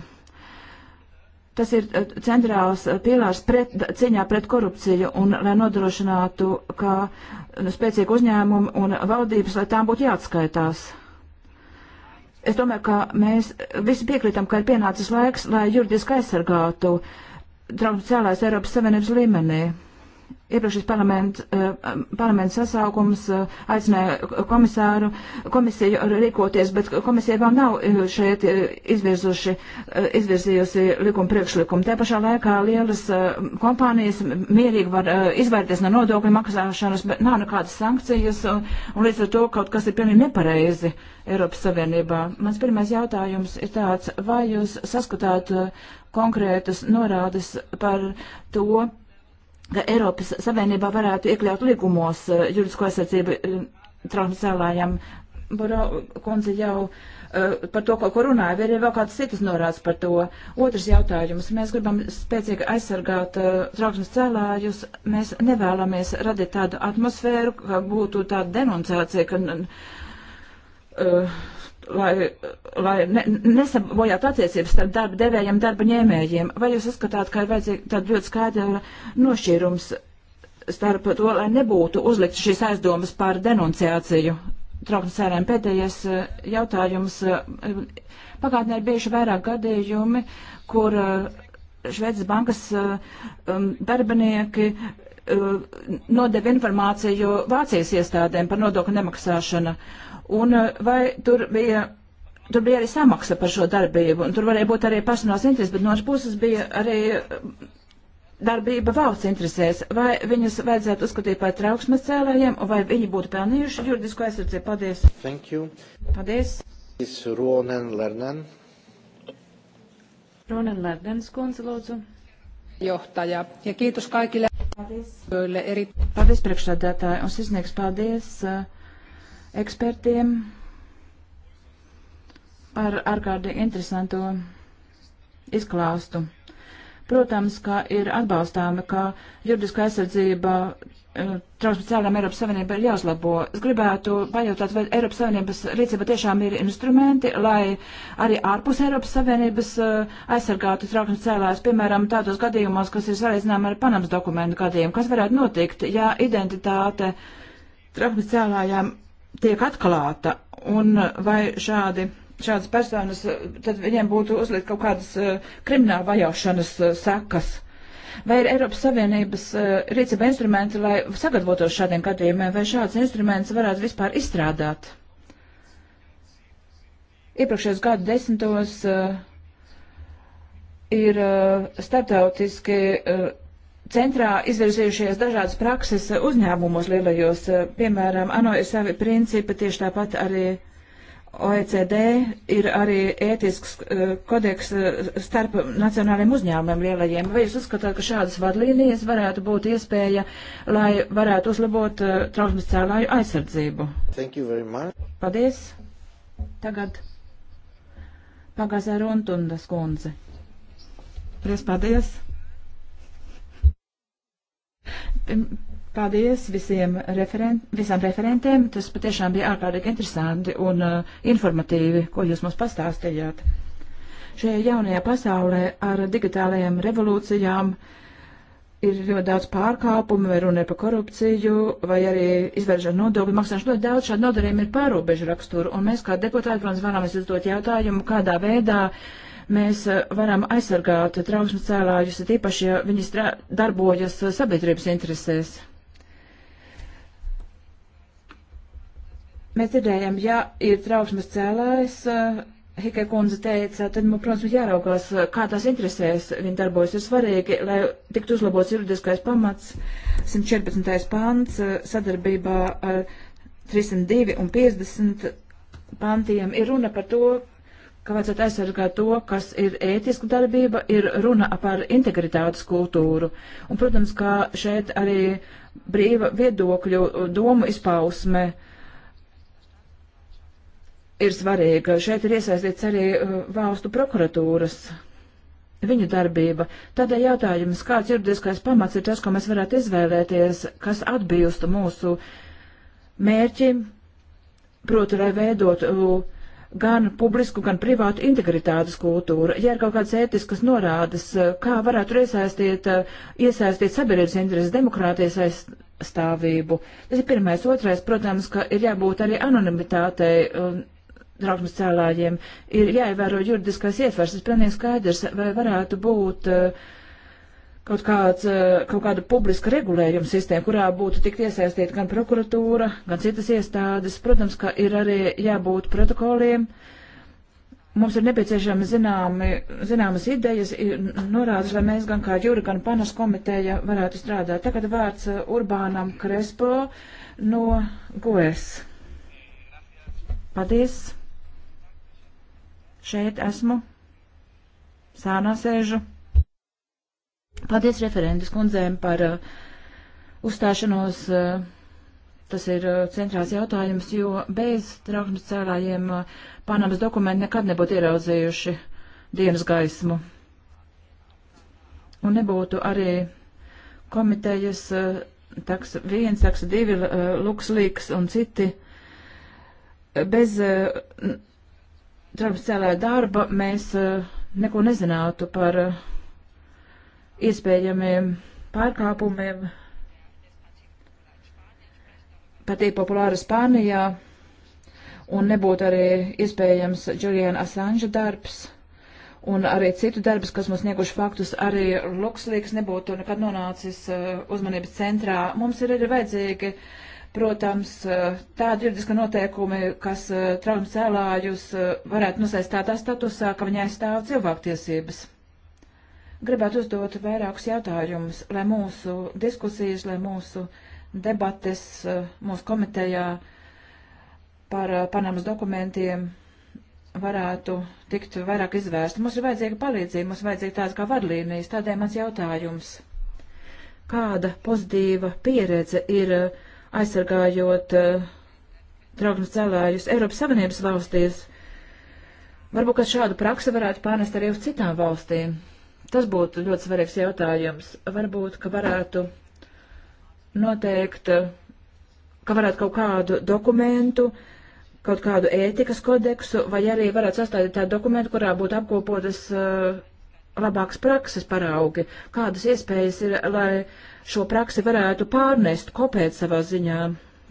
Tas ir eh, centrāls pīlārs pret, cīņā pret korupciju un lai nodrošinātu, ka spēcīgi uzņēmumi un valdības, lai tām būtu jāatskaitās. Es domāju, ka mēs visi piekrītam, ka ir pienācis laiks, lai juridiski aizsargātu uh, transversālās Eiropas Savienības līmenī iepriekšējais parlaments, eh, parlaments sasaukums eh, aicināja komisāru, komisiju rīkoties, bet komisija vēl nav eh, šeit izvirzuši, izvirzījusi likuma priekšlikumu. Te pašā laikā lielas kompānijas mierīgi var izvairīties no nodokļu maksāšanas, bet nav nekādas sankcijas, un, un līdz ar to kaut kas ir pilnīgi nepareizi Eiropas Savienībā. Mans pirmais jautājums ir tāds, vai jūs saskatāt konkrētas norādes par to, ka Eiropas Savienībā varētu iekļaut likumos eh, juridisko aizsardzību eh, transzēlājam. Buro kundze jau uh, par to kaut ko runāja, vai ir vēl kāds citas norāds par to. Otrs jautājums. Mēs gribam spēcīgi aizsargāt uh, trauksmes cēlājus. Mēs nevēlamies radīt tādu atmosfēru, ka būtu tāda denunciācija, ka uh, lai, lai ne, nesabojātu attiecības starp darba devējiem, darba ņēmējiem? Vai jūs uzskatāt, ka ir vajadzīga tāda ļoti skaidra nošķīrums starp to, lai nebūtu uzlikt šīs aizdomas par denunciāciju? Trauksmes ārēm pēdējais eh, jautājums. Eh, pagātnē ir bijuši vairāk gadījumi, kur eh, Šveices bankas um, darbinieki nodeva informāciju Vācijas iestādēm par nodokļu nemaksāšanu. Uh, Un eh, vai tur bija, tur bija arī samaksa par šo darbību, un tur varēja būt arī personāls interesi, bet no otras puses bija arī eh, darbība valsts interesēs, vai viņus vajadzētu uzskatīt par trauksmes cēlējiem, vai viņi būtu pelnījuši juridisko aizsardzību. Paldies! Thank you! Paldies! Ronen Lernen. Ronen Lernen, skundze, lūdzu. Johtaja, ja kiitos kaikille. Paldies. Paldies priekšsādātāji, un sisnieks, paldies. Uh, ekspertiem par ārkārtīgi interesantu izklāstu. Protams, ka ir atbalstāmi, ka juridiska aizsardzība eh, trauksmes cēlām Eiropas Savienība ir jāuzlabo. Es gribētu pajautāt, vai Eiropas Savienības rīcība tiešām ir instrumenti, lai arī ārpus Eiropas Savienības eh, aizsargātu trauksmes cēlājus, piemēram, tādos gadījumos, kas ir sareizināmi ar Panamas dokumentu gadījumu. Kas varētu notikt, ja identitāte trauksmes cēlājām tiek atklāta un vai šādi, šādas personas, tad viņiem būtu uzlikt kaut kādas uh, krimināla vajāšanas uh, eh, sekas. Vai ir Eiropas Savienības uh, rīcība instrumenti, lai sagatavotos šādiem gadījumiem, vai šāds instruments varētu vispār izstrādāt? Iepriekšējos gadu desmitos uh, ir uh, starptautiski uh, centrā izvirzījušies dažādas prakses uzņēmumos lielajos, piemēram, ANO ir savi principi, tieši tāpat arī OECD ir arī ētisks eh, kodeks eh, starp nacionāliem uzņēmumiem lielajiem. Vai jūs uzskatāt, ka šādas vadlīnijas varētu būt iespēja, lai varētu uzlabot eh, trauksmes cēlāju aizsardzību? Paldies. Tagad pagāzē Runtundas kundze. Paldies, paldies. Paldies visiem referen visām referentēm. Tas patiešām bija ārkārtīgi interesanti un uh, informatīvi, ko jūs mums pastāstījāt. Šajā jaunajā pasaulē ar digitālajām revolūcijām ir ļoti daudz pārkāpumu, vai runa ir par korupciju, vai arī izvēršana nodokļu maksāšanu. Ļoti daudz šādu nodarījumu ir pārobežu raksturu, un mēs kā deputāti, protams, vēlamies uzdot jautājumu, kādā veidā uh, mēs eh, varam aizsargāt trauksmes cēlājus, tīpaši, ja viņi darbojas eh, sabiedrības interesēs. Mēs dzirdējām, ja ir trauksmes cēlājs, eh, Hikai kundze teica, tad, man, protams, ir jāraugās, kā tās interesēs viņa darbojas. Ir svarīgi, lai tiktu uzlabots juridiskais pamats, 114. pants sadarbībā ar 302 un 50 pantiem ir runa par to, ka vajadzētu aizsargāt to, kas ir ētiska darbība, ir runa par integritātes kultūru. Un, protams, kā šeit arī brīva viedokļu domu izpausme ir svarīga. Šeit ir iesaistīts arī uh, valstu prokuratūras viņu darbība. Tādēļ jautājums, kāds juridiskais pamats ir tas, ko mēs varētu izvēlēties, kas atbilstu mūsu mērķim, proti, lai veidotu uh, gan publisku, gan privātu integritātes kultūru. Ja ir kaut kādas ētiskas norādes, eh, kā varētu iesaistīt, eh, iesaistīt sabiedrības intereses demokrātijas aizstāvību. Tas ir pirmais. Otrais, protams, ka ir jābūt arī anonimitātei trauksmes eh, cēlājiem. Ir jāievēro juridiskais ietvers. Tas pilnīgi skaidrs, vai varētu būt. Uh, kaut, kāds, eh, kaut kādu publisku regulējumu sistēmu, kurā būtu tik iesaistīta gan prokuratūra, gan citas iestādes. Protams, ka ir arī jābūt protokoliem. Mums ir nepieciešami zināmi, zināmas idejas, norādes, lai mēs gan kā jūra, gan panas komiteja varētu strādāt. Tagad vārds eh, Urbānam Krespo no GOES. Paldies. Šeit esmu. Sānā sēžu. Paldies referentas kundzēm par uh, uzstāšanos. Uh, tas ir uh, centrāls jautājums, jo bez trauksmes cēlājiem uh, Panamas dokumenti nekad nebūtu ierauzējuši dienas gaismu. Un nebūtu arī komitejas uh, taks viens, taks divi, uh, luksulīgs un citi. Bez uh, trauksmes cēlāja darba mēs uh, neko nezinātu par iespējamiem pārkāpumiem. Patīk populāra Spānijā un nebūtu arī iespējams Juliana Assange darbs un arī citu darbus, kas mums snieguši faktus, arī Luxlīks nebūtu nekad nonācis uh, uzmanības centrā. Mums ir arī vajadzīgi, protams, uh, tādi juridiska noteikumi, kas uh, traumas cēlājus varētu nosaistāt tā statusā, ka viņi aizstāv cilvēktiesības gribētu uzdot vairākus jautājumus, lai mūsu diskusijas, lai mūsu debates eh, mūsu komitejā par eh, Panamas dokumentiem varētu tikt vairāk izvērsta. Mums ir vajadzīga palīdzība, mums ir vajadzīga tāds kā vadlīnijas. Tādēļ mans jautājums. Kāda pozitīva pieredze ir eh, aizsargājot trauksmes cēlājus Eiropas Savienības valstīs? Varbūt, ka šādu praksi varētu pārnest arī uz citām valstīm. Tas būtu ļoti svarīgs jautājums. Varbūt, ka varētu noteikt, ka varētu kaut kādu dokumentu, kaut kādu ētikas kodeksu, vai arī varētu sastādīt tādu dokumentu, kurā būtu apkopotas uh, labākas prakses paraugi, kādas iespējas ir, lai šo praksi varētu pārnest, kopēt savā ziņā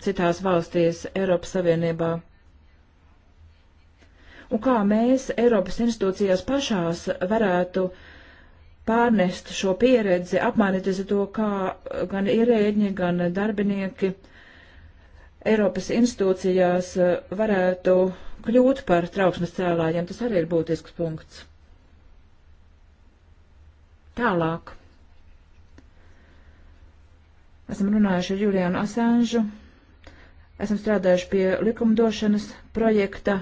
citās valstīs Eiropas Savienībā. Un kā mēs Eiropas institūcijās pašās varētu uh, pārnest šo pieredzi, apmainīties ar to, kā gan ierēģi, gan darbinieki Eiropas institūcijās eh, varētu kļūt par trauksmes cēlājiem. Tas arī ir būtisks punkts. Tālāk. Esam runājuši ar Julianu Asanžu. Esam strādājuši pie likumdošanas projekta,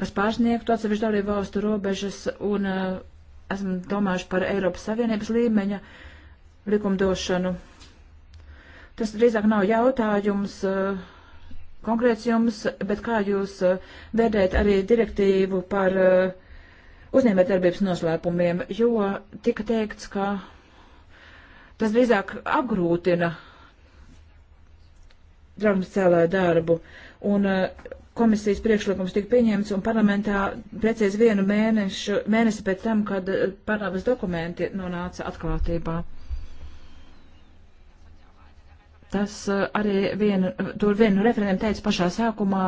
kas pārsniegtu atsevišķu dalību valstu robežas un uh, esam domājuši par Eiropas Savienības līmeņa likumdošanu. Tas drīzāk nav jautājums eh, konkrēts jums, bet kā jūs eh, vērtējat arī direktīvu par eh, uzņēmētarbības noslēpumiem, jo tika teikts, ka tas drīzāk apgrūtina draugsmēlē darbu. Un uh, komisijas priekšlikums tika pieņemts un parlamentā precīz vienu mēnešu, mēnesi pēc tam, kad eh, parlamentas dokumenti nonāca atklātībā. Tas eh, arī vienu, tur vienu referendumu teica pašā sākumā,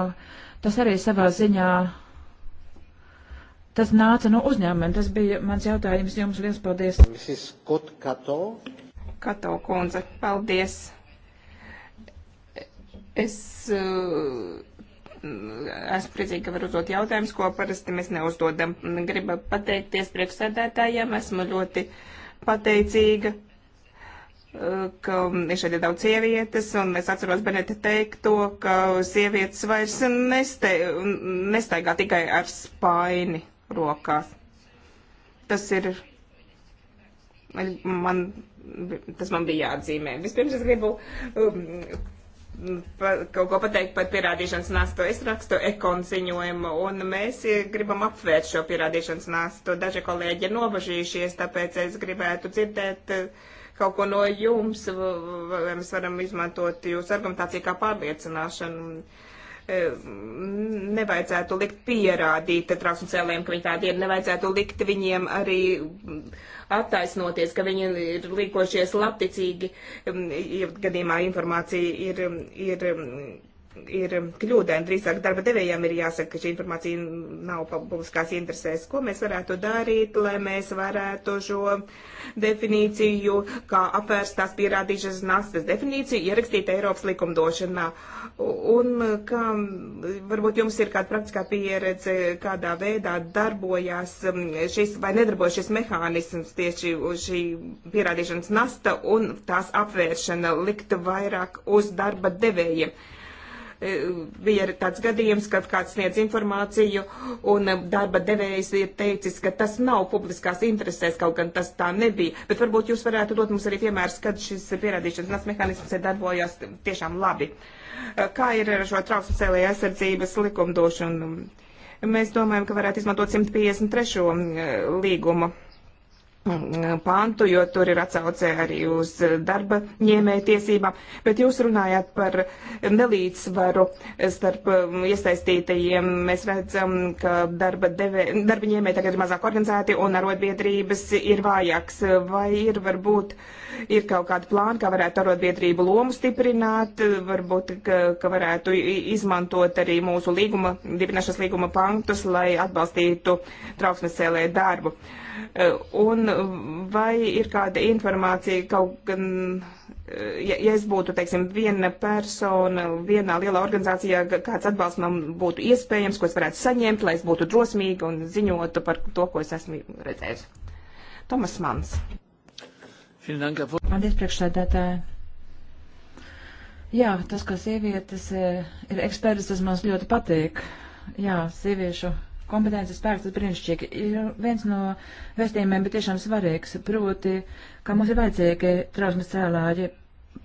tas arī savā ziņā, tas nāca no uzņēmumiem. Tas bija mans jautājums jums. Liels paldies. Mrs. Kot Kato. Kato kundze, paldies. Es. Uh, esmu priecīga, ka var uzdot jautājumus, ko parasti mēs neuzdodam. Gribu pateikties priekšsēdētājiem, esmu ļoti pateicīga, eh, ka ir šeit ir daudz sievietes, un es atceros Beneta teikto, ka sievietes vairs neste, nestaigā tikai ar spaini rokās. Tas ir man, tas man bija jāatzīmē. Vispirms es gribu um, pa, kaut ko pateikt par pierādīšanas nastu. Es rakstu ekonu ziņojumu, un mēs eh, gribam apvērt šo pierādīšanas nastu. Daži kolēģi ir nobažījušies, tāpēc es gribētu dzirdēt eh, kaut ko no jums, vai mēs varam izmantot jūsu argumentāciju kā pārliecināšanu E, nevajadzētu likt pierādīt trauksmes cēlējiem, ka viņi tādi ir, nevajadzētu likt viņiem arī attaisnoties, ka viņi ir rīkojušies labticīgi, e, ja gadījumā informācija ir, ir ir kļūdaini. Drīzāk darba devējiem ir jāsaka, ka šī informācija nav publiskās interesēs. Ko mēs varētu darīt, lai mēs varētu šo definīciju, kā apvērstās pierādīšanas nastas definīciju, ierakstīt Eiropas likumdošanā? Un kā, varbūt jums ir kāda praktiskā pieredze, kādā veidā darbojās um, šis vai nedarbojas šis mehānisms tieši šī pierādīšanas nasta un tās apvēršana likt vairāk uz darba devējiem. E, bija tāds gadījums, kad kāds sniedz informāciju un darba devējs ir teicis, ka tas nav publiskās interesēs, kaut gan tas tā nebija. Bet varbūt jūs varētu dot mums arī piemērs, kad šis pierādīšanas mehānisms darbojas tiešām labi. E, kā ir ar šo trauksmesēlēju aizsardzības likumdošanu? Mēs domājam, ka varētu izmantot 153. E, līgumu pantu, jo tur ir atsaucē arī uz darba ņēmēja tiesībām, bet jūs runājāt par nelīdzsvaru starp um, iesaistītajiem. Mēs redzam, ka darba, deve, darba ņēmēji tagad ir mazāk organizēti un arotbiedrības ir vājāks. Vai ir varbūt ir kaut kāda plāna, kā varētu arotbiedrību lomu stiprināt, varbūt, ka, ka varētu izmantot arī mūsu līguma, dibināšanas līguma pantus, lai atbalstītu trauksmes cēlē darbu. Uh, Un vai ir kāda informācija, kaut gan, ja, ja es būtu, teiksim, viena persona vienā lielā organizācijā, kāds atbalsts man būtu iespējams, ko es varētu saņemt, lai es būtu drosmīga un ziņotu par to, ko es esmu redzējusi? Tomas Mans. Paldies, priekšsēdētāji. Jā, tas, ka sievietes eh, ir ekspertas, tas man ļoti patīk. Jā, sieviešu kompetences spēks, tas brīnišķīgi. Ir viens no vēstījumiem, bet tiešām svarīgs, proti, ka mums ir vajadzīgi trausmas cēlāji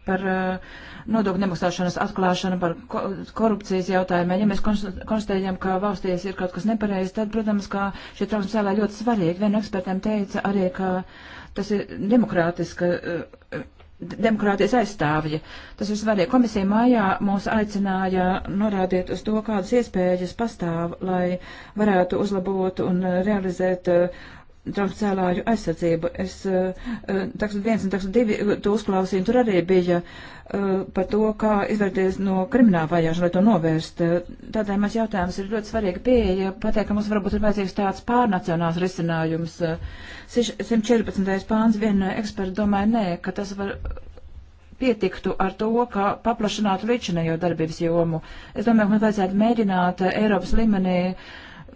par uh, nodokļu nemaksāšanas atklāšanu, par ko korupcijas jautājumiem. Ja mēs konstatējam, ka valstīs ir kaut kas nepareizi, tad, protams, ka šie trauksmes cēlāji ļoti svarīgi. Viena ekspertiem teica arī, ka tas ir demokrātiska uh, demokrātijas aizstāvja. Tas ir svarīgi. Komisija mājā mūs aicināja norādīt uz to, kādas iespējas pastāv, lai varētu uzlabot un realizēt uh, traucēlāju aizsardzību. Es eh, eh, taksu viens un taksu divi eh, to uzklausīju, tur arī bija par to, kā izvērties no krimināla vajāšana, lai to novērst. Tādēļ mēs jautājums ir ļoti svarīga pieeja. Pateikt, ka mums varbūt ir vajadzīgs tāds pārnacionāls risinājums. 114. pāns viena eksperta domāja, nē, ka tas var pietiktu ar to, ka paplašinātu līdzinējo darbības jomu. Es domāju, ka mums vajadzētu mēģināt Eiropas līmenī uh,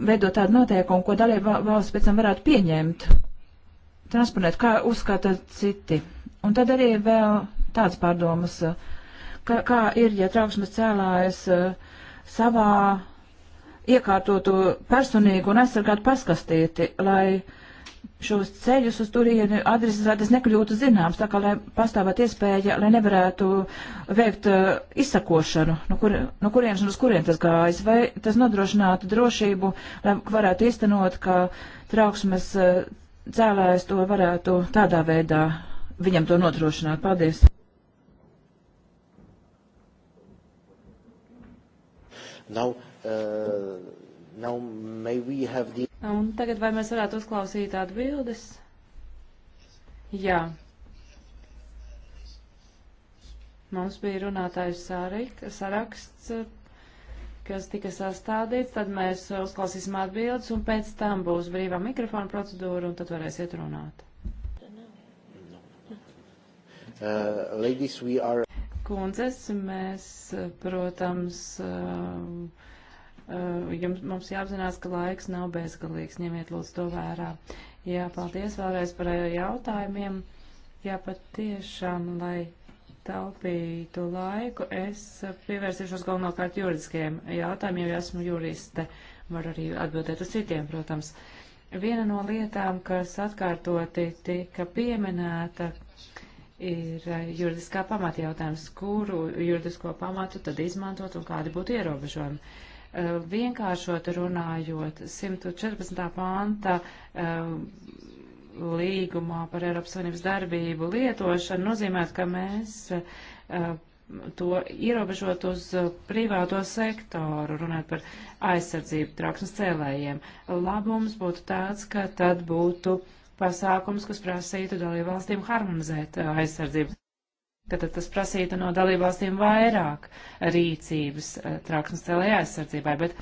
veidot tādu noteikumu, ko dalība valsts pēc tam varētu pieņemt, transponēt, kā uzskata citi. Un tad arī vēl tāds pārdomas, eh, kā, kā ir, ja trauksmes cēlājas eh, savā iekārtotu personīgu un aizsargātu paskastīti, lai uh, šos ceļus uz turieni adreses, lai tas nekļūtu zināms, tā kā lai pastāvētu iespēja, lai nevarētu veikt uh, izsakošanu, no, kur, no kurienes un uz kurien tas gājas, vai tas nodrošinātu drošību, lai varētu īstenot, ka trauksmes uh, cēlājs to varētu tādā veidā viņam to nodrošināt. Paldies! Now, uh... The... Un tagad vai mēs varētu uzklausīt atbildes? Jā. Mums bija runātājs saraksts, kas tika sastādīts, tad mēs uzklausīsim atbildes, un pēc tam būs brīvā mikrofona procedūra, un tad varēsiet runāt. Uh, ladies, are... Kundzes, mēs, protams, uh, Eh, jums, mums jāapzinās, ka laiks nav bezgalīgs, ņemiet lūdzu to vērā. Jā, paldies vēlreiz par eh, jautājumiem. Jā, pat tiešām, lai taupītu laiku, es pievērsīšos galvenokārt juridiskajiem jautājumiem, jo esmu juriste. Var arī atbildēt uz citiem, protams. Viena no lietām, kas atkārtoti tika pieminēta, ir eh, juridiskā pamata jautājums, kuru juridisko pamatu tad izmantot un kādi būtu ierobežojumi. Uh, Eh, vienkāršot runājot, 114. panta eh, līgumā par Eiropas Savienības darbību lietošanu nozīmē, ka mēs eh, to ierobežot uz privāto sektoru, runāt par aizsardzību trauksmes cēlējiem. Labums būtu tāds, ka tad būtu pasākums, kas prasītu dalībvalstīm harmonizēt aizsardzību. Tātad tas prasītu no dalībvalstīm vairāk rīcības eh, trauksmes cēlēja aizsardzībai, bet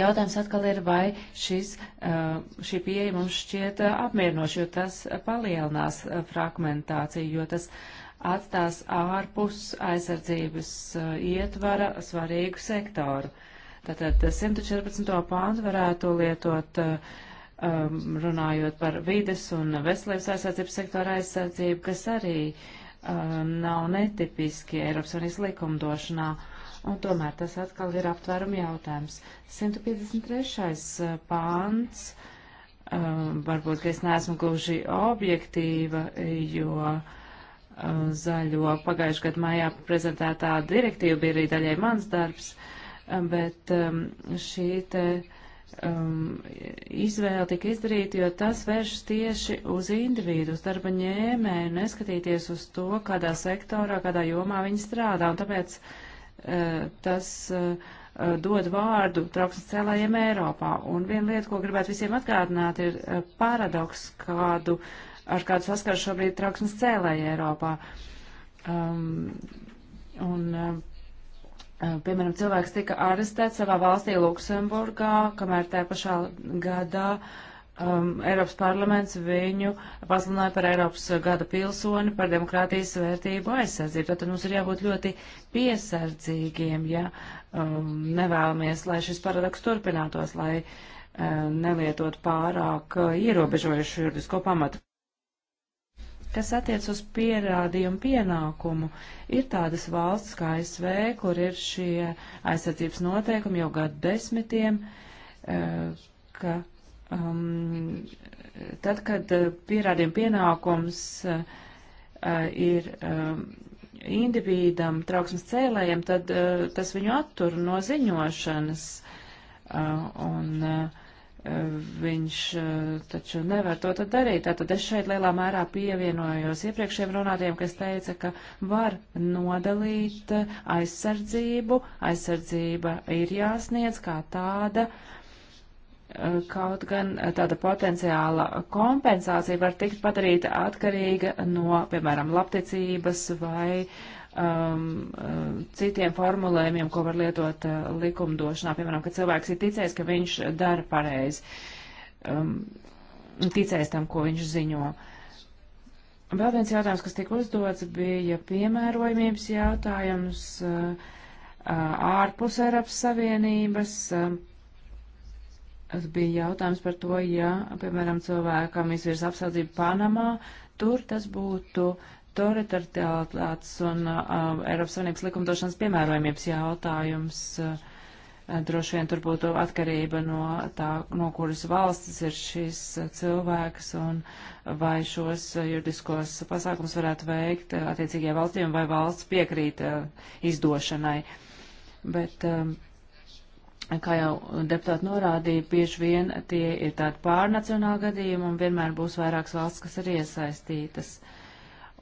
jautājums atkal ir, vai šis, eh, šī pieeja mums šķiet eh, apmierinoši, jo tas palielinās fragmentāciju, jo tas atstās ārpus aizsardzības ietvara svarīgu sektoru. Tātad 114. pāntu varētu lietot uh, runājot par vides un veselības aizsardzības sektora aizsardzību, kas arī uh, Uh, nav netipiski Eiropas Savienības likumdošanā, un tomēr tas atkal ir aptvērumu jautājums. 153. Uh, pāns, uh, varbūt, ka es neesmu gluži objektīva, jo zaļo pagājušajā gadā maijā prezentētā direktīva bija arī daļai mans darbs, bet um, šī te um, izvēle tika izdarīta, jo tas vēršas tieši uz individu, uz darba ņēmēju, neskatīties uz to, kādā sektorā, kādā jomā viņi strādā. Un tāpēc uh, tas uh, uh dod vārdu trauksmes cēlājiem Eiropā. Un viena lieta, ko gribētu visiem atgādināt, ir uh, paradoks, kādu, ar kādu saskar šobrīd trauksmes cēlāji Eiropā. Um, un, uh, Piemēram, cilvēks tika arestēts savā valstī Luksemburgā, kamēr tajā pašā gadā um, Eiropas parlaments viņu pasludināja par Eiropas gada pilsoni, par demokrātijas vērtību aizsardzību. Tātad mums ir jābūt ļoti piesardzīgiem, ja um, nevēlamies, lai šis paradoks turpinātos, lai um, nelietot pārāk uh, ierobežojušu juridisko pamatu. Kas attiec uz pierādījumu pienākumu, ir tādas valsts kā ASV, kur ir šie aizsardzības noteikumi jau gadu desmitiem, eh, ka um, tad, kad eh, pierādījuma pienākums uh, ir um, individam, trauksmes cēlējiem, tad uh, tas viņu attur no ziņošanas. Uh, un, uh, viņš eh, taču nevar to tad darīt. Tātad es šeit lielā mērā pievienojos iepriekšējiem runātiem, kas teica, ka var nodalīt eh, aizsardzību, aizsardzība ir jāsniedz kā tāda, eh, kaut gan tāda potenciāla kompensācija var tikt padarīta atkarīga no, piemēram, labticības vai uh, um, citiem formulējumiem, ko var lietot uh, likumdošanā, piemēram, ka cilvēks ir ticējis, ka viņš dara pareizi, um, ticējis tam, ko viņš ziņo. Vēl viens jautājums, kas tika uzdots, bija piemērojumības jautājums uh, ārpus Eiropas Savienības. Uh, Tas bija jautājums par to, ja, piemēram, cilvēkam izvirs apsardzību Panamā, tur tas būtu teritorialitātes un uh, Eiropas Savienības likumdošanas piemērojumības jautājums. Uh, droši vien tur būtu atkarība no tā, no kuras valstis ir šis cilvēks un vai šos juridiskos pasākums varētu veikt attiecīgajā valstī vai valsts piekrīt izdošanai. Bet, kā jau deputāti norādīja, bieži vien tie ir tādi pārnacionāli gadījumi un vienmēr būs vairākas valsts, kas ir iesaistītas. Uh,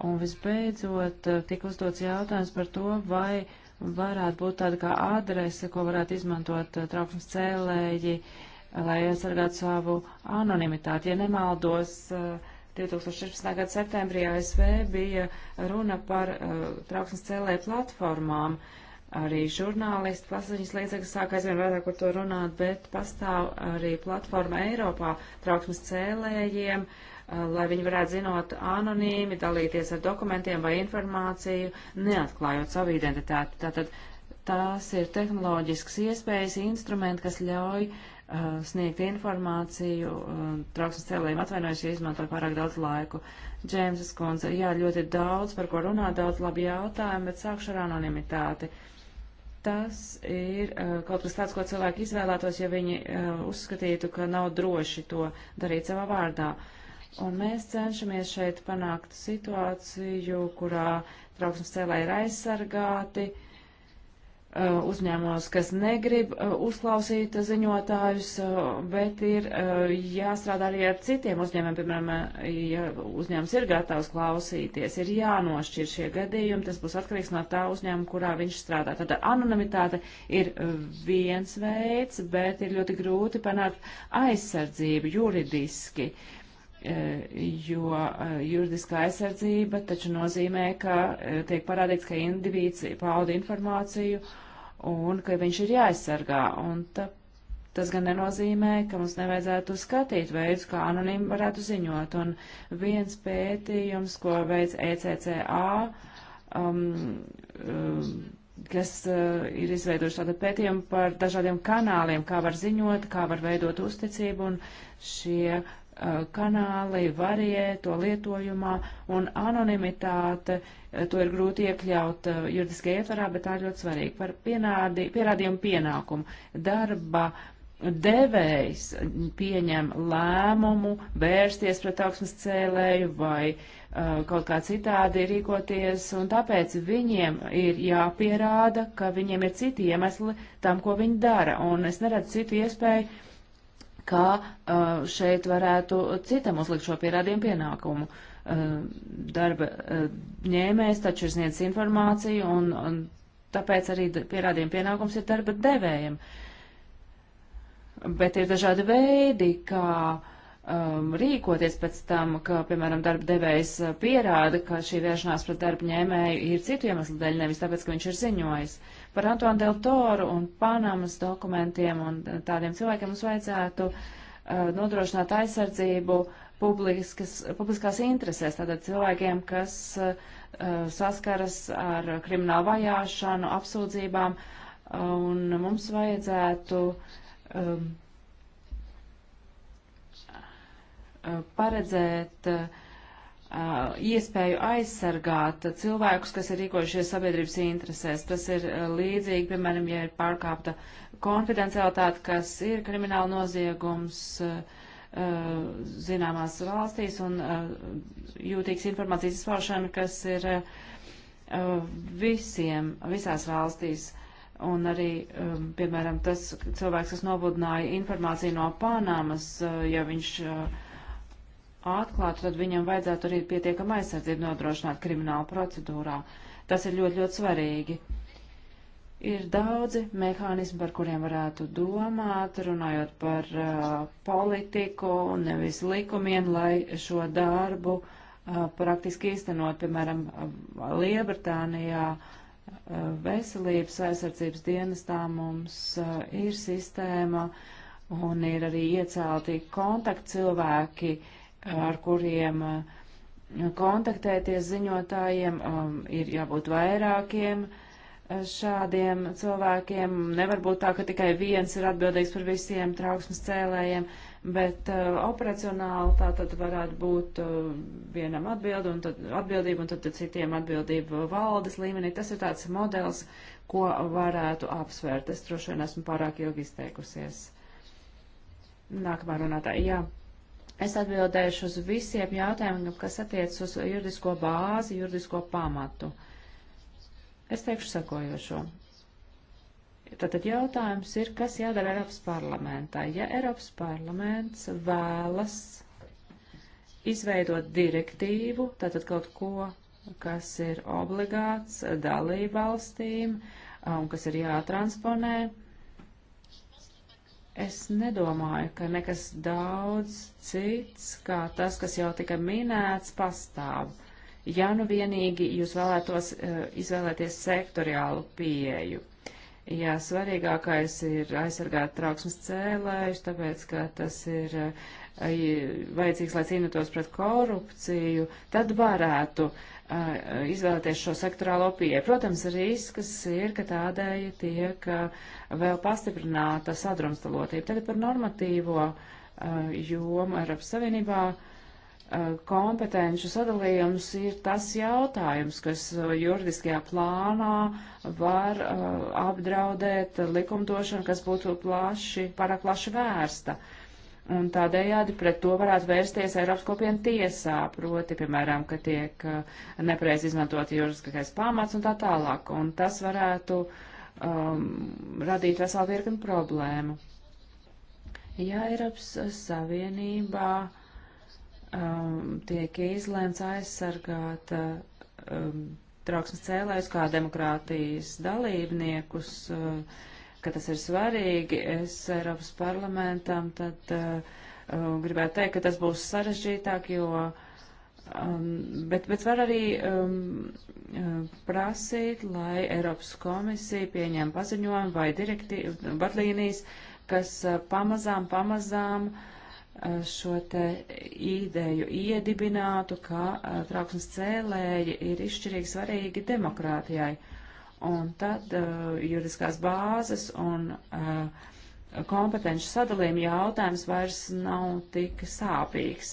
Un visbeidzot, eh, tika uzdots jautājums par to, vai varētu būt tāda kā adrese, ko varētu izmantot eh, trauksmes cēlēji, lai aizsargātu savu anonimitāti. Ja nemaldos, 2016. Eh, gada septembrī ASV bija runa par uh, trauksmes cēlēju platformām. Arī žurnālisti, plasaņas līdzekļi sāk aizvien vairāk par to runāt, bet pastāv arī platforma Eiropā trauksmes cēlējiem. Uh, Eh, lai viņi varētu zinot anonīmi, dalīties ar dokumentiem vai informāciju, neatklājot savu identitāti. Tātad tās ir tehnoloģiskas iespējas, instrumenti, kas ļauj uh, sniegt informāciju. Uh, Trauksmes cēlējiem atvainojuši, ja izmantoju pārāk daudz laiku. Džēmsas kundze, jā, ļoti daudz, par ko runā, daudz labi jautājumi, bet sākšu ar anonimitāti. Tas ir uh, kaut kas tāds, ko cilvēki izvēlētos, ja viņi uzskatītu, ka nav droši to darīt savā vārdā. Uh, Un mēs cenšamies šeit panākt situāciju, kurā trauksmes cēlēji ir aizsargāti, uh, uzņēmumos, kas negrib uh, uzklausīt ziņotājus, uh, bet ir jāstrādā arī ar citiem uzņēmumiem, piemēram, ja uzņēmums ir gatavs klausīties, ir jānošķir šie gadījumi, tas būs atkarīgs no tā uzņēmuma, kurā viņš strādā. Tātad anonimitāte ir viens veids, bet ir ļoti grūti panākt aizsardzību juridiski. Uh, E, jo e, juridiskā aizsardzība taču nozīmē, ka e, tiek parādīts, ka individs pauda informāciju un ka viņš ir jāaizsargā. Un ta, tas gan nenozīmē, ka mums nevajadzētu skatīt veidus, kā anonīmi varētu ziņot. Un viens pētījums, ko veids ECCA, um, um, kas uh, ir izveidojuši tādu pētījumu par dažādiem kanāliem, kā var ziņot, kā var veidot uzticību, un šie uh, Uh, kanāli varie to lietojumā, un anonimitāte, uh, to ir grūti iekļaut uh, juridiskajā ietvarā, bet tā ir ļoti svarīga par pienādi, pierādījumu pienākumu. Darba devējs pieņem lēmumu vērsties pret augsmas cēlēju vai uh, kaut kā citādi rīkoties, un tāpēc viņiem ir jāpierāda, ka viņiem ir citi iemesli tam, ko viņi dara, un es neredzu citu iespēju kā šeit varētu citam uzlikt šo pierādījumu pienākumu. Darba ņēmējs taču ir sniedz informāciju, un, un tāpēc arī pierādījuma pienākums ir darba devējiem. Bet ir dažādi veidi, kā um, rīkoties pēc tam, ka, piemēram, darba devējs pierāda, ka šī vēršanās pret darba ņēmēju ir citu iemeslu dēļ, nevis tāpēc, ka viņš ir ziņojis. Uh, Par Antoine Del Toru un Panamas dokumentiem un tādiem cilvēkiem mums vajadzētu uh, nodrošināt aizsardzību publiskas, publiskās interesēs, tātad cilvēkiem, kas uh, saskaras ar kriminālu vajāšanu, apsūdzībām, uh, un mums vajadzētu um, uh, paredzēt uh, uh, iespēju aizsargāt cilvēkus, kas ir rīkojušies sabiedrības interesēs. Tas ir uh, līdzīgi, piemēram, ja ir pārkāpta konfidencialitāte, kas ir krimināla noziegums uh, uh zināmās valstīs un uh, jūtīgas informācijas izpaušana, kas ir uh, visiem, visās valstīs. Un arī, um, piemēram, tas cilvēks, kas nobudināja informāciju no Panamas, uh, ja viņš uh, atklātu, tad viņam vajadzētu arī pietiekama aizsardzība nodrošināt krimināla procedūrā. Tas ir ļoti, ļoti svarīgi. Ir daudzi mehānismi, par kuriem varētu domāt, runājot par uh, politiku un nevis likumiem, lai šo darbu uh, praktiski īstenot, piemēram, uh, Liebritānijā. Uh, veselības aizsardzības dienestā mums uh, ir sistēma un ir arī iecelti kontaktcilvēki, ar kuriem eh, kontaktēties ziņotājiem, um, ir jābūt vairākiem eh, šādiem cilvēkiem. Nevar būt tā, ka tikai viens ir atbildīgs par visiem trauksmes cēlējiem, bet eh, operacionāli tā tad varētu būt vienam atbildi un tad atbildība un tad citiem atbildība valdes līmenī. Tas ir tāds modelis, ko varētu apsvērt. Es droši vien esmu pārāk ilgi izteikusies. Nākamā runātāja. Jā Es atbildēšu uz visiem jautājumiem, kas attiec uz juridisko bāzi, juridisko pamatu. Es teikšu sakojošo. Tātad jautājums ir, kas jādara Eiropas parlamentā? Ja Eiropas parlaments vēlas izveidot direktīvu, tātad kaut ko, kas ir obligāts dalībvalstīm un um, kas ir jātransponē, Es nedomāju, ka nekas daudz cits, kā tas, kas jau tika minēts, pastāv. Ja nu vienīgi jūs vēlētos uh, izvēlēties sektoriālu pieeju. Jā, svarīgākais ir aizsargāt trauksmes cēlējus, tāpēc, ka tas ir uh, vajadzīgs, lai cīnītos pret korupciju, tad varētu uh, Eh, izvēlēties šo sektorālo pieeju. Protams, risks ir, ka tādēļ tiek eh, vēl pastiprināta sadrumstalotība. Tagad par normatīvo eh, jomu Eiropas Savienībā kompetenču sadalījums ir tas jautājums, kas juridiskajā plānā var apdraudēt likumdošanu, kas būtu plaši, pārāk plaši vērsta. Uh, un tādējādi pret to varētu vērsties Eiropas kopienu tiesā, proti, piemēram, ka tiek uh, nepareiz izmantot juridiskais pamats un tā tālāk, un tas varētu um, radīt veselu virkni problēmu. Ja Eiropas Savienībā um, tiek izlēmts aizsargāt uh, um, trauksmes cēlējus kā demokrātijas dalībniekus, uh, ka tas ir svarīgi, es Eiropas parlamentam tad uh, gribētu teikt, ka tas būs sarežģītāk, jo, um, bet, bet var arī um, eh, prasīt, lai Eiropas komisija pieņem paziņojumu vai direktīvu, vadlīnijas, kas uh, pamazām, pamazām uh, šo te ideju iedibinātu, ka trauksmes cēlēji ir izšķirīgi svarīgi demokrātijai. Un tad uh, juridiskās bāzes un uh, kompetenci sadalījuma jautājums vairs nav tik sāpīgs.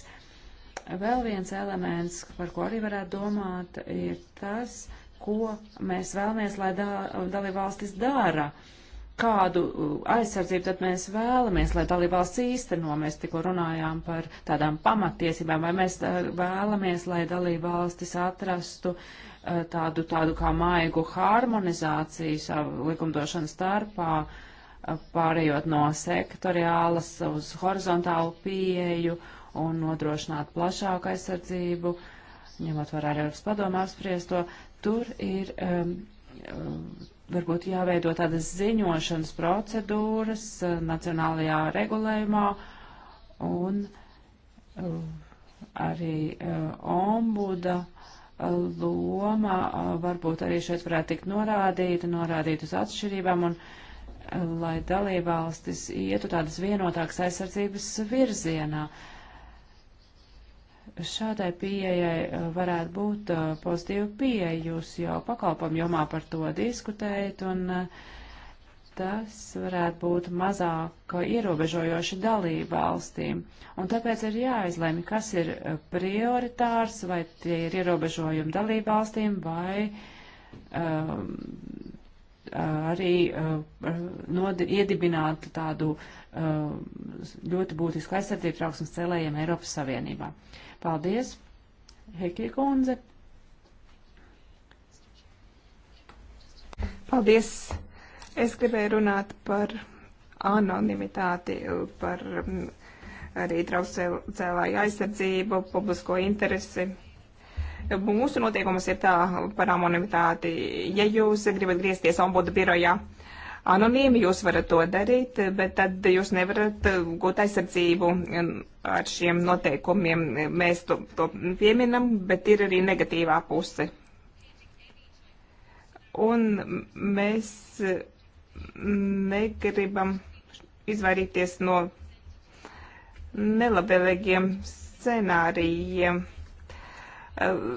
Vēl viens elements, par ko arī varētu domāt, ir tas, ko mēs vēlamies, lai da dalībvalstis dara. Uh, kādu uh, aizsardzību tad mēs vēlamies, lai dalībvalsts īsteno. Mēs tikko runājām par tādām pamattiesībām, vai mēs uh, vēlamies, lai dalībvalstis atrastu uh, tādu, tādu kā maigu harmonizāciju savu likumdošanu starpā, pārējot no sektoriālas uz horizontālu pieeju un nodrošināt plašāku aizsardzību, ņemot vērā Eiropas padomā apspriesto. Tur ir um, um varbūt jāveido tādas ziņošanas procedūras eh, nacionālajā regulējumā un eh, arī eh, ombuda loma varbūt arī šeit varētu tikt norādīta, norādīt uz atšķirībām un lai dalībvalstis ietu tādas vienotākas aizsardzības virzienā. Uh, šādai pieejai eh, varētu būt eh, pozitīva pieeja. Jūs jau pakalpam jomā par to diskutējat, un eh, tas varētu būt mazāk ierobežojoši dalību valstīm. Un tāpēc ir jāizlemj, kas ir prioritārs, vai tie ir ierobežojumi dalību valstīm, vai um, arī um, iedibināt tādu um, ļoti būtisku aizsardzību trauksmes cēlējiem Eiropas Savienībā. Uh, Paldies, Hekija kundze. Paldies. Es gribēju runāt par anonimitāti, par mm, arī traucēlāju aizsardzību, publisko interesi. Mūsu noteikumus ir tā par anonimitāti. Ja jūs gribat griezties ombudu birojā, ja anonīmi, jūs varat to darīt, bet tad jūs nevarat eh, gūt aizsardzību um, ar šiem noteikumiem. Mēs to, to pieminam, bet ir arī negatīvā puse. Un mēs mm, negribam izvairīties no nelabvēlīgiem scenārijiem. Eh,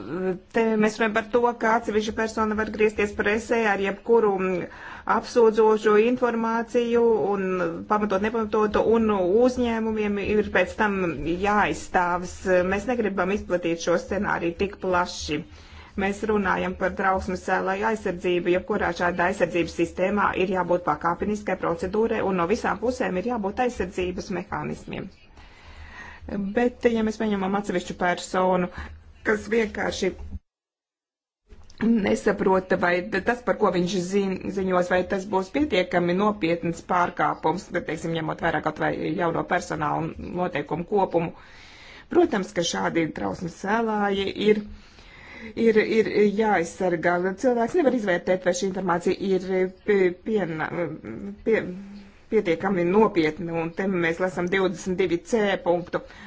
te mēs runājam par to, ka atsevišķa persona var griezties presē ar jebkuru uh, apsūdzošo informāciju un pamatot nepamatotu, un uzņēmumiem ir pēc tam jāizstāvas. Mēs negribam izplatīt šo scenāriju tik plaši. Mēs runājam par trauksmes cēlāju aizsardzību, jebkurā šāda aizsardzības sistēmā ir jābūt pakāpeniskai procedūrai un no visām pusēm ir jābūt aizsardzības mehānismiem. Bet, ja mēs paņemam atsevišķu personu, kas vienkārši nesaprota, vai tas, par ko viņš ziņ, ziņos, vai tas būs pietiekami nopietns pārkāpums, bet, teiksim, ņemot vērā kaut vai jauno personālu noteikumu kopumu. Protams, ka šādi trausmas sēlāji ir, ir, ir jāaizsargā. Cilvēks nevar izvērtēt, vai šī informācija ir pie, pie, pie, pietiekami nopietna, un te mēs lasam 22c punktu. Uh,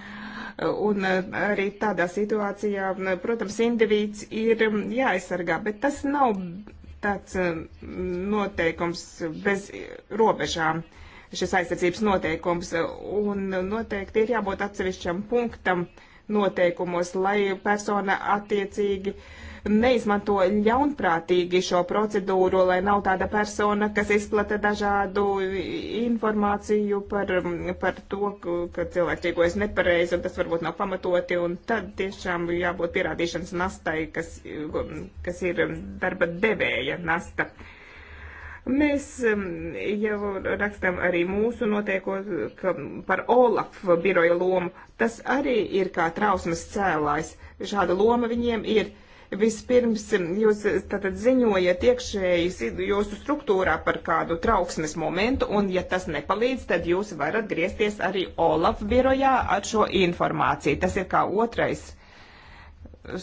Un eh, arī tādā situācijā, protams, indivīds ir jāaizsargā, bet tas nav tāds eh, noteikums bez robežām, šis aizsardzības noteikums. Eh, un noteikti ir jābūt atsevišķam punktam noteikumos, lai persona attiecīgi uh, neizmanto ļaunprātīgi šo procedūru, lai nav tāda persona, kas izplata dažādu informāciju par, par to, ka cilvēks rīkojas nepareizi un tas varbūt nav pamatoti. Un tad tiešām jābūt pierādīšanas nastai, kas, kas ir darba devēja nasta. Mēs um, jau rakstam arī mūsu noteikot par Olaf biroja lomu. Tas arī ir kā trausmas cēlājs. Šāda loma viņiem ir. Vispirms mm, jūs eh, tātad ziņojat iekšēji jūsu struktūrā par kādu trauksmes momentu, un ja tas nepalīdz, tad jūs varat griezties arī Olaf birojā ar šo informāciju. Tas ir kā otrais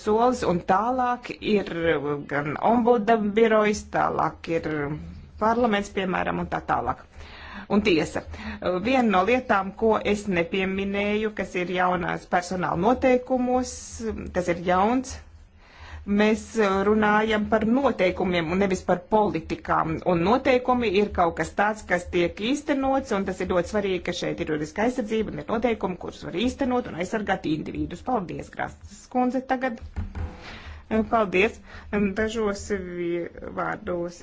solis, un tālāk ir eh, gan ombuda birojas, tālāk ir parlaments, piemēram, un tā tālāk. Un tiesa, viena no lietām, ko es nepieminēju, kas ir jaunās personāla noteikumos, tas ir jauns mēs eh, runājam par noteikumiem un nevis par politikām. Un noteikumi ir kaut kas tāds, kas tiek īstenots, un tas ir ļoti svarīgi, ka šeit ir juridiska aizsardzība un ir noteikumi, kurus var īstenot un aizsargāt individus. Paldies, Grāstas kundze, tagad. Eh, paldies. Dažos eh, vārdos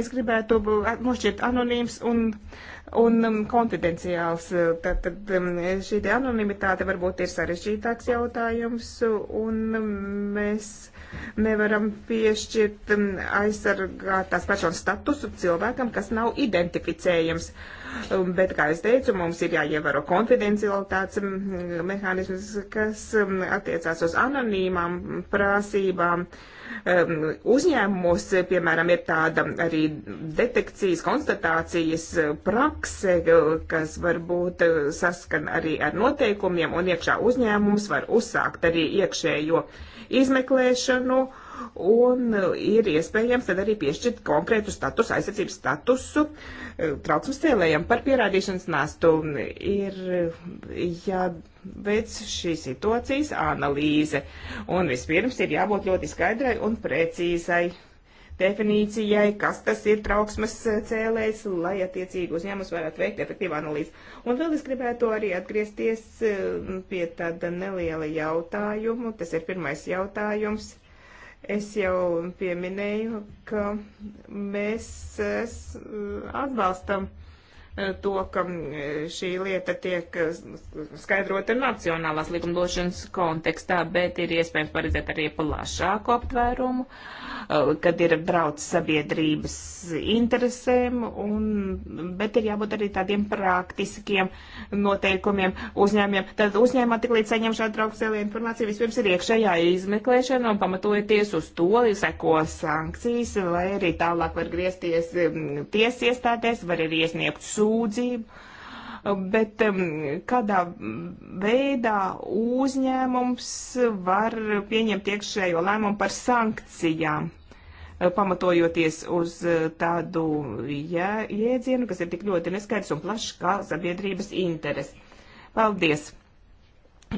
Es gribētu nošķirt anonīms un, un um, konfidenciāls. Tad, tad um, šī te anonimitāte varbūt ir sarežģītāks jautājums, un um, mēs nevaram piešķirt aizsargātās personas statusu cilvēkam, kas nav identificējams. Bet, kā es teicu, mums ir jāievēro konfidencialitātes mehānisms, kas attiecās uz anonīmām prasībām. Uh, uzņēmumos, piemēram, ir tāda arī detekcijas, konstatācijas eh, prakse, kas varbūt eh, saskan arī ar noteikumiem, un iekšā uzņēmums var uzsākt arī iekšējo izmeklēšanu. Uh, un ir iespējams tad arī piešķirt konkrētu statusu, aizsardzības statusu eh, trauksmes cēlējiem par pierādīšanas nastu. Ir eh, jāveic šī situācijas analīze, un vispirms ir jābūt ļoti skaidrai un precīzai definīcijai, kas tas ir trauksmes eh, cēlējs, lai attiecīgi uzņēmums varētu veikt efektīvu analīzi. Un vēl es gribētu arī atgriezties pie tāda neliela jautājumu. Tas ir pirmais jautājums Es jau pieminēju, ka mēs eh, atbalstam uh, to, ka e, šī lieta tiek e, skaidrota nacionālās likumdošanas kontekstā, bet ir iespējams paredzēt arī plašāku aptvērumu, e, kad ir brauc sabiedrības interesēm, un, bet ir jābūt arī tādiem praktiskiem noteikumiem uzņēmiem. Tad uzņēmumā tik līdz saņem šādu draugcēlē informāciju, vispirms ir iekšējā izmeklēšana un pamatojoties uz to, seko sankcijas, vai arī tālāk var griezties tiesas iestādēs, var arī iesniegt sūdzību sūdzību, bet um, kādā veidā uzņēmums var pieņemt iekšējo lēmumu par sankcijām, uh, pamatojoties uz uh, tādu jā, jēdzienu, kas ir tik ļoti neskaidrs un plašs kā sabiedrības interesi. Paldies!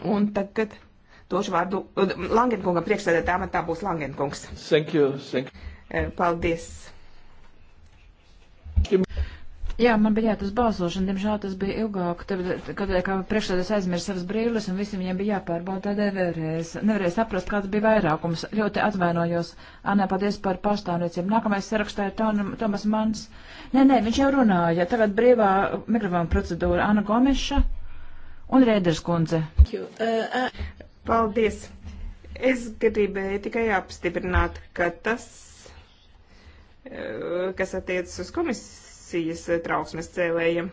Un tagad došu vārdu uh, Langenkungam priekšsēdētājam, tā būs Langenkungs. Thank you, thank you. Paldies! Jā, man bija jātas balsošana, diemžēl tas bija ilgāk, tad, kad priekšsēdēs aizmirst savas brīvles un visiem viņiem bija jāpārbauda, tādēļ vēlreiz nevarēja saprast, kāds bija vairākums. Ļoti atvainojos. Anē, paldies par pārstāvniecību. Nākamais sarakstā ir Tomas Mans. Nē, nē, viņš jau runāja. Tagad brīvā mikrofona procedūra Ana Gomeša un Rēders kundze. Uh, uh, paldies. Es gribēju tikai apstiprināt, ka tas, uh, kas attiecas uz komisiju, korupcijas eh, trauksmes cēlējiem.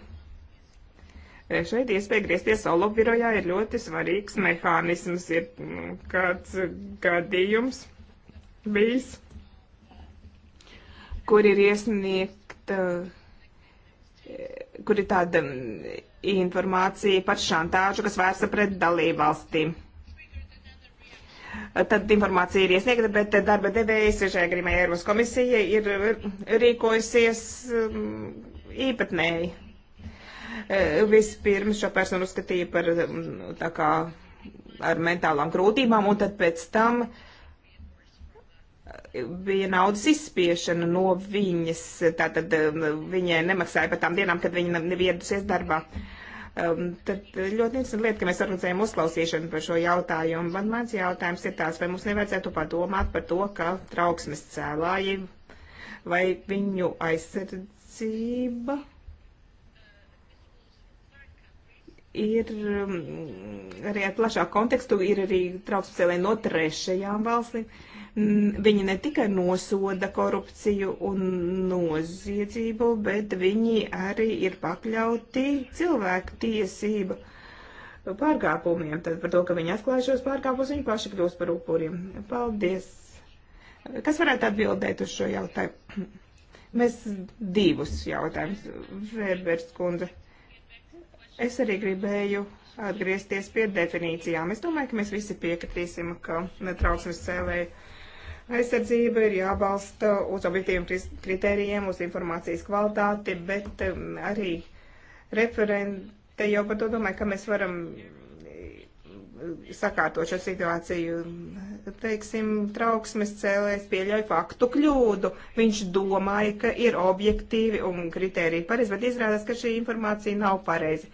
Eh, šeit iespēja griezties olobirojā ir ļoti svarīgs mehānisms, ir mm, kāds eh, gadījums bijis, kur ir iesniegta, kur ir tāda mm, informācija par šantāžu, kas vērsta pret dalībvalstīm tad informācija ir iesniegta, bet darba devējs šajā gadījumā Eiropas komisija ir rīkojusies um, īpatnēji. E, vispirms šo personu uzskatīja par um, tā kā ar mentālām grūtībām, un tad pēc tam e, bija naudas izspiešana no viņas. Tātad um, viņai nemaksāja par tām dienām, kad viņa nebija ieradusies darbā. Uh, Um, tad ļoti interesanti lieta, ka mēs organizējam uzklausīšanu par šo jautājumu. Man mans jautājums ir tāds, vai mums nevajadzētu padomāt par to, ka trauksmes cēlāji vai viņu aizsardzība ir um, arī ar plašāku kontekstu, ir arī trauksmes cēlēji no trešajām valstīm. Uh, Viņi ne tikai nosoda korupciju un noziedzību, bet viņi arī ir pakļauti cilvēku tiesību pārkāpumiem. Tad par to, ka viņi atklāja šos pārkāpumus, viņi paši kļūst par upuriem. Paldies! Kas varētu atbildēt uz šo jautājumu? Mēs divus jautājumus. Vērbers kundze. Es arī gribēju atgriezties pie definīcijām. Es domāju, ka mēs visi piekritīsim, ka netrauksmes cēlēja Aizsardzība ir jābalsta uz objektīviem kritērijiem, uz informācijas kvalitāti, bet um, arī referente jau par to domāja, ka mēs varam eh, sakārtot šo situāciju. Teiksim, trauksmes cēlēs pieļauj faktu kļūdu. Viņš domāja, ka ir objektīvi un kritēriji pareizi, bet izrādās, ka šī informācija nav pareizi.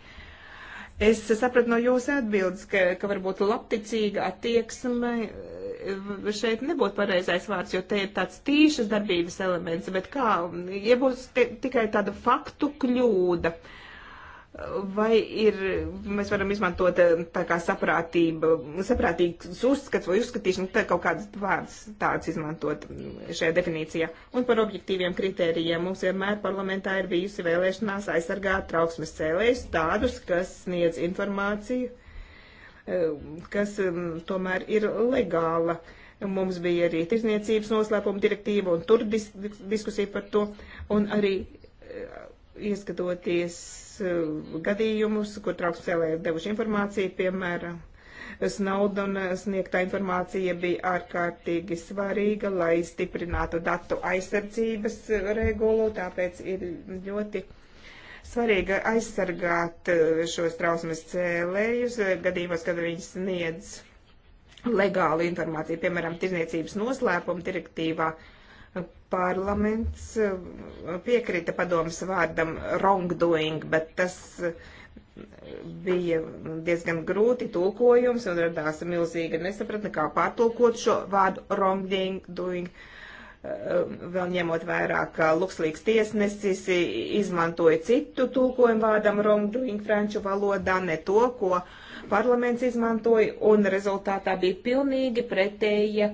Es sapratu no jūsu atbildes, ka, ka varbūt labticīga attieksme šeit nebūtu pareizais vārds, jo te ir tāds tīšas darbības elements, bet kā, ja būs tikai tāda faktu kļūda, vai ir, mēs varam izmantot eh, tā kā saprātība, saprātīgs uzskats vai uzskatīšana, tad kaut kādas vārdas tāds izmantot šajā definīcijā. Un par objektīviem kritērijiem mums vienmēr parlamentā ir bijusi vēlēšanās aizsargāt trauksmes cēlējus tādus, kas sniedz informāciju Eh, kas tomēr ir legāla. Mums bija arī tirzniecības noslēpuma direktīva, un tur dis diskusija par to, un arī eh, ieskatoties eh, gadījumus, kur trauksmēlē ir devuši informāciju, piemēram, Snaudona sniegtā informācija bija ārkārtīgi svarīga, lai stiprinātu datu aizsardzības regulu, tāpēc ir ļoti Svarīgi aizsargāt eh, šos trausmas cēlējus eh, gadījumos, kad viņi sniedz legālu informāciju, piemēram, tirzniecības noslēpuma direktīvā. Eh, parlaments piekrita padomas vārdam wrongdoing, bet tas bija diezgan grūti tulkojums un radās milzīga nesapratne, kā pārtulkot šo vārdu wrongdoing. Ehm, vēl ņemot vērā, ka Lukslīgs tiesnesis izmantoja citu tulkojumu vārdam wrongdoing franču valodā, ne to, ko parlaments izmantoja, un rezultātā bija pilnīgi pretēja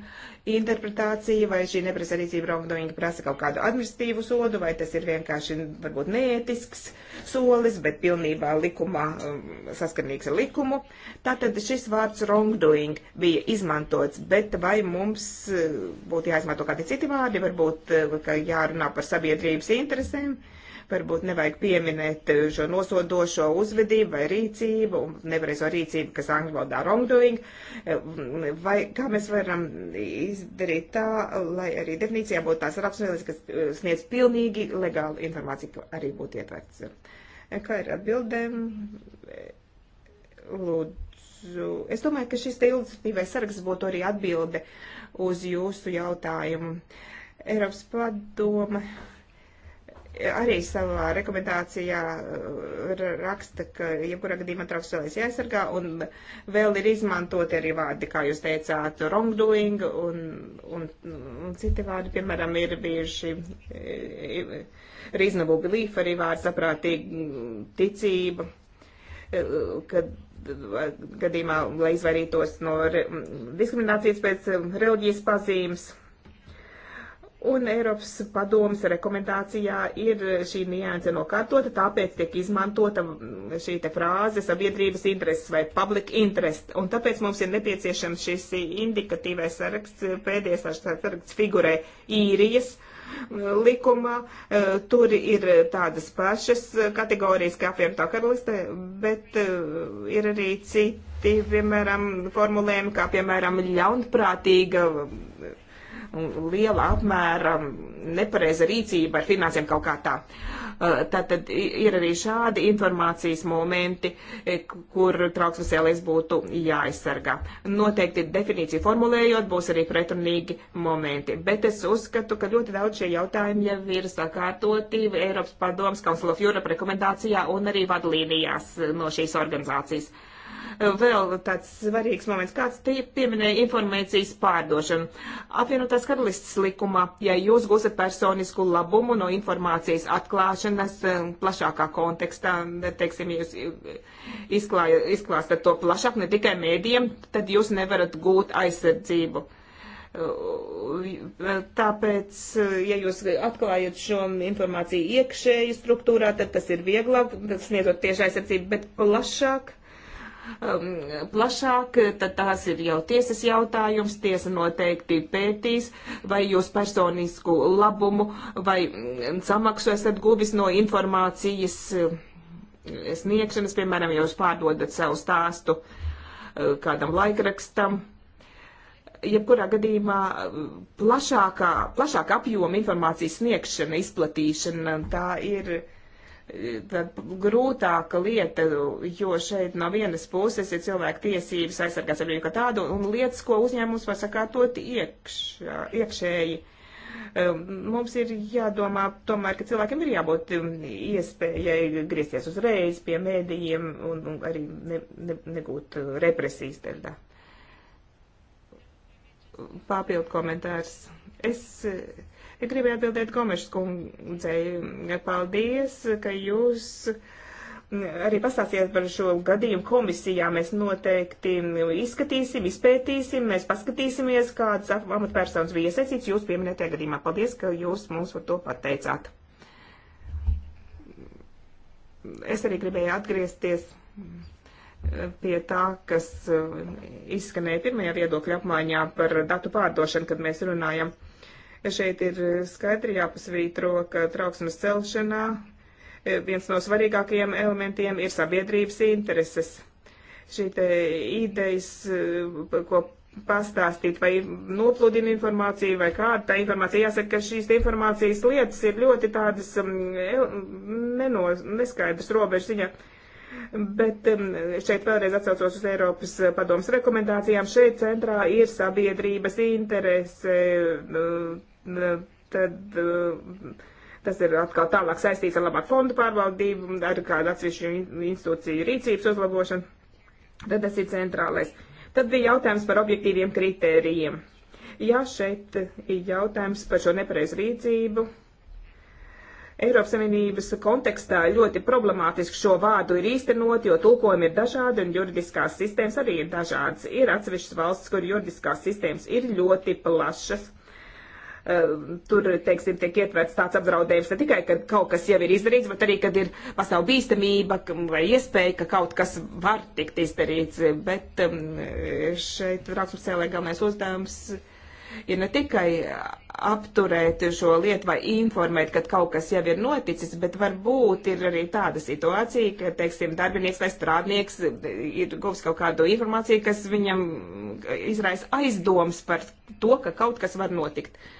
interpretācija, vai šī neprasarīcība wrongdoing prasa kaut kādu administratīvu sodu, vai tas ir vienkārši varbūt neētisks solis, bet pilnībā likumā um, saskanīgs ar likumu. Tātad šis vārds wrongdoing bija izmantots, bet vai mums uh, būtu jāizmanto kādi citi vārdi, varbūt uh, jārunā par sabiedrības interesēm? Uh, varbūt nevajag pieminēt eh, šo nosodošo uzvedību vai rīcību, un nepareizo rīcību, kas angļu valodā wrongdoing, eh, mm, vai kā mēs varam izdarīt tā, lai arī definīcijā būtu tās raksturīgas, kas eh, sniedz pilnīgi legālu informāciju, arī būtu ietverts. Kā ir atbildēm? Lūdzu es domāju, ka šis ilgspējīgais saraksts būtu arī atbilde uz jūsu jautājumu. Eiropas padome arī savā rekomendācijā uh, raksta, ka jebkurā gadījumā trauksvēlēs jāaizsargā, un vēl ir izmantoti arī vārdi, kā jūs teicāt, wrongdoing, un, un, un citi vārdi, piemēram, ir bijuši e, reasonable belief, arī vārds saprātīgi ticība, e, kad gadījumā, lai izvairītos no diskriminācijas pēc e, reliģijas pazīmes. Un Eiropas padomas rekomendācijā ir šī nianse nokārtota, tāpēc tiek izmantota mm, šī te frāze sabiedrības intereses vai public interest. Un tāpēc mums ir nepieciešams šis indikatīvais saraksts, pēdējais saraksts figurē īrijas mm, likumā. E, tur ir tādas pašas kategorijas kā apvienotā karalistē, bet e, ir arī citi, piemēram, formulējumi, kā piemēram ļaunprātīga liela apmēra nepareiza rīcība ar finansēm kaut kā tā. Uh, Tātad ir arī šādi informācijas momenti, e, kur trauksmes ēlēs būtu jāaizsargā. Noteikti definīciju formulējot būs arī pretrunīgi momenti, bet es uzskatu, ka ļoti daudz šie jautājumi jau ir sakārtoti Eiropas padomas Council of Europe rekomendācijā un arī vadlīnijās no šīs organizācijas vēl tāds svarīgs moments, kāds te pieminēja informācijas pārdošanu. Apvienotās karalists likumā, ja jūs gūsat personisku labumu no informācijas atklāšanas um, plašākā kontekstā, teiksim, jūs izklāja, izklāstat to plašāk, ne tikai mēdiem, tad jūs nevarat gūt aizsardzību. Uh, tāpēc, uh, ja jūs atklājat šo informāciju iekšēji struktūrā, tad tas ir vieglāk, sniedzot tieši aizsardzību, bet plašāk um, plašāk, tad tās ir jau tiesas jautājums. Tiesa noteikti pētīs, vai jūs personisku labumu vai mm, samaksu esat guvis no informācijas mm, sniegšanas, piemēram, ja jūs pārdodat savu stāstu uh, kādam laikrakstam jebkurā gadījumā uh, plašākā, plašāka apjoma informācijas sniegšana, izplatīšana, tā ir tad grūtāka lieta, jo šeit no vienas puses ir cilvēku tiesības aizsargāt sabiedrību kā tādu un lietas, ko uzņēmums var sakārtot iekš, iekšēji. Um, mums ir jādomā tomēr, ka cilvēkiem ir jābūt um, iespējai griezties uzreiz pie mēdījiem un, un arī ne, ne, negūt represijas tādā. Papildu komentārs. Es Ja gribēju atbildēt Gomešas kundzei. Paldies, ka jūs mm, arī pastāstījāt par šo gadījumu komisijā. Mēs noteikti izskatīsim, izpētīsim, mēs paskatīsimies, kādas amatpersonas bija iesaistīts jūs pieminētajā gadījumā. Paldies, ka jūs mums par to pateicāt. Es arī gribēju atgriezties mm, pie tā, kas mm, izskanēja pirmajā viedokļa apmaiņā par datu pārdošanu, kad mēs runājam Šeit ir eh, skaidri jāpasvītro, ka trauksmes celšanā eh, viens no svarīgākajiem elementiem ir sabiedrības intereses. Šī idejas, eh, ko pastāstīt vai noplūdina informāciju vai kāda tā informācija, jāsaka, ka šīs informācijas lietas ir ļoti tādas mm, neno, neskaidras robežas ziņā. Bet mm, šeit vēlreiz atsaucos uz Eiropas padomas rekomendācijām. Šeit centrā ir sabiedrības interese, mm, tad eh, tas ir atkal tālāk saistīts ar labāku fondu pārvaldību, ar kādu atsevišķu institūciju rīcības uzlabošanu. Tad tas ir centrālais. Tad bija jautājums par objektīviem kritērijiem. Jā, šeit ir jautājums par šo nepareizu rīcību. Eiropas Savienības kontekstā ļoti problemātiski šo vārdu ir īstenot, jo tulkojumi ir dažādi un juridiskās sistēmas arī ir dažādas. Ir atsevišķas valsts, kur juridiskās sistēmas ir ļoti plašas, Eh, tur, teiksim, tiek ietverts tāds apdraudējums ne tikai, kad kaut kas jau ir izdarīts, bet arī, kad ir pastāv bīstamība vai iespēja, ka kaut kas var tikt izdarīts. Bet šeit raksturs cēlē galvenais uzdevums ir ne tikai apturēt šo lietu vai informēt, kad kaut kas jau ir noticis, bet varbūt ir arī tāda situācija, ka, teiksim, darbinieks vai strādnieks eh, ir guvis kaut kādu informāciju, kas viņam izraisa aizdomas par to, ka kaut kas var notikt. Uh,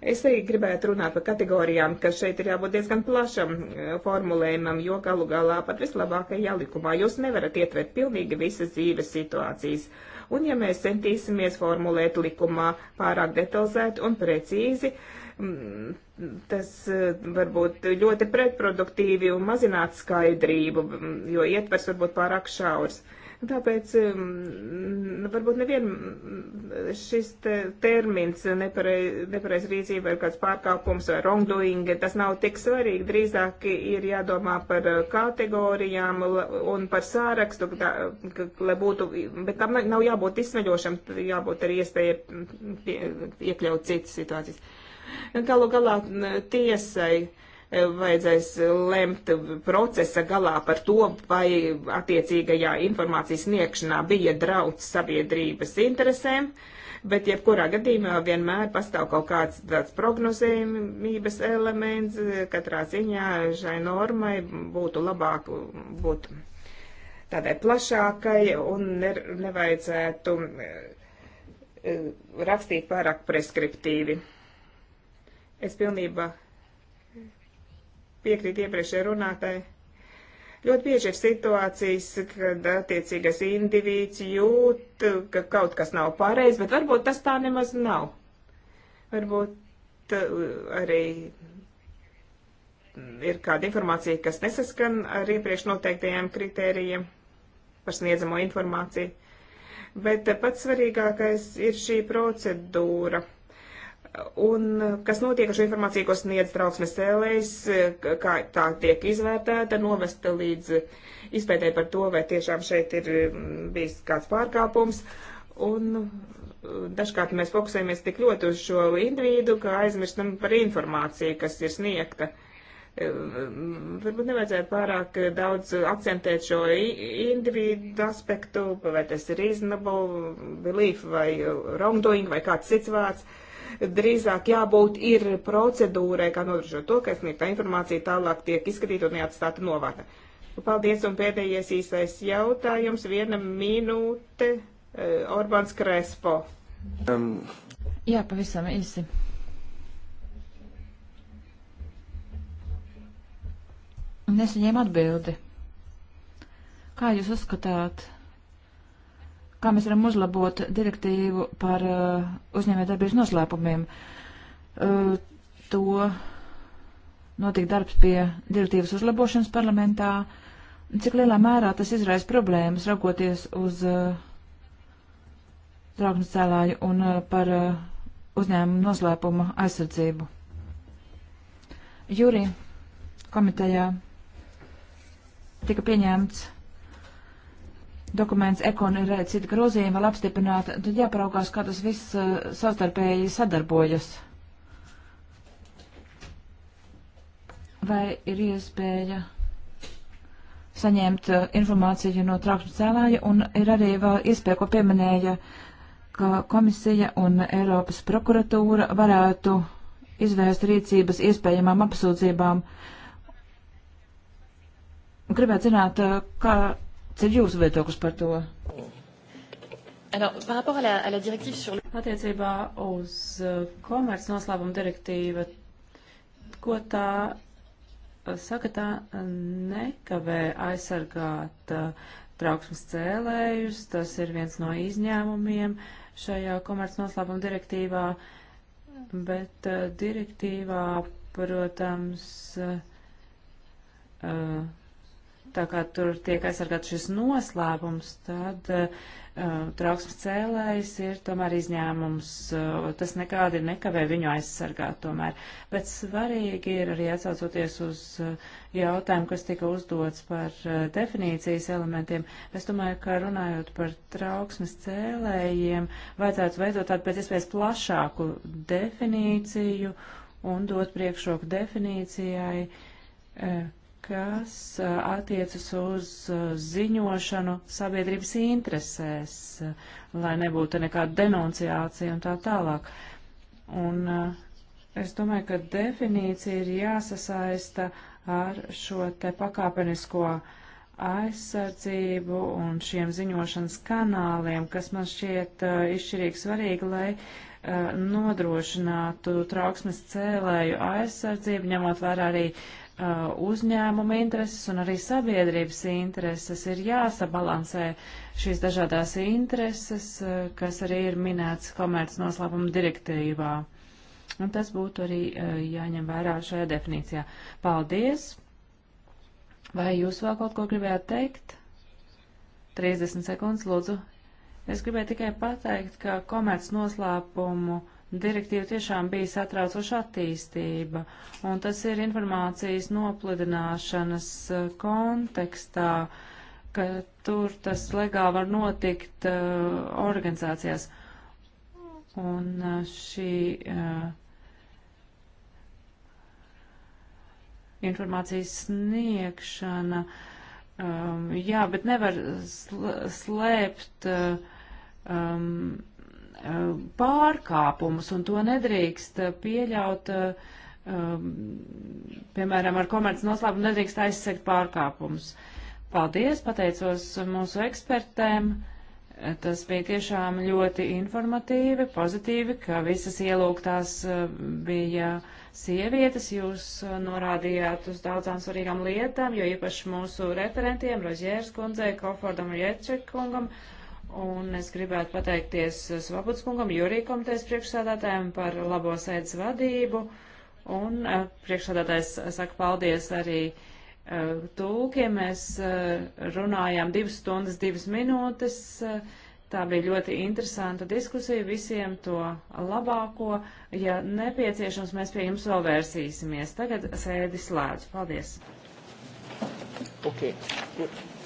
Es arī gribētu runāt par kategorijām, ka šeit ir jābūt diezgan plašam e, formulējumam, jo galu galā pat vislabākajā likumā jūs nevarat ietvert pilnīgi visas dzīves situācijas. Un ja mēs centīsimies formulēt likumā pārāk detalizēti un precīzi, tas e, var būt ļoti pretproduktīvi un mazināt skaidrību, jo ietvers var būt pārāk šaurs. Uh, Tāpēc um, varbūt nevien šis termins nepareiz, nepareiz rīcība ir kāds pārkāpums vai wrongdoing, tas nav tik svarīgi. Drīzāk ir jādomā par uh, kategorijām un par sārakstu, tā, ka, lai būtu, bet tam nav jābūt izsmeļošam, jābūt arī iespēja mm, iekļaut citas situācijas. Galu galā tiesai Eh, vajadzēs lemt procesa galā par to, vai attiecīgajā informācijas sniegšanā bija draudz sabiedrības interesēm, bet jebkurā gadījumā vienmēr pastāv kaut kāds tāds prognozējumības elements, eh, katrā ziņā šai normai būtu labāk būt tādai plašākai un ne, nevajadzētu eh, rakstīt pārāk preskriptīvi. Es pilnībā piekrīt iepriekšējai runātāji. Ļoti bieži ir situācijas, kad attiecīgais indivīds jūt, ka kaut kas nav pareizi, bet varbūt tas tā nemaz nav. Varbūt uh, arī ir kāda informācija, kas nesaskan ar iepriekš noteiktajiem kritērijiem par sniedzamo informāciju. Bet pats svarīgākais ir šī procedūra Un eh, kas notiek ar šo informāciju, ko sniedz trauksmes cēlējs, eh, kā tā tiek izvērtēta, novesta līdz izpētē par to, vai tiešām šeit ir eh, bijis kāds pārkāpums. Un dažkārt mēs fokusējamies tik ļoti uz šo individu, ka aizmirstam par informāciju, kas ir sniegta. Mm, varbūt nevajadzētu pārāk daudz akcentēt šo individu aspektu, vai tas ir reasonable belief vai wrongdoing vai kāds cits vārds. Uh, drīzāk jābūt ir procedūrai, kā nodrošināt to, ka sniegtā informācija tālāk tiek izskatīta un neatstāta novārta. Paldies, un pēdējais īsais jautājums, viena minūte, eh, Orbāns Krespo. Um. Jā, pavisam īsi. Nesaņēma atbildi. Kā jūs uzskatāt? kā mēs varam uzlabot direktīvu par uh, uzņēmējdarbības noslēpumiem. Uh, to notika darbs pie direktīvas uzlabošanas parlamentā. Cik lielā mērā tas izraisa problēmas, raugoties uz uh, trauksmes cēlāju un uh, par uh, uzņēmumu noslēpuma aizsardzību. Jūri komitejā tika pieņemts dokuments ekon ir eh, cita grozījuma vēl apstiprināta, tad jāparaugās, kā tas viss uh, savstarpēji sadarbojas. Vai ir iespēja saņemt uh, informāciju no trakšu cēlāja, un ir arī vēl iespēja, ko pieminēja, ka komisija un Eiropas prokuratūra varētu izvērst rīcības iespējamām apsūdzībām. Gribētu zināt, kā Kāds ir jūsu viedoklis par to? Attiecībā uz uh, komerc noslēpuma direktīva, ko tā uh, saka, tā nekavē aizsargāt uh, trauksmes cēlējus, tas ir viens no izņēmumiem šajā komerc noslēpuma direktīvā, bet direktīvā, protams, uh, tā kā tur tiek aizsargāts šis noslēpums, tad uh, trauksmes cēlējs ir tomēr izņēmums. Uh, tas nekādi nekavē viņu aizsargāt tomēr. Bet svarīgi ir arī atsaucoties uz uh, jautājumu, kas tika uzdots par uh, definīcijas elementiem. Es domāju, ka runājot par trauksmes cēlējiem, vajadzētu veidot tādu pēc iespējas plašāku definīciju un dot priekšroku definīcijai. Uh, kas attiecas uz ziņošanu sabiedrības interesēs, lai nebūtu nekāda denunciācija un tā tālāk. Un es domāju, ka definīcija ir jāsasaista ar šo te pakāpenisko aizsardzību un šiem ziņošanas kanāliem, kas man šķiet uh, izšķirīgi svarīgi, lai uh, nodrošinātu trauksmes cēlēju aizsardzību, ņemot vērā arī uh, Uh, uzņēmuma intereses un arī sabiedrības intereses. Ir jāsabalansē šīs dažādās intereses, uh, kas arī ir minēts komerces noslēpuma direktīvā. Un tas būtu arī uh, jāņem vērā šajā definīcijā. Paldies! Vai jūs vēl kaut ko gribējāt teikt? 30 sekundes, lūdzu. Es gribēju tikai pateikt, ka komerces noslēpumu uh, direktīva tiešām bija satraucoša attīstība, un tas ir informācijas nopludināšanas eh, kontekstā, ka tur tas legāli var notikt uh, organizācijās. Un uh, šī uh, informācijas sniegšana, um, jā, bet nevar slēpt. Uh, um, pārkāpumus, un to nedrīkst pieļaut, um, piemēram, ar komerces noslēpumu nedrīkst aizsegt pārkāpumus. Paldies, pateicos mūsu ekspertēm. Tas bija tiešām ļoti informatīvi, pozitīvi, ka visas ielūgtās uh, bija sievietes. Jūs uh, norādījāt uz daudzām svarīgām lietām, jo īpaši mūsu referentiem, Rožērs kundzei, Kofordam Riečekungam, kungam Un es gribētu pateikties Svabuds kungam, jūrī komitejas priekšsādātājiem par labo sēdes vadību. Un eh, priekšsādātājs saka paldies arī eh, tūkiem. Mēs eh, runājām divas stundas, divas minūtes. Tā bija ļoti interesanta diskusija. Visiem to labāko. Ja nepieciešams, mēs pie jums vēl vērsīsimies. Tagad sēdi slēdz. Paldies. Okay. Good.